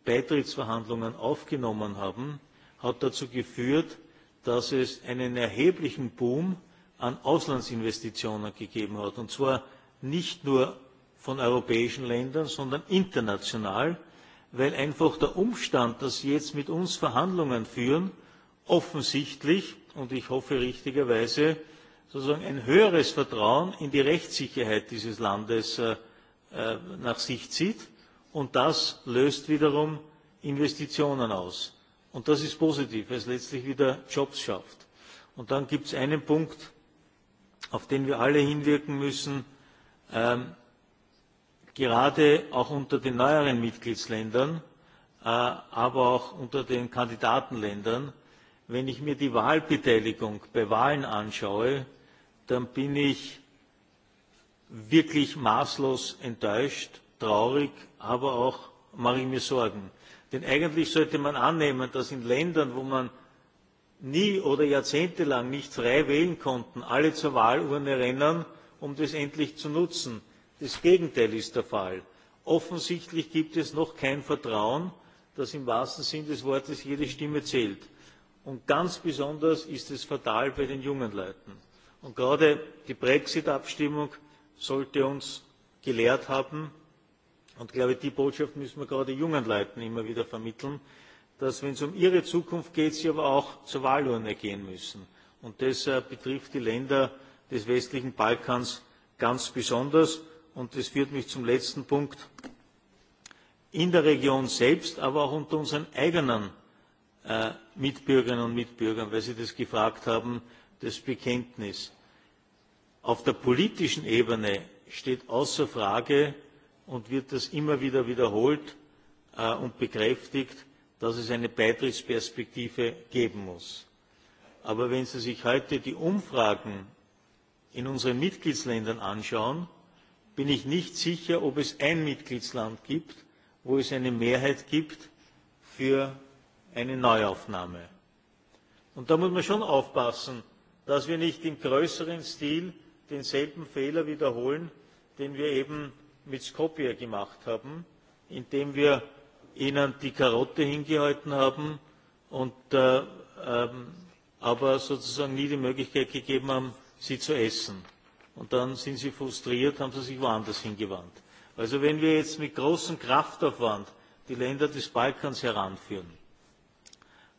beitrittsverhandlungen aufgenommen haben hat dazu geführt dass es einen erheblichen boom an auslandsinvestitionen gegeben hat und zwar nicht nur von europäischen ländern sondern international weil einfach der umstand dass sie jetzt mit uns verhandlungen führen offensichtlich und ich hoffe richtigerweise sozusagen ein höheres vertrauen in die rechtssicherheit dieses landes äh, äh, nach sich zieht Und das löst wiederum Investitionen aus. Und das ist positiv, weil es letztlich wieder Jobs schafft. Und dann gibt es einen Punkt, auf den wir alle hinwirken müssen, ähm, gerade auch unter den neueren Mitgliedsländern, äh, aber auch unter den Kandidatenländern. Wenn ich mir die Wahlbeteiligung bei Wahlen anschaue, dann bin ich wirklich maßlos enttäuscht, traurig aber auch mache ich mir Sorgen. Denn eigentlich sollte man annehmen, dass in Ländern, wo man nie oder jahrzehntelang nicht frei wählen konnten, alle zur Wahlurne rennen, um das endlich zu nutzen. Das Gegenteil ist der Fall. Offensichtlich gibt es noch kein Vertrauen, dass im wahrsten Sinn des Wortes jede Stimme zählt. Und ganz besonders ist es fatal bei den jungen Leuten. Und gerade die Brexit-Abstimmung sollte uns gelehrt haben, Und ich glaube, die Botschaft müssen wir gerade jungen Leuten immer wieder vermitteln, dass, wenn es um ihre Zukunft geht, sie aber auch zur Wahlurne gehen müssen. Und das äh, betrifft die Länder des westlichen Balkans ganz besonders. Und das führt mich zum letzten Punkt. In der Region selbst, aber auch unter unseren eigenen äh, Mitbürgerinnen und Mitbürgern, weil Sie das gefragt haben, das Bekenntnis. Auf der politischen Ebene steht außer Frage, und wird das immer wieder wiederholt äh, und bekräftigt, dass es eine Beitrittsperspektive geben muss. Aber wenn Sie sich heute die Umfragen in unseren Mitgliedsländern anschauen, bin ich nicht sicher, ob es ein Mitgliedsland gibt, wo es eine Mehrheit gibt für eine Neuaufnahme. Und da muss man schon aufpassen, dass wir nicht im größeren Stil denselben Fehler wiederholen, den wir eben mit skopje gemacht haben indem wir ihnen die karotte hingehalten haben und äh, ähm, aber sozusagen nie die möglichkeit gegeben haben sie zu essen. und dann sind sie frustriert haben sie sich woanders hingewandt. also wenn wir jetzt mit großem kraftaufwand die länder des balkans heranführen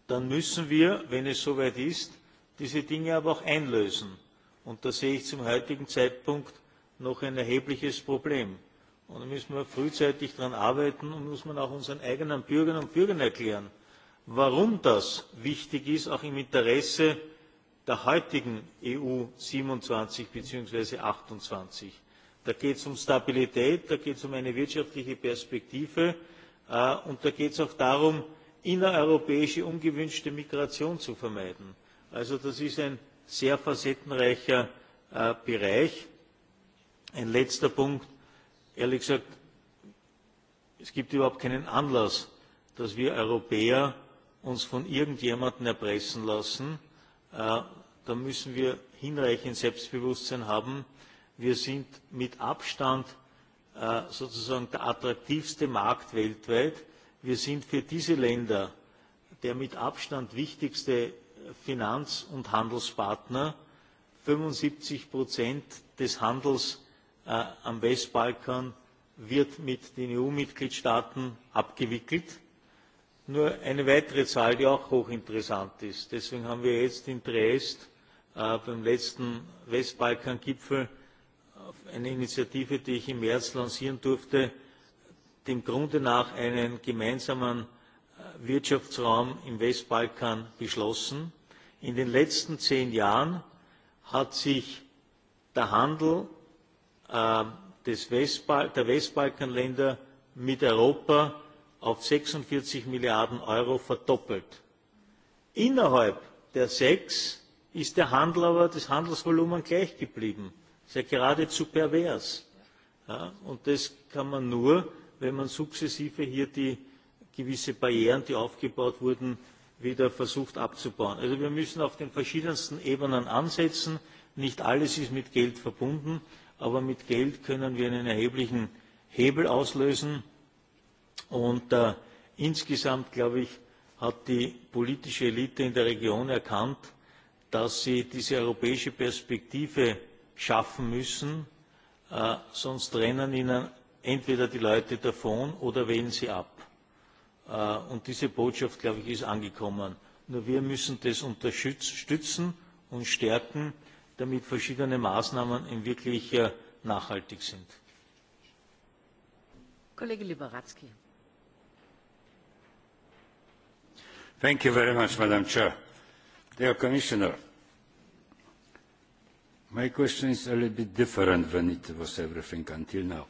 dann müssen wir wenn es soweit ist diese dinge aber auch einlösen. und da sehe ich zum heutigen zeitpunkt noch ein erhebliches problem Und da müssen wir frühzeitig daran arbeiten und muss man auch unseren eigenen Bürgerinnen und Bürgern erklären, warum das wichtig ist, auch im Interesse der heutigen EU 27 bzw. 28. Da geht es um Stabilität, da geht es um eine wirtschaftliche Perspektive äh, und da geht es auch darum, innereuropäische ungewünschte Migration zu vermeiden. Also das ist ein sehr facettenreicher äh, Bereich. Ein letzter Punkt ehrlich gesagt, es gibt überhaupt keinen Anlass, dass wir Europäer uns von irgendjemandem erpressen lassen. Äh, da müssen wir hinreichend Selbstbewusstsein haben. Wir sind mit Abstand äh, sozusagen der attraktivste Markt weltweit. Wir sind für diese Länder der mit Abstand wichtigste Finanz- und Handelspartner. 75 Prozent des Handels Äh, am Westbalkan wird mit den EU-Mitgliedstaaten abgewickelt. Nur eine weitere Zahl, die auch hochinteressant ist. Deswegen haben wir jetzt in Triest äh, beim letzten Westbalkan-Gipfel äh, eine Initiative, die ich im März lancieren durfte, dem Grunde nach einen gemeinsamen Wirtschaftsraum im Westbalkan beschlossen. In den letzten zehn Jahren hat sich der Handel Ähm, der Westbalkanländer mit Europa auf sechsundvierzig Milliarden Euro verdoppelt. Innerhalb der sechs ist der Handel aber das Handelsvolumen gleich geblieben. Das ist ja geradezu pervers. und das kann man nur, wenn man sukzessive hier die gewisse Barrieren, die aufgebaut wurden, wieder versucht abzubauen. Also wir müssen auf den verschiedensten Ebenen ansetzen. Nicht alles ist mit Geld verbunden aber mit Geld können wir einen erheblichen Hebel auslösen. Und äh, insgesamt, glaube ich, hat die politische Elite in der Region erkannt, dass sie diese europäische Perspektive schaffen müssen, äh, sonst rennen ihnen entweder die Leute davon oder wählen sie ab. Äh, und diese Botschaft, glaube ich, ist angekommen. Nur wir müssen das unterstützen und stärken damit verschiedene Maßnahmen wirklich äh, nachhaltig sind. Kollege Thank you very much, Madam Chair. Dear Commissioner, my question is a little bit different than it was everything until now.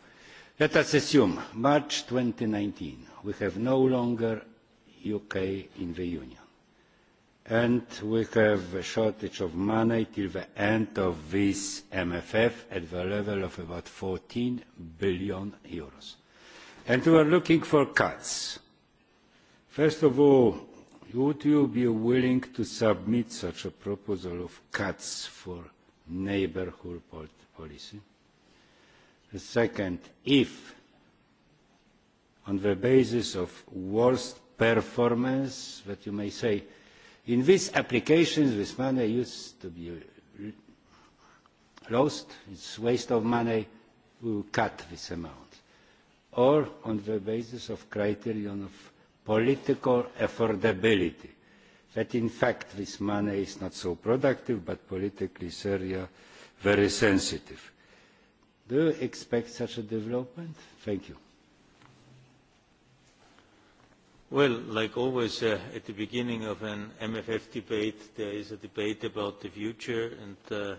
Let us assume March nineteen we have no longer UK in the Union and we have a shortage of money till the end of this MFF at the level of about 14 billion euros. And we are looking for cuts. First of all, would you be willing to submit such a proposal of cuts for neighbourhood policy? The second, if on the basis of worst performance that you may say In these applications, this money used to be lost, it is a waste of money, we will cut this amount. Or on the basis of criterion of political affordability, that in fact this money is not so productive, but politically Syria area very sensitive. Do you expect such a development? Thank you. Well, like always, uh, at the beginning of an MFF debate, there is a debate about the future, and, uh,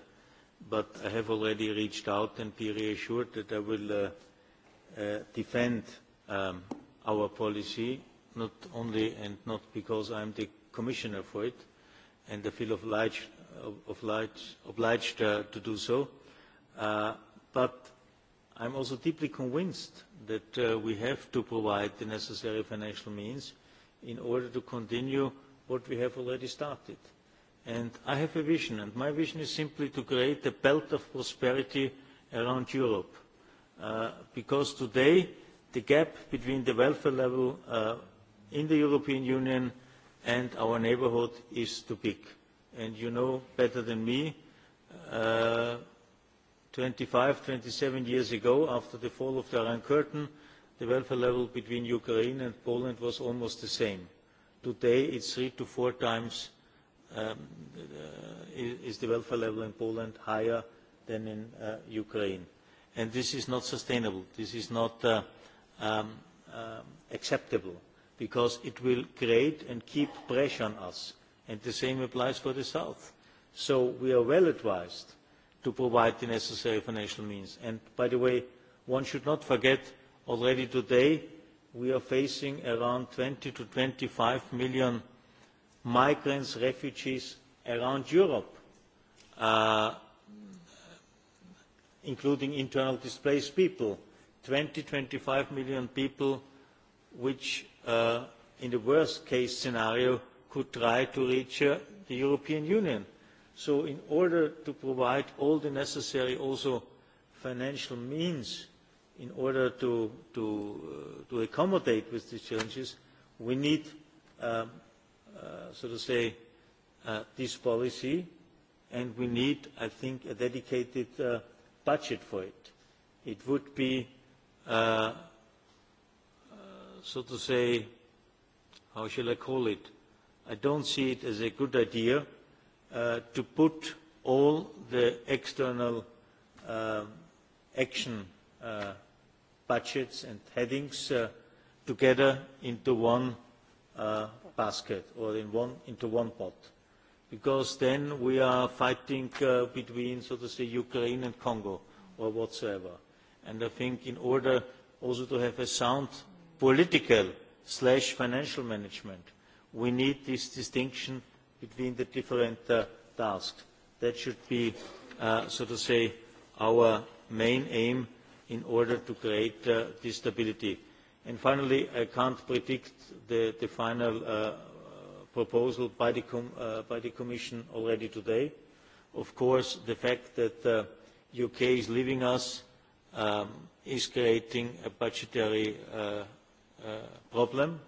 but I have already reached out and be reassured that I will uh, uh, defend um, our policy, not only and not because I'm the commissioner for it, and I feel obliged, obliged, obliged uh, to do so, uh, but I'm also deeply convinced that uh, we have to provide the necessary financial means in order to continue what we have already started. And I have a vision, and my vision is simply to create a belt of prosperity around Europe. Uh, because today, the gap between the welfare level uh, in the European Union and our neighbourhood is too big. And you know better than me uh, twenty five twenty seven years ago after the fall of the iron curtain the welfare level between ukraine and poland was almost the same. today it is three to four times um, uh, is the welfare level in poland higher than in uh, ukraine and this is not sustainable this is not uh, um, um, acceptable because it will create and keep pressure on us and the same applies for the south. so we are well advised to provide the necessary financial means. And by the way, one should not forget already today we are facing around twenty to twenty five million migrants, refugees around Europe, uh, including internal displaced people, twenty twenty five million people which uh, in the worst case scenario could try to reach uh, the European Union so in order to provide all the necessary also financial means in order to, to, uh, to accommodate with these challenges, we need, um, uh, so to say, uh, this policy and we need, I think, a dedicated uh, budget for it. It would be, uh, uh, so to say, how shall I call it? I don't see it as a good idea Uh, to put all the external um, action uh, budgets and headings uh, together into one basket or in one, into one pot. Because then we are fighting between, so to say, Ukraine and Congo or whatsoever. And I think in order also to have a sound political slash financial management, we need this distinction between the different uh, tasks. That should be, uh, so to say, our main aim in order to create uh, this stability. And finally, I can't predict the, the final uh, proposal by the, com uh, by the Commission already today. Of course, the fact that the uh, UK is leaving us um, is creating a budgetary uh, uh, problem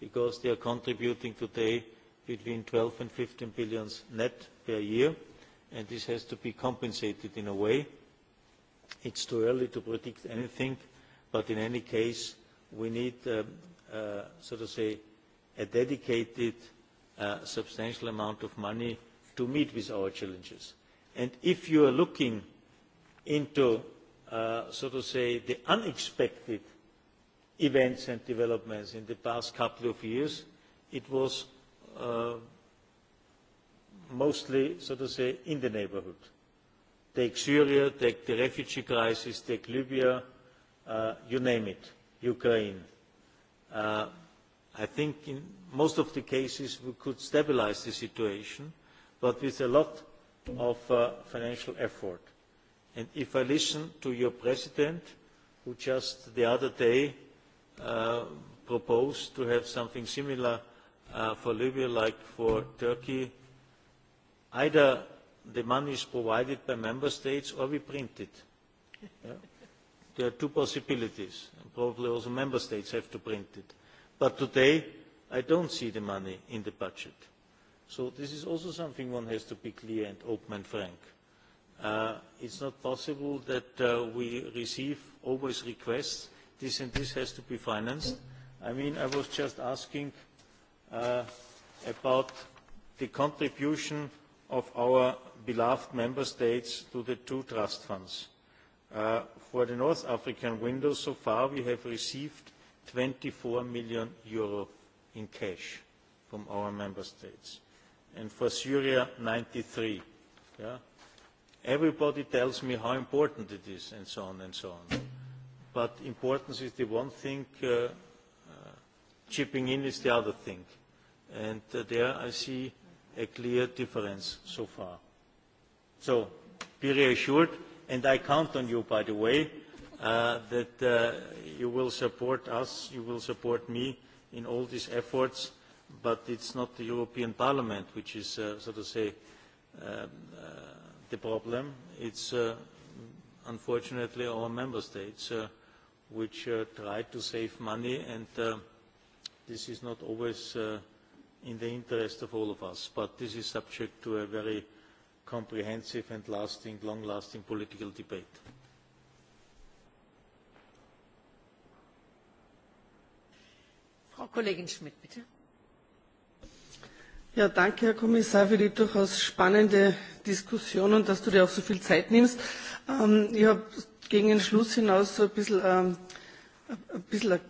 because they are contributing today between twelve and fifteen billion net per year, and this has to be compensated in a way. It's too early to predict anything, but in any case, we need, um, uh, so to say, a dedicated uh, substantial amount of money to meet with our challenges. And if you are looking into, uh, so to say, the unexpected events and developments in the past couple of years, it was Uh, mostly, so to say, in the neighborhood. Take Syria, take the refugee crisis, take Libya, uh, you name it, Ukraine. Uh, I think in most of the cases we could stabilize the situation, but with a lot of uh, financial effort. And if I listen to your president, who just the other day uh, proposed to have something similar uh, for Libya like for Turkey, either the money is provided by member states or we print it. Yeah? there are two possibilities. and Probably also member states have to print it. But today, I don't see the money in the budget. So this is also something one has to be clear and open and frank. Uh, it's not possible that uh, we receive always requests, this and this has to be financed. I mean, I was just asking Uh, about the contribution of our beloved member states to the two trust funds. Uh, for the North African window, so far we have received EUR twenty four million Euro in cash from our member states. And for Syria, ninety three. Yeah? Everybody tells me how important it is and so on and so on. But importance is the one thing, uh, uh, chipping in is the other thing and uh, there I see a clear difference so far. So be reassured, and I count on you, by the way, uh, that uh, you will support us, you will support me in all these efforts, but it's not the European Parliament which is, uh, so to say, um, uh, the problem. It's uh, unfortunately our member states uh, which uh, try to save money, and uh, this is not always uh, in the interest of all of us. But this is subject to a very comprehensive and lasting, long-lasting political debate. Frau Kollegin Schmidt, bitte. Ja, danke, Herr Kommissar, für die durchaus spannende Diskussion und dass du dir auch so viel Zeit nimmst. Ähm, ich habe gegen den Schluss hinaus so ein bisschen, ähm, ein bisschen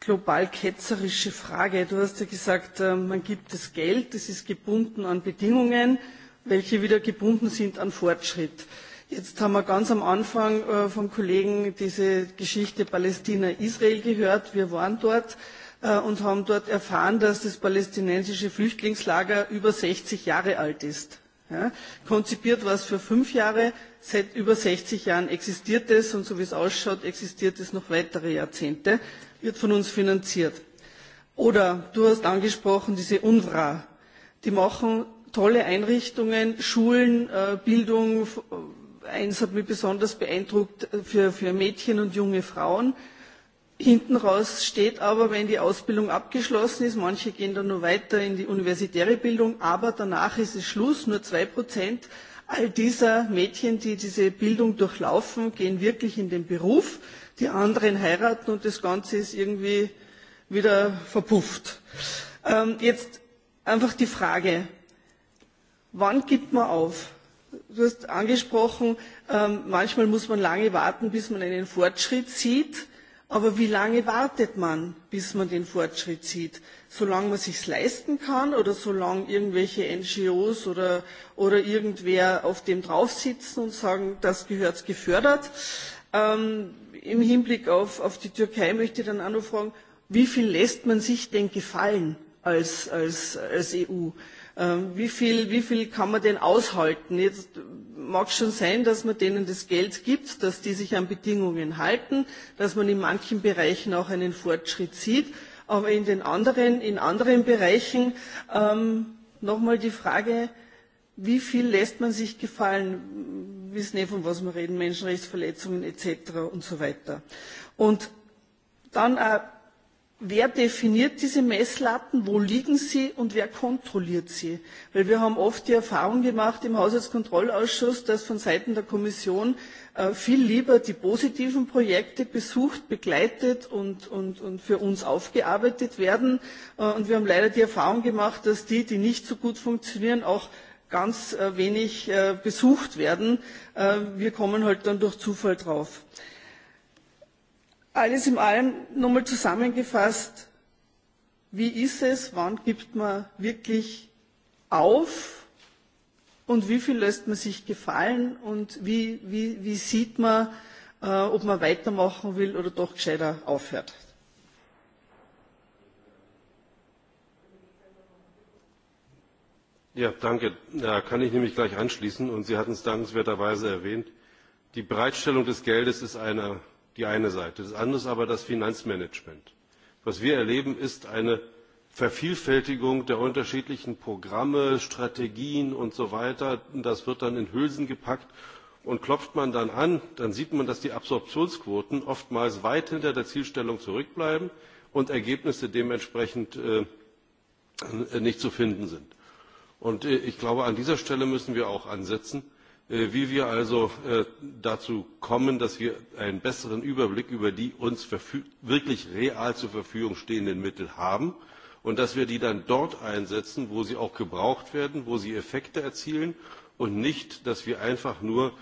global ketzerische Frage. Du hast ja gesagt, äh, man gibt das Geld, das ist gebunden an Bedingungen, welche wieder gebunden sind an Fortschritt. Jetzt haben wir ganz am Anfang äh, vom Kollegen diese Geschichte Palästina-Israel gehört. Wir waren dort äh, und haben dort erfahren, dass das palästinensische Flüchtlingslager über 60 Jahre alt ist. Ja, konzipiert war es für fünf Jahre, seit über 60 Jahren existiert es und so wie es ausschaut, existiert es noch weitere Jahrzehnte wird von uns finanziert. Oder du hast angesprochen, diese UNRWA. Die machen tolle Einrichtungen, Schulen, äh, Bildung. Äh, eins hat mich besonders beeindruckt äh, für, für Mädchen und junge Frauen. Hinten raus steht aber, wenn die Ausbildung abgeschlossen ist, manche gehen dann nur weiter in die universitäre Bildung, aber danach ist es Schluss, nur zwei Prozent all dieser Mädchen, die diese Bildung durchlaufen, gehen wirklich in den Beruf die anderen heiraten und das Ganze ist irgendwie wieder verpufft. Ähm, jetzt einfach die Frage, wann gibt man auf? Du hast angesprochen, ähm, manchmal muss man lange warten, bis man einen Fortschritt sieht. Aber wie lange wartet man, bis man den Fortschritt sieht? Solange man sich leisten kann oder solange irgendwelche NGOs oder, oder irgendwer auf dem drauf sitzen und sagen, das gehört gefördert? Ähm, im Hinblick auf, auf die Türkei möchte ich dann auch noch fragen, wie viel lässt man sich denn gefallen als, als, als EU? Ähm, wie, viel, wie viel kann man denn aushalten? Jetzt mag es schon sein, dass man denen das Geld gibt, dass die sich an Bedingungen halten, dass man in manchen Bereichen auch einen Fortschritt sieht, aber in den anderen, in anderen Bereichen ähm, nochmal die Frage, wie viel lässt man sich gefallen? wissen eh, von was wir reden, Menschenrechtsverletzungen etc. und so weiter. Und dann auch, wer definiert diese Messlatten, wo liegen sie und wer kontrolliert sie? Weil wir haben oft die Erfahrung gemacht im Haushaltskontrollausschuss, dass von Seiten der Kommission äh, viel lieber die positiven Projekte besucht, begleitet und, und, und für uns aufgearbeitet werden. Äh, und wir haben leider die Erfahrung gemacht, dass die, die nicht so gut funktionieren, auch ganz äh, wenig äh, besucht werden. Äh, wir kommen halt dann durch Zufall drauf. Alles in allem nochmal zusammengefasst, wie ist es, wann gibt man wirklich auf und wie viel lässt man sich gefallen und wie, wie, wie sieht man, ob man weitermachen will oder doch gescheiter aufhört. danke. Da kann ich nämlich gleich anschließen. Und Sie hatten es dankenswerterweise erwähnt. Die Bereitstellung des Geldes ist eine, die eine Seite. Das andere ist aber das Finanzmanagement. Was wir erleben, ist eine Vervielfältigung der unterschiedlichen Programme, Strategien und so weiter. Das wird dann in Hülsen gepackt. Und klopft man dann an, dann sieht man, dass die Absorptionsquoten oftmals weit hinter der Zielstellung zurückbleiben und Ergebnisse dementsprechend äh, nicht zu finden sind. Und äh, ich glaube, an dieser Stelle müssen wir auch ansetzen, äh, wie wir also äh, dazu kommen, dass wir einen besseren Überblick über die uns wirklich real zur Verfügung stehenden Mittel haben und dass wir die dann dort einsetzen, wo sie auch gebraucht werden, wo sie Effekte erzielen und nicht, dass wir einfach nur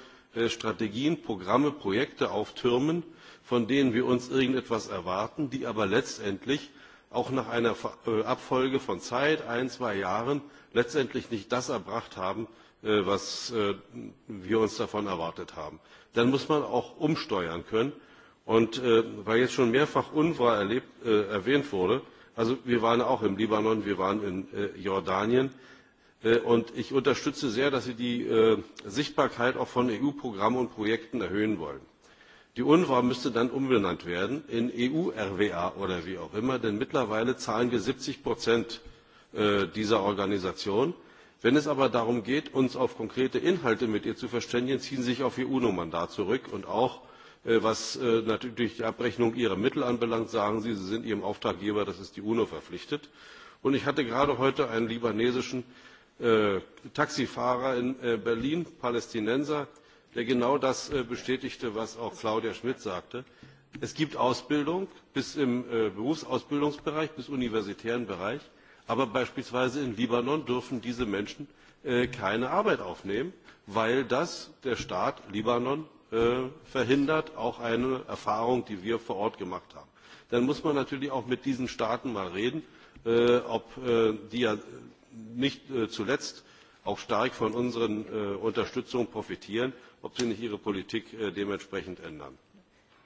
Strategien, Programme, Projekte auftürmen, von denen wir uns irgendetwas erwarten, die aber letztendlich auch nach einer äh, Abfolge von Zeit, ein, zwei Jahren, letztendlich nicht das erbracht haben, äh, was äh, wir uns davon erwartet haben. Dann muss man auch umsteuern können. Und weil jetzt schon mehrfach UNRWA erlebt, erwähnt wurde, also wir waren auch im Libanon, wir waren in Jordanien, und ich unterstütze sehr, dass Sie die Sichtbarkeit auch von EU-Programmen und Projekten erhöhen wollen. Die UNRWA müsste dann umbenannt werden in EU-RWA oder wie auch immer, denn mittlerweile zahlen wir 70 Prozent äh, dieser Organisation. Wenn es aber darum geht, uns auf konkrete Inhalte mit ihr zu verständigen, ziehen sie sich auf ihr UNO-Mandat zurück und auch äh, was äh, natürlich die Abrechnung ihrer Mittel anbelangt, sagen sie, sie sind ihrem Auftraggeber, das ist die UNO, verpflichtet. Und ich hatte gerade heute einen libanesischen Taxifahrer in Berlin, Palästinenser, der genau das äh, bestätigte, was auch Claudia Schmidt sagte. Es gibt Ausbildung bis im äh, Berufsausbildungsbereich, bis universitären Bereich, aber beispielsweise im Libanon dürfen diese Menschen äh, keine Arbeit aufnehmen, weil das der Staat Libanon verhindert, auch eine Erfahrung, die wir vor Ort gemacht haben. Dann muss man natürlich auch mit diesen Staaten mal reden, ob die ja nicht zuletzt auch stark von unseren Unterstützung profitieren, ob sie nicht ihre Politik äh, dementsprechend ändern.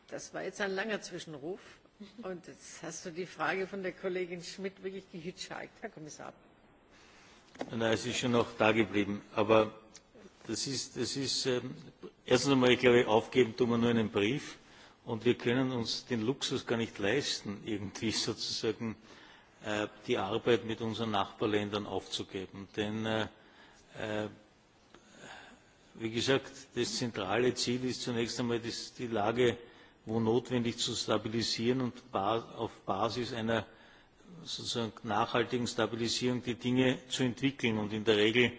Das war jetzt ein langer Zwischenruf. Und jetzt hast du die Frage von der Kollegin Schmidt wirklich gehitchhiked, Herr Kommissar. Nein, es ist schon noch da geblieben. Aber das ist, das ist ähm, erstens einmal, ich glaube, aufgeben tun wir nur einen Brief. Und wir können uns den Luxus gar nicht leisten, irgendwie sozusagen äh, die Arbeit mit unseren Nachbarländern aufzugeben. Denn äh, äh Wie gesagt, das zentrale Ziel ist zunächst einmal die Lage, wo notwendig zu stabilisieren und auf Basis einer sozusagen nachhaltigen Stabilisierung die Dinge zu entwickeln. Und in der Regel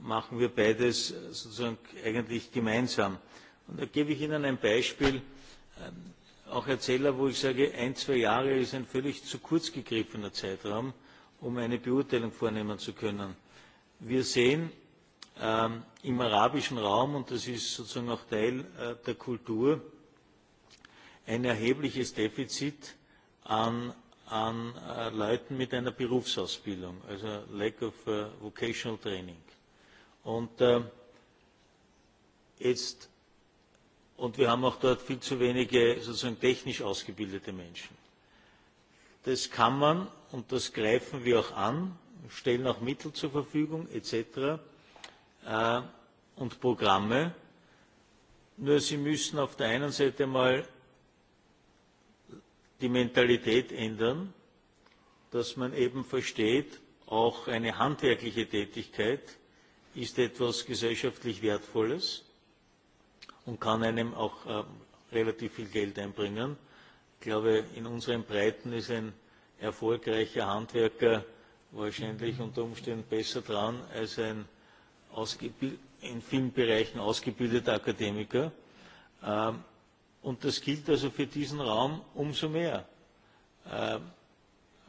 machen wir beides sozusagen eigentlich gemeinsam. Und da gebe ich Ihnen ein Beispiel, ähm, auch Erzähler, wo ich sage, ein, zwei Jahre ist ein völlig zu kurz gegriffener Zeitraum, um eine Beurteilung vornehmen zu können. Wir sehen, Ähm, im arabischen Raum, und das ist sozusagen auch Teil äh, der Kultur, ein erhebliches Defizit an, an äh, Leuten mit einer Berufsausbildung, also Lack of äh, Vocational Training. Und ähm, jetzt und wir haben auch dort viel zu wenige sozusagen technisch ausgebildete Menschen. Das kann man und das greifen wir auch an, stellen auch Mittel zur Verfügung etc. Äh, und Programme. Nur sie müssen auf der einen Seite mal die Mentalität ändern, dass man eben versteht, auch eine handwerkliche Tätigkeit ist etwas gesellschaftlich Wertvolles und kann einem auch äh, relativ viel Geld einbringen. Ich glaube, in unseren Breiten ist ein erfolgreicher Handwerker wahrscheinlich unter Umständen besser dran als ein in vielen Bereichen ausgebildeter Akademiker. Ähm, und das gilt also für diesen Raum umso mehr. Ähm,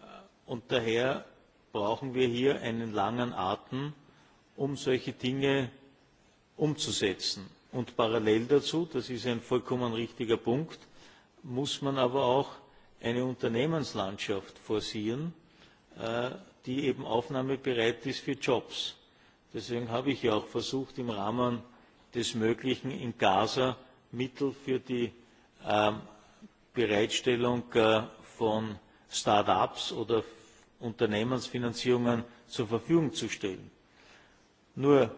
äh, und daher brauchen wir hier einen langen Atem, um solche Dinge umzusetzen. Und parallel dazu, das ist ein vollkommen richtiger Punkt, muss man aber auch eine Unternehmenslandschaft forcieren, äh, die eben aufnahmebereit ist für Jobs. Deswegen habe ich ja auch versucht, im Rahmen des Möglichen in Gaza Mittel für die ähm, Bereitstellung äh, von Start-ups oder Unternehmensfinanzierungen zur Verfügung zu stellen. Nur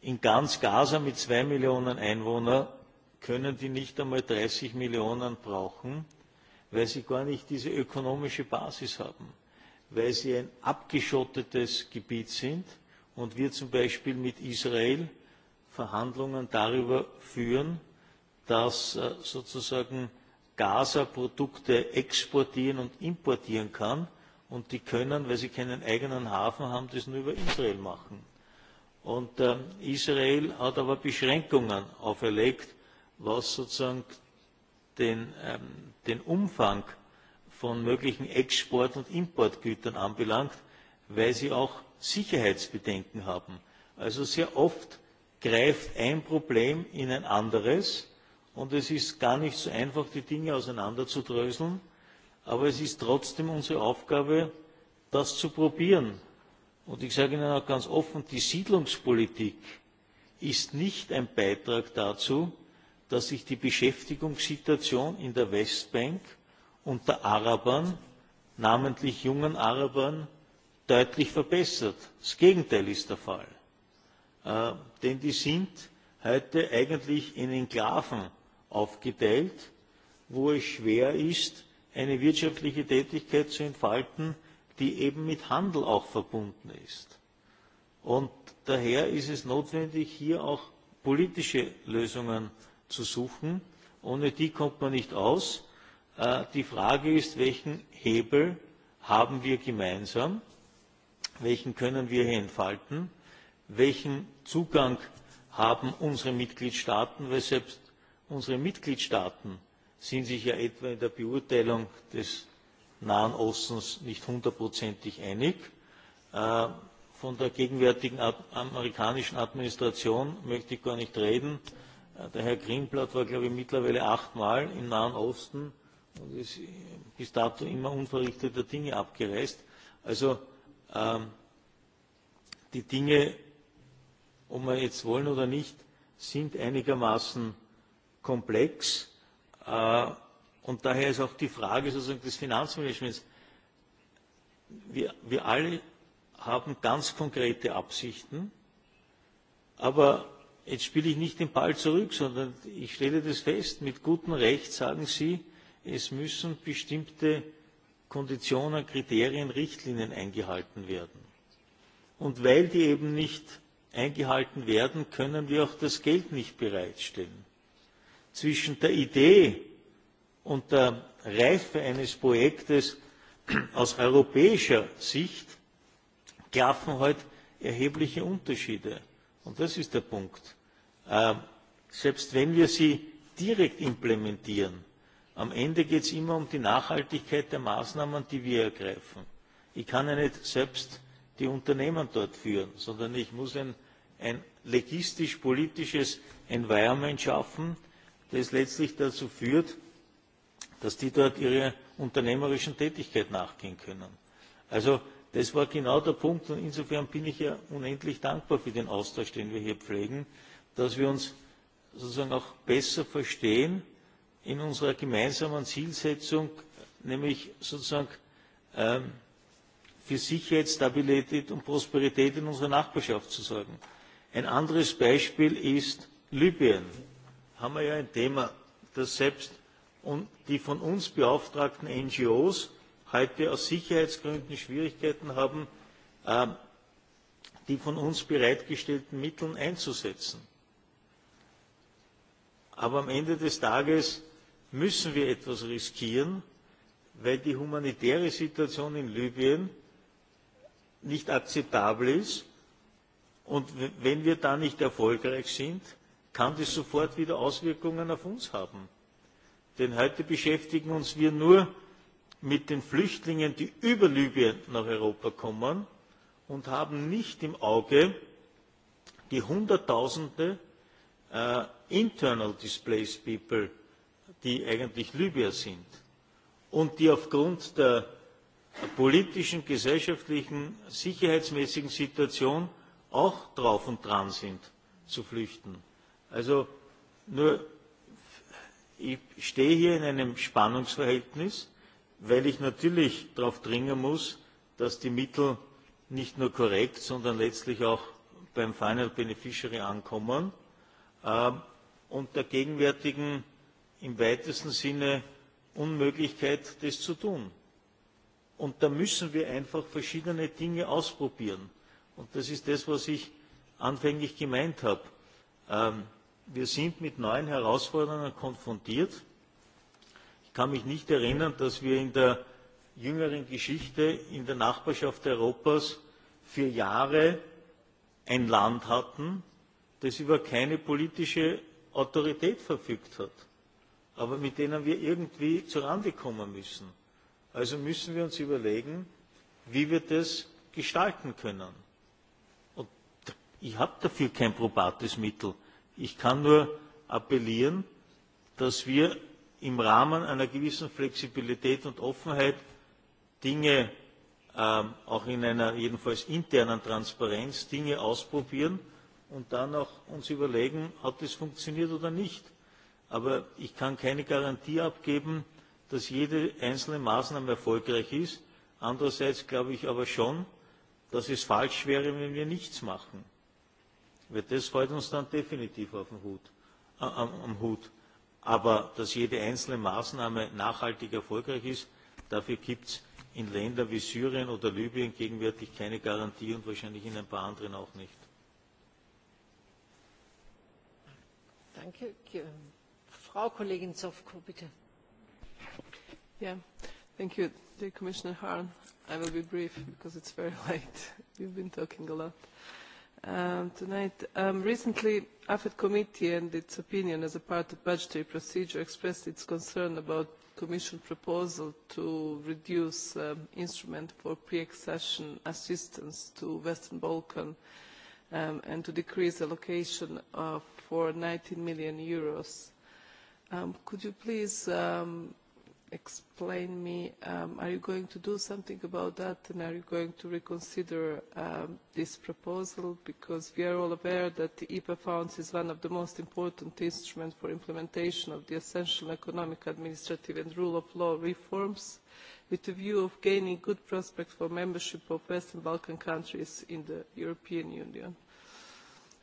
in ganz Gaza mit zwei Millionen Einwohnern können die nicht einmal 30 Millionen brauchen, weil sie gar nicht diese ökonomische Basis haben weil sie ein abgeschottetes Gebiet sind und wir zum Beispiel mit Israel Verhandlungen darüber führen, dass äh, sozusagen Gaza Produkte exportieren und importieren kann und die können, weil sie keinen eigenen Hafen haben, das nur über Israel machen. Und ähm, Israel hat aber Beschränkungen auferlegt, was sozusagen den, ähm, den Umfang von möglichen Export- und Importgütern anbelangt, weil sie auch Sicherheitsbedenken haben. Also sehr oft greift ein Problem in ein anderes und es ist gar nicht so einfach, die Dinge auseinanderzudröseln, aber es ist trotzdem unsere Aufgabe, das zu probieren. Und ich sage Ihnen auch ganz offen, die Siedlungspolitik ist nicht ein Beitrag dazu, dass sich die Beschäftigungssituation in der Westbank unter Arabern, namentlich jungen Arabern, deutlich verbessert. Das Gegenteil ist der Fall. Äh, denn die sind heute eigentlich in Enklaven aufgeteilt, wo es schwer ist, eine wirtschaftliche Tätigkeit zu entfalten, die eben mit Handel auch verbunden ist. Und daher ist es notwendig, hier auch politische Lösungen zu suchen. Ohne die kommt man nicht aus. Äh, die Frage ist, welchen Hebel haben wir gemeinsam? Welchen können wir hier entfalten? Welchen Zugang haben unsere Mitgliedstaaten? Weil selbst unsere Mitgliedstaaten sind sich ja etwa in der Beurteilung des Nahen Ostens nicht hundertprozentig einig. Äh, von der gegenwärtigen amerikanischen Administration möchte ich gar nicht reden. Äh, der Herr Greenblatt war, glaube ich, mittlerweile achtmal im Nahen Osten und ist bis dato immer unverrichteter Dinge abgereist. Also ähm, die Dinge, ob wir jetzt wollen oder nicht, sind einigermaßen komplex. Äh, und daher ist auch die Frage sozusagen des Finanzmanagements. Wir, wir alle haben ganz konkrete Absichten, aber jetzt spiele ich nicht den Ball zurück, sondern ich stelle das fest, mit gutem Recht sagen Sie, es müssen bestimmte Konditionen, Kriterien, Richtlinien eingehalten werden. Und weil die eben nicht eingehalten werden, können wir auch das Geld nicht bereitstellen. Zwischen der Idee und der Reife eines Projektes aus europäischer Sicht klaffen heute erhebliche Unterschiede. Und das ist der Punkt. Äh, selbst wenn wir sie direkt implementieren, Am Ende geht es immer um die Nachhaltigkeit der Maßnahmen, die wir ergreifen. Ich kann ja nicht selbst die Unternehmen dort führen, sondern ich muss ein, logistisch politisches Environment schaffen, das letztlich dazu führt, dass die dort ihrer unternehmerischen Tätigkeit nachgehen können. Also das war genau der Punkt und insofern bin ich ja unendlich dankbar für den Austausch, den wir hier pflegen, dass wir uns sozusagen auch besser verstehen in unserer gemeinsamen Zielsetzung, nämlich sozusagen ähm, für Sicherheit, Stabilität und Prosperität in unserer Nachbarschaft zu sorgen. Ein anderes Beispiel ist Libyen. Da haben wir ja ein Thema, das selbst die von uns beauftragten NGOs heute aus Sicherheitsgründen Schwierigkeiten haben, ähm, die von uns bereitgestellten Mittel einzusetzen. Aber am Ende des Tages müssen wir etwas riskieren weil die humanitäre situation in libyen nicht akzeptabel ist und wenn wir da nicht erfolgreich sind kann das sofort wieder auswirkungen auf uns haben. denn heute beschäftigen uns wir nur mit den flüchtlingen die über libyen nach europa kommen und haben nicht im auge die hunderttausende äh, internal displaced people die eigentlich Libyer sind und die aufgrund der politischen, gesellschaftlichen, sicherheitsmäßigen Situation auch drauf und dran sind, zu flüchten. Also nur, ich stehe hier in einem Spannungsverhältnis, weil ich natürlich darauf dringen muss, dass die Mittel nicht nur korrekt, sondern letztlich auch beim Final Beneficiary ankommen äh, und der gegenwärtigen im weitesten Sinne Unmöglichkeit, das zu tun. Und da müssen wir einfach verschiedene Dinge ausprobieren. Und das ist das, was ich anfänglich gemeint habe. Ähm, wir sind mit neuen Herausforderungen konfrontiert. Ich kann mich nicht erinnern, dass wir in der jüngeren Geschichte in der Nachbarschaft Europas für Jahre ein Land hatten, das über keine politische Autorität verfügt hat aber mit denen wir irgendwie zurande kommen müssen. Also müssen wir uns überlegen, wie wir das gestalten können. Und ich habe dafür kein probates Mittel. Ich kann nur appellieren, dass wir im Rahmen einer gewissen Flexibilität und Offenheit Dinge ähm, auch in einer jedenfalls internen Transparenz Dinge ausprobieren und dann auch uns überlegen, ob das funktioniert oder nicht aber ich kann keine garantie abgeben dass jede einzelne maßnahme erfolgreich ist. andererseits glaube ich aber schon dass es falsch wäre wenn wir nichts machen weil das fällt uns dann definitiv auf den hut, äh, am hut. aber dass jede einzelne maßnahme nachhaltig erfolgreich ist dafür gibt es in ländern wie syrien oder libyen gegenwärtig keine garantie und wahrscheinlich in ein paar anderen auch nicht. Danke. Frau Kollegin dear Commissioner Hahn, I will be brief because it is very late. have been talking a lot um, tonight. Um, recently, AFED committee and its opinion as a part of budgetary procedure expressed its concern about the Commission proposal to reduce the um, instrument for pre-accession assistance to the Western Balkans um, and to decrease allocation of, for nineteen million euros Um, could you please um, explain me, um, are you going to do something about that and are you going to reconsider um, this proposal? Because we are all aware that the EPA funds is one of the most important instruments for implementation of the essential economic, administrative and rule of law reforms with a view of gaining good prospects for membership of Western Balkan countries in the European Union.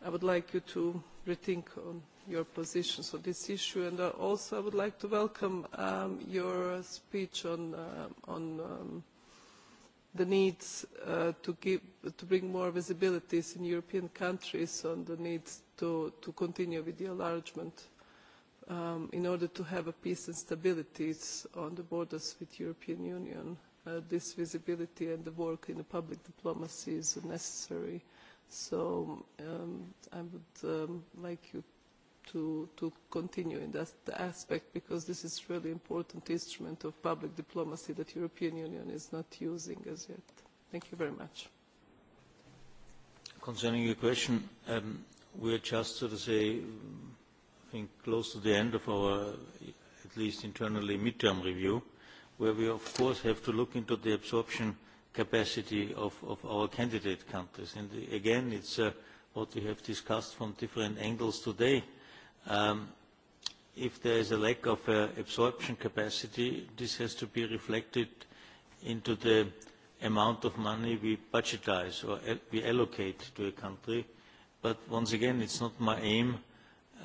I would like you to rethink on your positions on this issue. And uh, also I would like to welcome um, your speech on, uh, on um, the need uh, to, give, to bring more visibilities in European countries on the need to, to continue with the enlargement um, in order to have a peace and stability on the borders with the European Union. Uh, this visibility and the work in the public diplomacy is necessary so um, I would um, like you to, to continue in that aspect because this is really important instrument of public diplomacy that European Union is not using as yet. Thank you very much. Concerning your question, um, we are just, so to say, I think close to the end of our, at least internally, midterm review, where we of course have to look into the absorption – capacity of, of our candidate countries. And again, it's uh, what we have discussed from different angles today. Um, if there is a lack of uh, absorption capacity, this has to be reflected into the amount of money we budgetize or we allocate to a country. But once again, it's not my aim,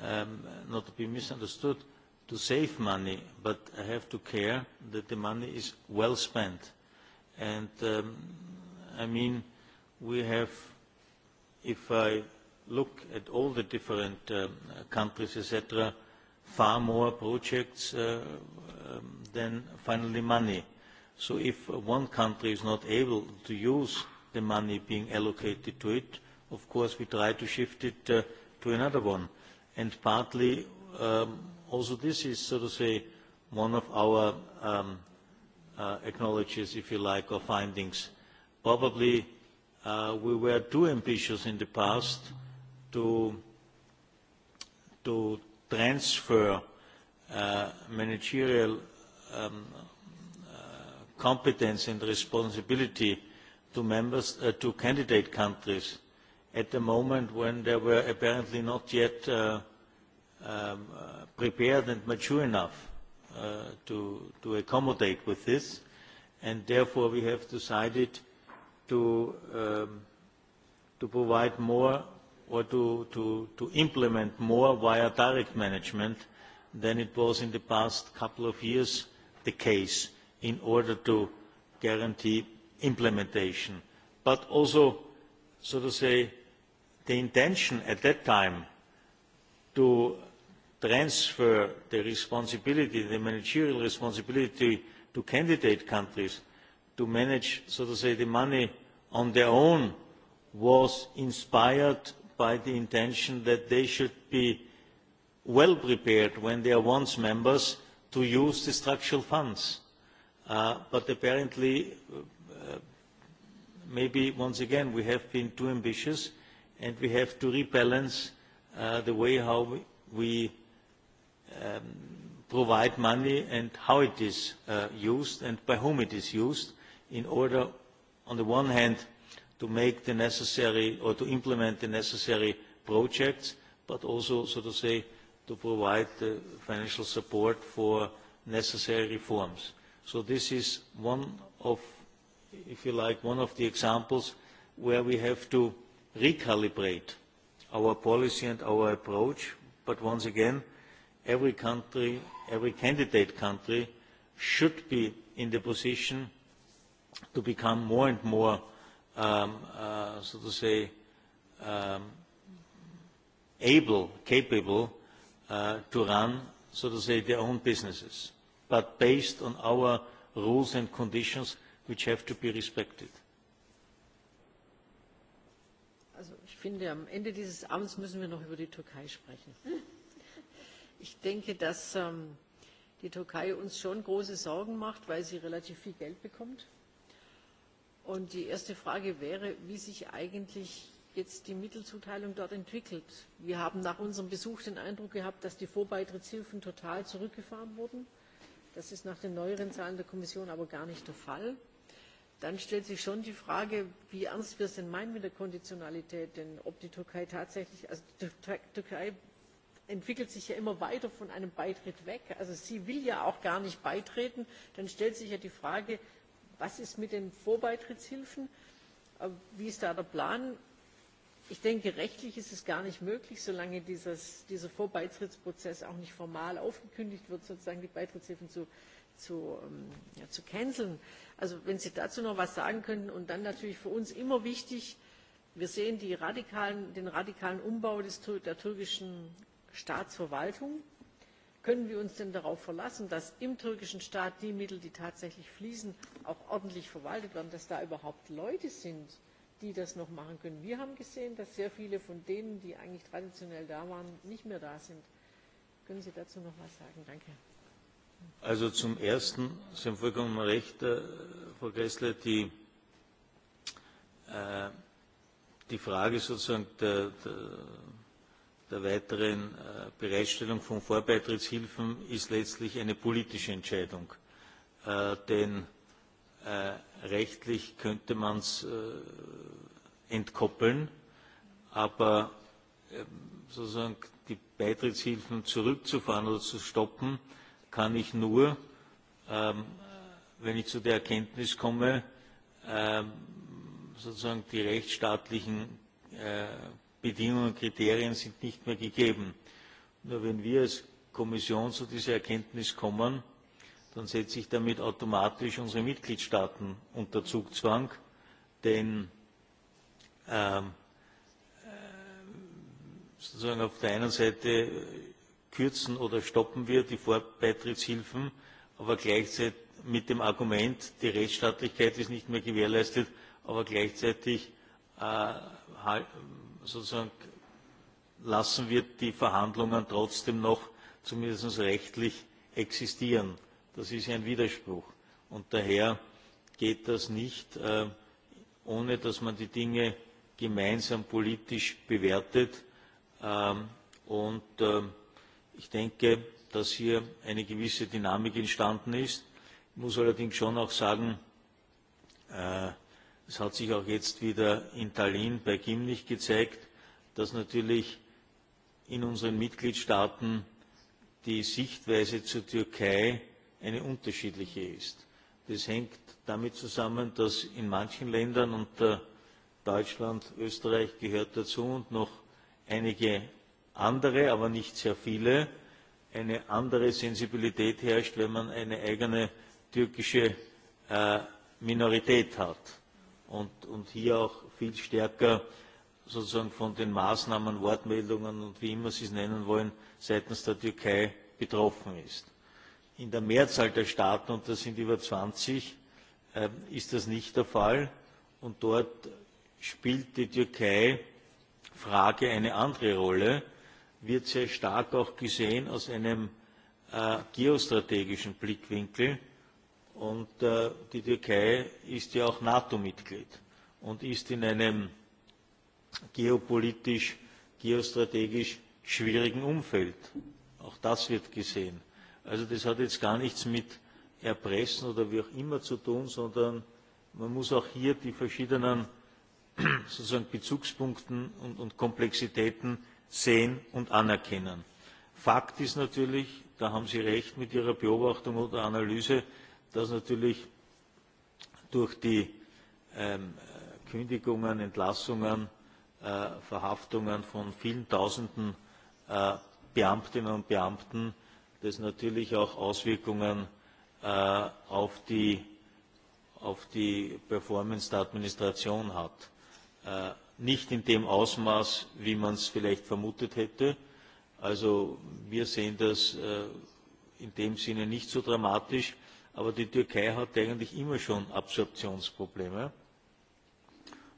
um, not to be misunderstood, to save money, but I have to care that the money is well spent And um, I mean, we have, if I look at all the different uh, countries, etc., far more projects uh, um, than finally money. So if one country is not able to use the money being allocated to it, of course we try to shift it uh, to another one. And partly um, also this is, so to say, one of our um, uh, acknowledges, if you like, our findings. Probably uh, we were too ambitious in the past to, to transfer uh, managerial um, uh, competence and responsibility to, members, uh, to candidate countries at the moment when they were apparently not yet uh, um, uh, prepared and mature enough uh, to, to accommodate with this. And therefore, we have decided to, um, to provide more or to, to, to implement more via direct management than it was in the past couple of years the case in order to guarantee implementation. But also, so to say, the intention at that time to transfer the responsibility, the managerial responsibility to candidate countries to manage, so to say, the money on their own was inspired by the intention that they should be well prepared when they are once members to use the structural funds. Uh, but apparently, uh, maybe once again, we have been too ambitious and we have to rebalance uh, the way how we Um, provide money and how it is uh, used and by whom it is used in order, on the one hand, to make the necessary or to implement the necessary projects, but also, so to say, to provide the financial support for necessary reforms. So this is one of, if you like, one of the examples where we have to recalibrate our policy and our approach. But once again, every country, every candidate country should be in the position to become more and more, um, uh, so to say, um, able, capable uh, to run, so to say, their own businesses, but based on our rules and conditions which have to be respected. Also ich finde, am Ende dieses Abends müssen wir noch über die Türkei sprechen. ich denke, dass ähm, die Türkei uns schon große Sorgen macht, weil sie relativ viel Geld bekommt. Und die erste Frage wäre, wie sich eigentlich jetzt die Mittelzuteilung dort entwickelt. Wir haben nach unserem Besuch den Eindruck gehabt, dass die Vorbeitrittshilfen total zurückgefahren wurden. Das ist nach den neueren Zahlen der Kommission aber gar nicht der Fall. Dann stellt sich schon die Frage, wie ernst wir es denn meinen mit der Konditionalität, denn ob die Türkei tatsächlich, also die Türkei entwickelt sich ja immer weiter von einem Beitritt weg. Also sie will ja auch gar nicht beitreten. Dann stellt sich ja die Frage, was ist mit den Vorbeitrittshilfen? Äh, wie ist da der Plan? Ich denke, rechtlich ist es gar nicht möglich, solange dieser Vorbeitrittsprozess auch nicht formal aufgekündigt wird, sozusagen die Beitrittshilfen zu, zu, ähm, ja, zu canceln. Also wenn Sie dazu noch was sagen könnten und dann natürlich für uns immer wichtig, wir sehen radikalen, den radikalen Umbau des, der türkischen Staatsverwaltung. Können wir uns denn darauf verlassen, dass im türkischen Staat die Mittel, die tatsächlich fließen, auch ordentlich verwaltet werden, dass da überhaupt Leute sind, die das noch machen können? Wir haben gesehen, dass sehr viele von denen, die eigentlich traditionell da waren, nicht mehr da sind. Können Sie dazu noch was sagen? Danke. Also zum Ersten, Sie haben vollkommen recht, äh, Frau Gräßle, die, äh, die Frage sozusagen der, der der weiteren äh, Bereitstellung von Vorbeitrittshilfen ist letztlich eine politische Entscheidung. Äh, denn äh, rechtlich könnte man es entkoppeln, aber ähm, sozusagen die Beitrittshilfen zurückzufahren oder zu stoppen, kann ich nur, ähm, wenn ich zu der Erkenntnis komme, ähm, sozusagen die rechtsstaatlichen bedingungen und kriterien sind nicht mehr gegeben. nur wenn wir als kommission zu dieser erkenntnis kommen dann setze ich damit automatisch unsere mitgliedstaaten unter zugzwang denn ähm, äh, sozusagen auf der einen seite kürzen oder stoppen wir die vorbeitrittshilfen aber gleichzeitig mit dem argument die rechtsstaatlichkeit ist nicht mehr gewährleistet aber gleichzeitig äh, sozusagen lassen wir die Verhandlungen trotzdem noch zumindest rechtlich existieren. Das ist ein Widerspruch. Und daher geht das nicht, äh, ohne dass man die Dinge gemeinsam politisch bewertet. Ähm, und ähm, ich denke, dass hier eine gewisse Dynamik entstanden ist. Ich muss allerdings schon auch sagen, äh, Es hat sich auch jetzt wieder in Tallinn bei Gimlich gezeigt, dass natürlich in unseren Mitgliedstaaten die Sichtweise zur Türkei eine unterschiedliche ist. Das hängt damit zusammen, dass in manchen Ländern und Deutschland, Österreich gehört dazu und noch einige andere, aber nicht sehr viele, eine andere Sensibilität herrscht, wenn man eine eigene türkische äh, Minorität hat und, und hier auch viel stärker sozusagen von den Maßnahmen, Wortmeldungen und wie immer Sie es nennen wollen, seitens der Türkei betroffen ist. In der Mehrzahl der Staaten, und das sind über 20, äh, ist das nicht der Fall. Und dort spielt die Türkei-Frage eine andere Rolle, wird sehr stark auch gesehen aus einem äh, geostrategischen Blickwinkel Und äh, die Türkei ist ja auch NATO-Mitglied und ist in einem geopolitisch, geostrategisch schwierigen Umfeld. Auch das wird gesehen. Also das hat jetzt gar nichts mit Erpressen oder wie auch immer zu tun, sondern man muss auch hier die verschiedenen sozusagen Bezugspunkten und, und Komplexitäten sehen und anerkennen. Fakt ist natürlich, da haben Sie recht mit Ihrer Beobachtung oder Analyse, dass natürlich durch die ähm, Kündigungen, Entlassungen, äh, Verhaftungen von vielen Tausenden äh, Beamtinnen und Beamten das natürlich auch Auswirkungen äh, auf, die, auf die Performance der Administration hat. Äh, nicht in dem Ausmaß, wie man es vielleicht vermutet hätte. Also wir sehen das äh, in dem Sinne nicht so dramatisch. Aber die Türkei hat eigentlich immer schon Absorptionsprobleme.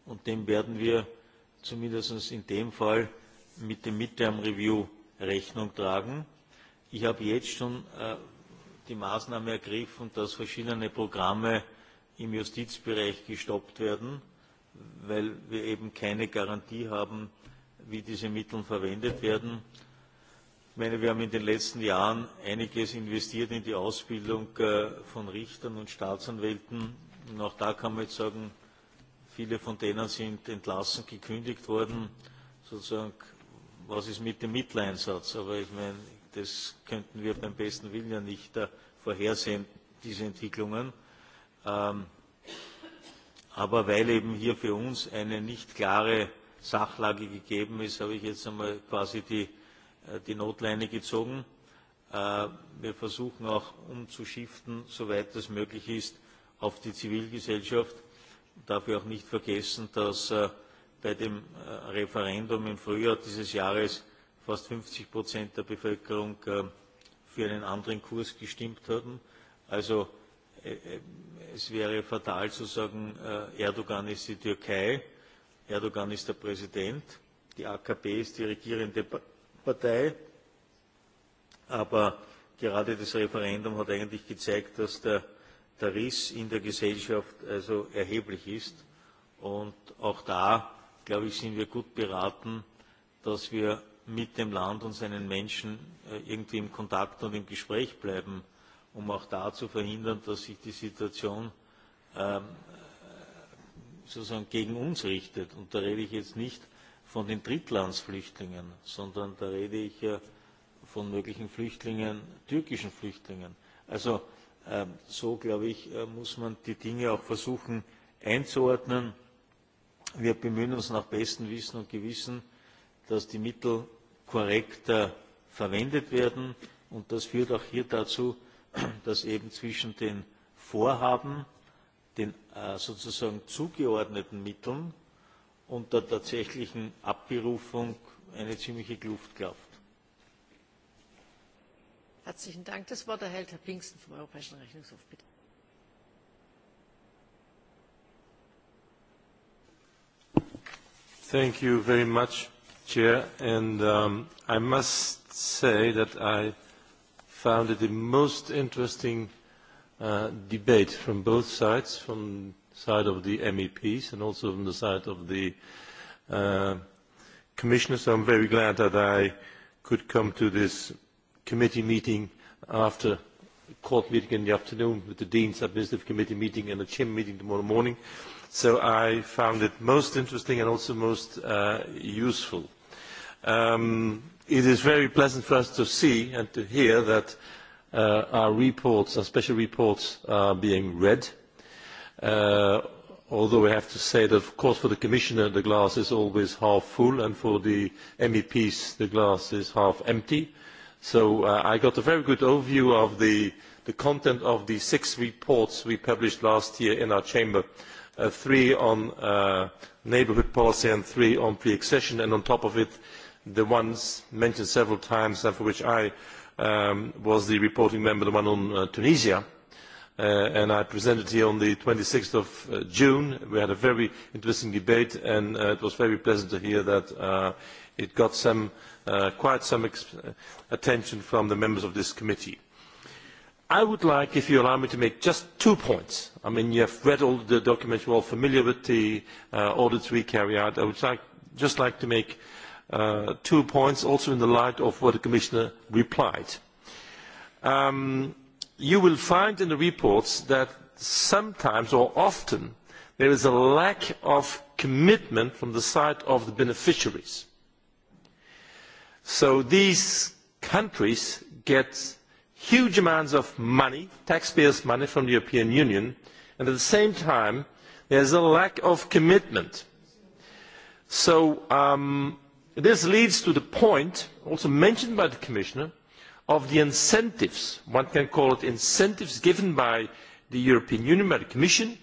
Und dem werden wir zumindest in dem Fall mit dem Midterm Review Rechnung tragen. Ich habe jetzt schon äh, die Maßnahme ergriffen, dass verschiedene Programme im Justizbereich gestoppt werden, weil wir eben keine Garantie haben, wie diese Mittel verwendet werden. Ich meine, wir haben in den letzten Jahren einiges investiert in die Ausbildung äh, von Richtern und Staatsanwälten. Und auch da kann man jetzt sagen, viele von denen sind entlassen, gekündigt worden. Sozusagen, was ist mit dem Mitteleinsatz? Aber ich meine, das könnten wir beim besten Willen ja nicht äh, vorhersehen, diese Entwicklungen. Ähm, aber weil eben hier für uns eine nicht klare Sachlage gegeben ist, habe ich jetzt einmal quasi die Äh, die Notleine gezogen. Äh, wir versuchen auch umzuschiften, soweit das möglich ist, auf die Zivilgesellschaft. Man darf auch nicht vergessen, dass äh, bei dem Referendum im Frühjahr dieses Jahres fast fünfzig Prozent der Bevölkerung für einen anderen Kurs gestimmt haben. Also es wäre fatal zu sagen, Erdogan ist die Türkei, Erdogan ist der Präsident, die AKP ist die regierende partei aber gerade das referendum hat eigentlich gezeigt dass der, der riss in der gesellschaft also erheblich ist und auch da glaube ich sind wir gut beraten dass wir mit dem land und seinen menschen äh, irgendwie im kontakt und im gespräch bleiben um auch da zu verhindern dass sich die situation ähm, sozusagen gegen uns richtet. Und da rede ich jetzt nicht von den Drittlandsflüchtlingen, sondern da rede ich ja von möglichen Flüchtlingen, türkischen Flüchtlingen. Also ähm, so, glaube ich, äh, muss man die Dinge auch versuchen einzuordnen. Wir bemühen uns nach bestem Wissen und Gewissen, dass die Mittel korrekt verwendet werden. Und das führt auch hier dazu, dass eben zwischen den Vorhaben, den äh, sozusagen zugeordneten Mitteln und der tatsächlichen Abberufung eine ziemliche Kluft klafft. Herzlichen Dank. Das Wort erhält Herr Pinksten vom Europäischen Rechnungshof. Bitte. Thank you very much, Chair. And um, I must say that I found it the most interesting uh, debate from both sides, from side of the MEPs and also from the side of the uh, Commissioner. So I'm very glad that I could come to this committee meeting after court meeting in the afternoon with the Dean's Administrative Committee meeting and a CHIM meeting tomorrow morning. So I found it most interesting and also most uh, useful. Um, it is very pleasant for us to see and to hear that uh, our reports, our special reports, are being read Uh, although we have to say that of course for the commissioner the glass is always half full and for the meps the glass is half empty so uh, i got a very good overview of the, content of the six reports we published last year in our chamber uh, three on neighbourhood policy and three on pre accession and on top of it the ones mentioned several times and for which i um, was the reporting member the one on tunisia Uh, and I presented here on the six of uh, June. We had a very interesting debate and uh, it was very pleasant to hear that it got quite some attention from the members of this committee. I would like, if you allow me, to make just two points. I mean, you have read all the documents, you are all familiar with the audits we carry out. I would like, just like to make uh, two points also in the light of what the Commissioner replied. Um, you will find in the reports that sometimes or often there is a lack of commitment from the side of the beneficiaries. So these countries get huge amounts of money, taxpayers' money from the European Union, and at the same time there is a lack of commitment. So um, this leads to the point, also mentioned by the Commissioner, of the incentives one can call it incentives given by the european union by the commission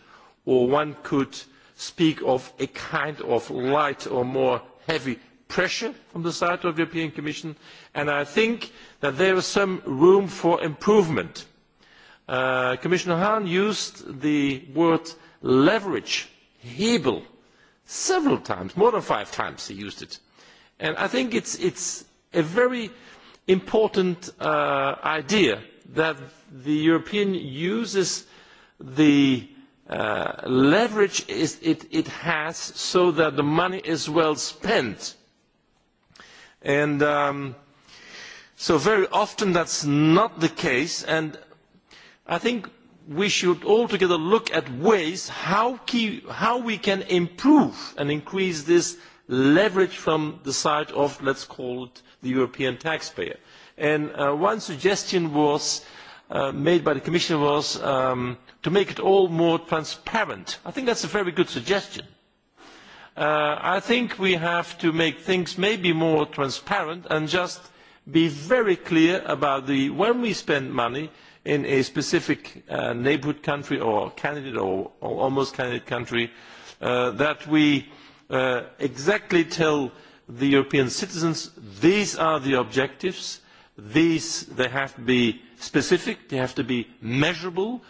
or one could speak of a kind of light or more heavy pressure from the side of the european commission and i think that there is some room for improvement. Uh, commissioner hahn used the word leverage hebel several times more than five times he used it and i think it is a very important uh, idea that the European uses the uh, leverage it, has so that the money is well spent. And um, so very often that is not the case. And I think we should all together look at ways how, how we can improve and increase this leverage from the side of, let's call it, the European taxpayer. Uh, one suggestion was uh, made by the Commission was um, to make it all more transparent. I think that is a very good suggestion. Uh, I think we have to make things maybe more transparent and just be very clear about the, when we spend money in a specific neighbourhood country or candidate or, almost candidate country, that we exactly tell the European citizens, these are the objectives. they have to be specific, they have to be measurable,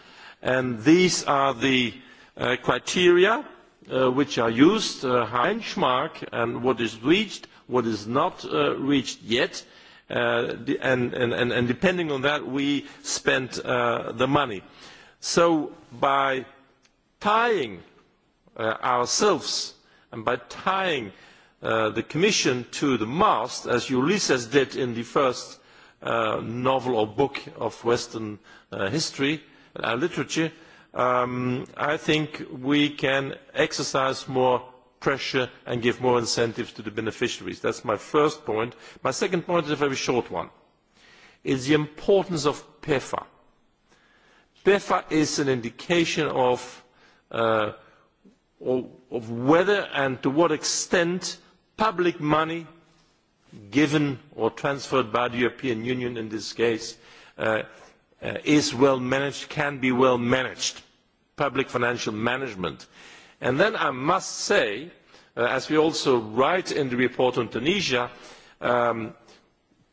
and these are the uh, criteria uh, which are used, uh, benchmark, and what is reached, what is not uh, reached yet, and, depending on that, we spend the money. So by tying ourselves and by tying Uh, the commission to the mast as ulysses did in the first uh, novel or book of western uh, history and literature um, i think we can exercise more pressure and give more incentives to the beneficiaries. that is my first point. my second point is a very short one. it is the importance of pefa. pefa is an indication of, of whether and to what extent public money given or transferred by the European Union in this case uh, uh, is well managed, can be well managed, public financial management. And then I must say, uh, as we also write in the report on Tunisia, um,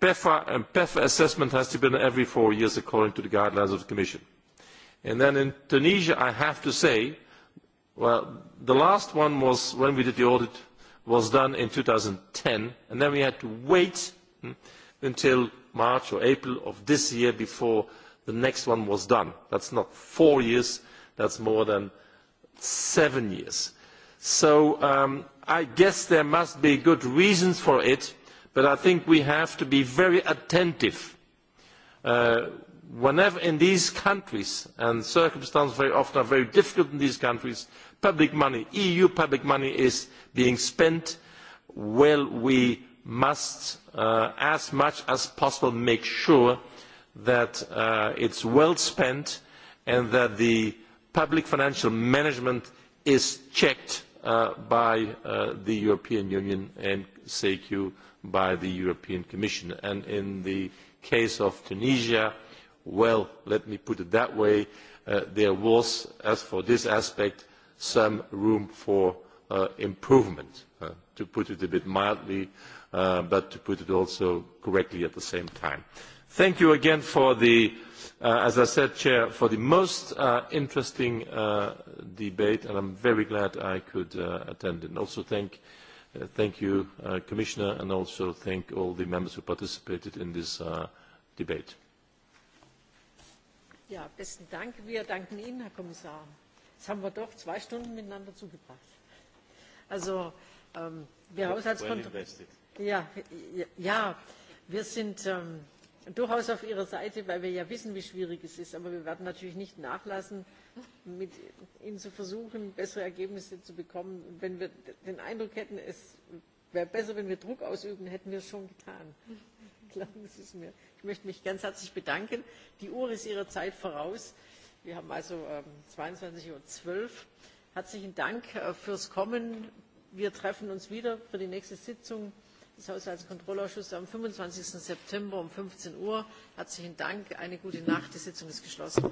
PEFA, PEFA assessment has to be done every four years according to the guidelines of the Commission. And then in Tunisia, I have to say, well, the last one was when we did the audit was done in two thousand and ten and then we had to wait hmm, until march or april of this year before the next one was done. that is not four years that is more than seven years. so um, i guess there must be good reasons for it but i think we have to be very attentive uh, whenever in these countries and circumstances very often are very difficult in these countries public money, EU public money is being spent. Well, we must, uh, as much as possible, make sure that uh, it is well spent and that the public financial management is checked uh, by the European Union and CQ by the European Commission. in the case of Tunisia, well, let me put it that way, there was, as for this aspect, some room for uh, improvement, uh, to put it a bit mildly, uh, but to put it also correctly at the same time. Thank you again for the, uh, as I said, Chair, for the most uh, interesting uh, debate, and I am very glad I could uh, attend. And also thank, uh, you, Commissioner, and also thank all the members who participated in this uh, debate. Jetzt haben wir doch zwei Stunden miteinander zugebracht. Also ähm, wir Haushaltskontrolle. Ja, ja, ja, wir sind ähm, durchaus auf Ihrer Seite, weil wir ja wissen, wie schwierig es ist. Aber wir werden natürlich nicht nachlassen, mit Ihnen zu versuchen, bessere Ergebnisse zu bekommen. Wenn wir den Eindruck hätten, es wäre besser, wenn wir Druck ausüben, hätten wir es schon getan. Glauben Sie es mir. Ich möchte mich ganz herzlich bedanken. Die Uhr ist Ihrer Zeit voraus. Wir haben also ähm, 22.12 Uhr. Herzlichen Dank äh, fürs Kommen. Wir treffen uns wieder für die nächste Sitzung des Haushaltskontrollausschusses am 25. September um 15 Uhr. Herzlichen Dank. Eine gute Nacht. Die Sitzung ist geschlossen.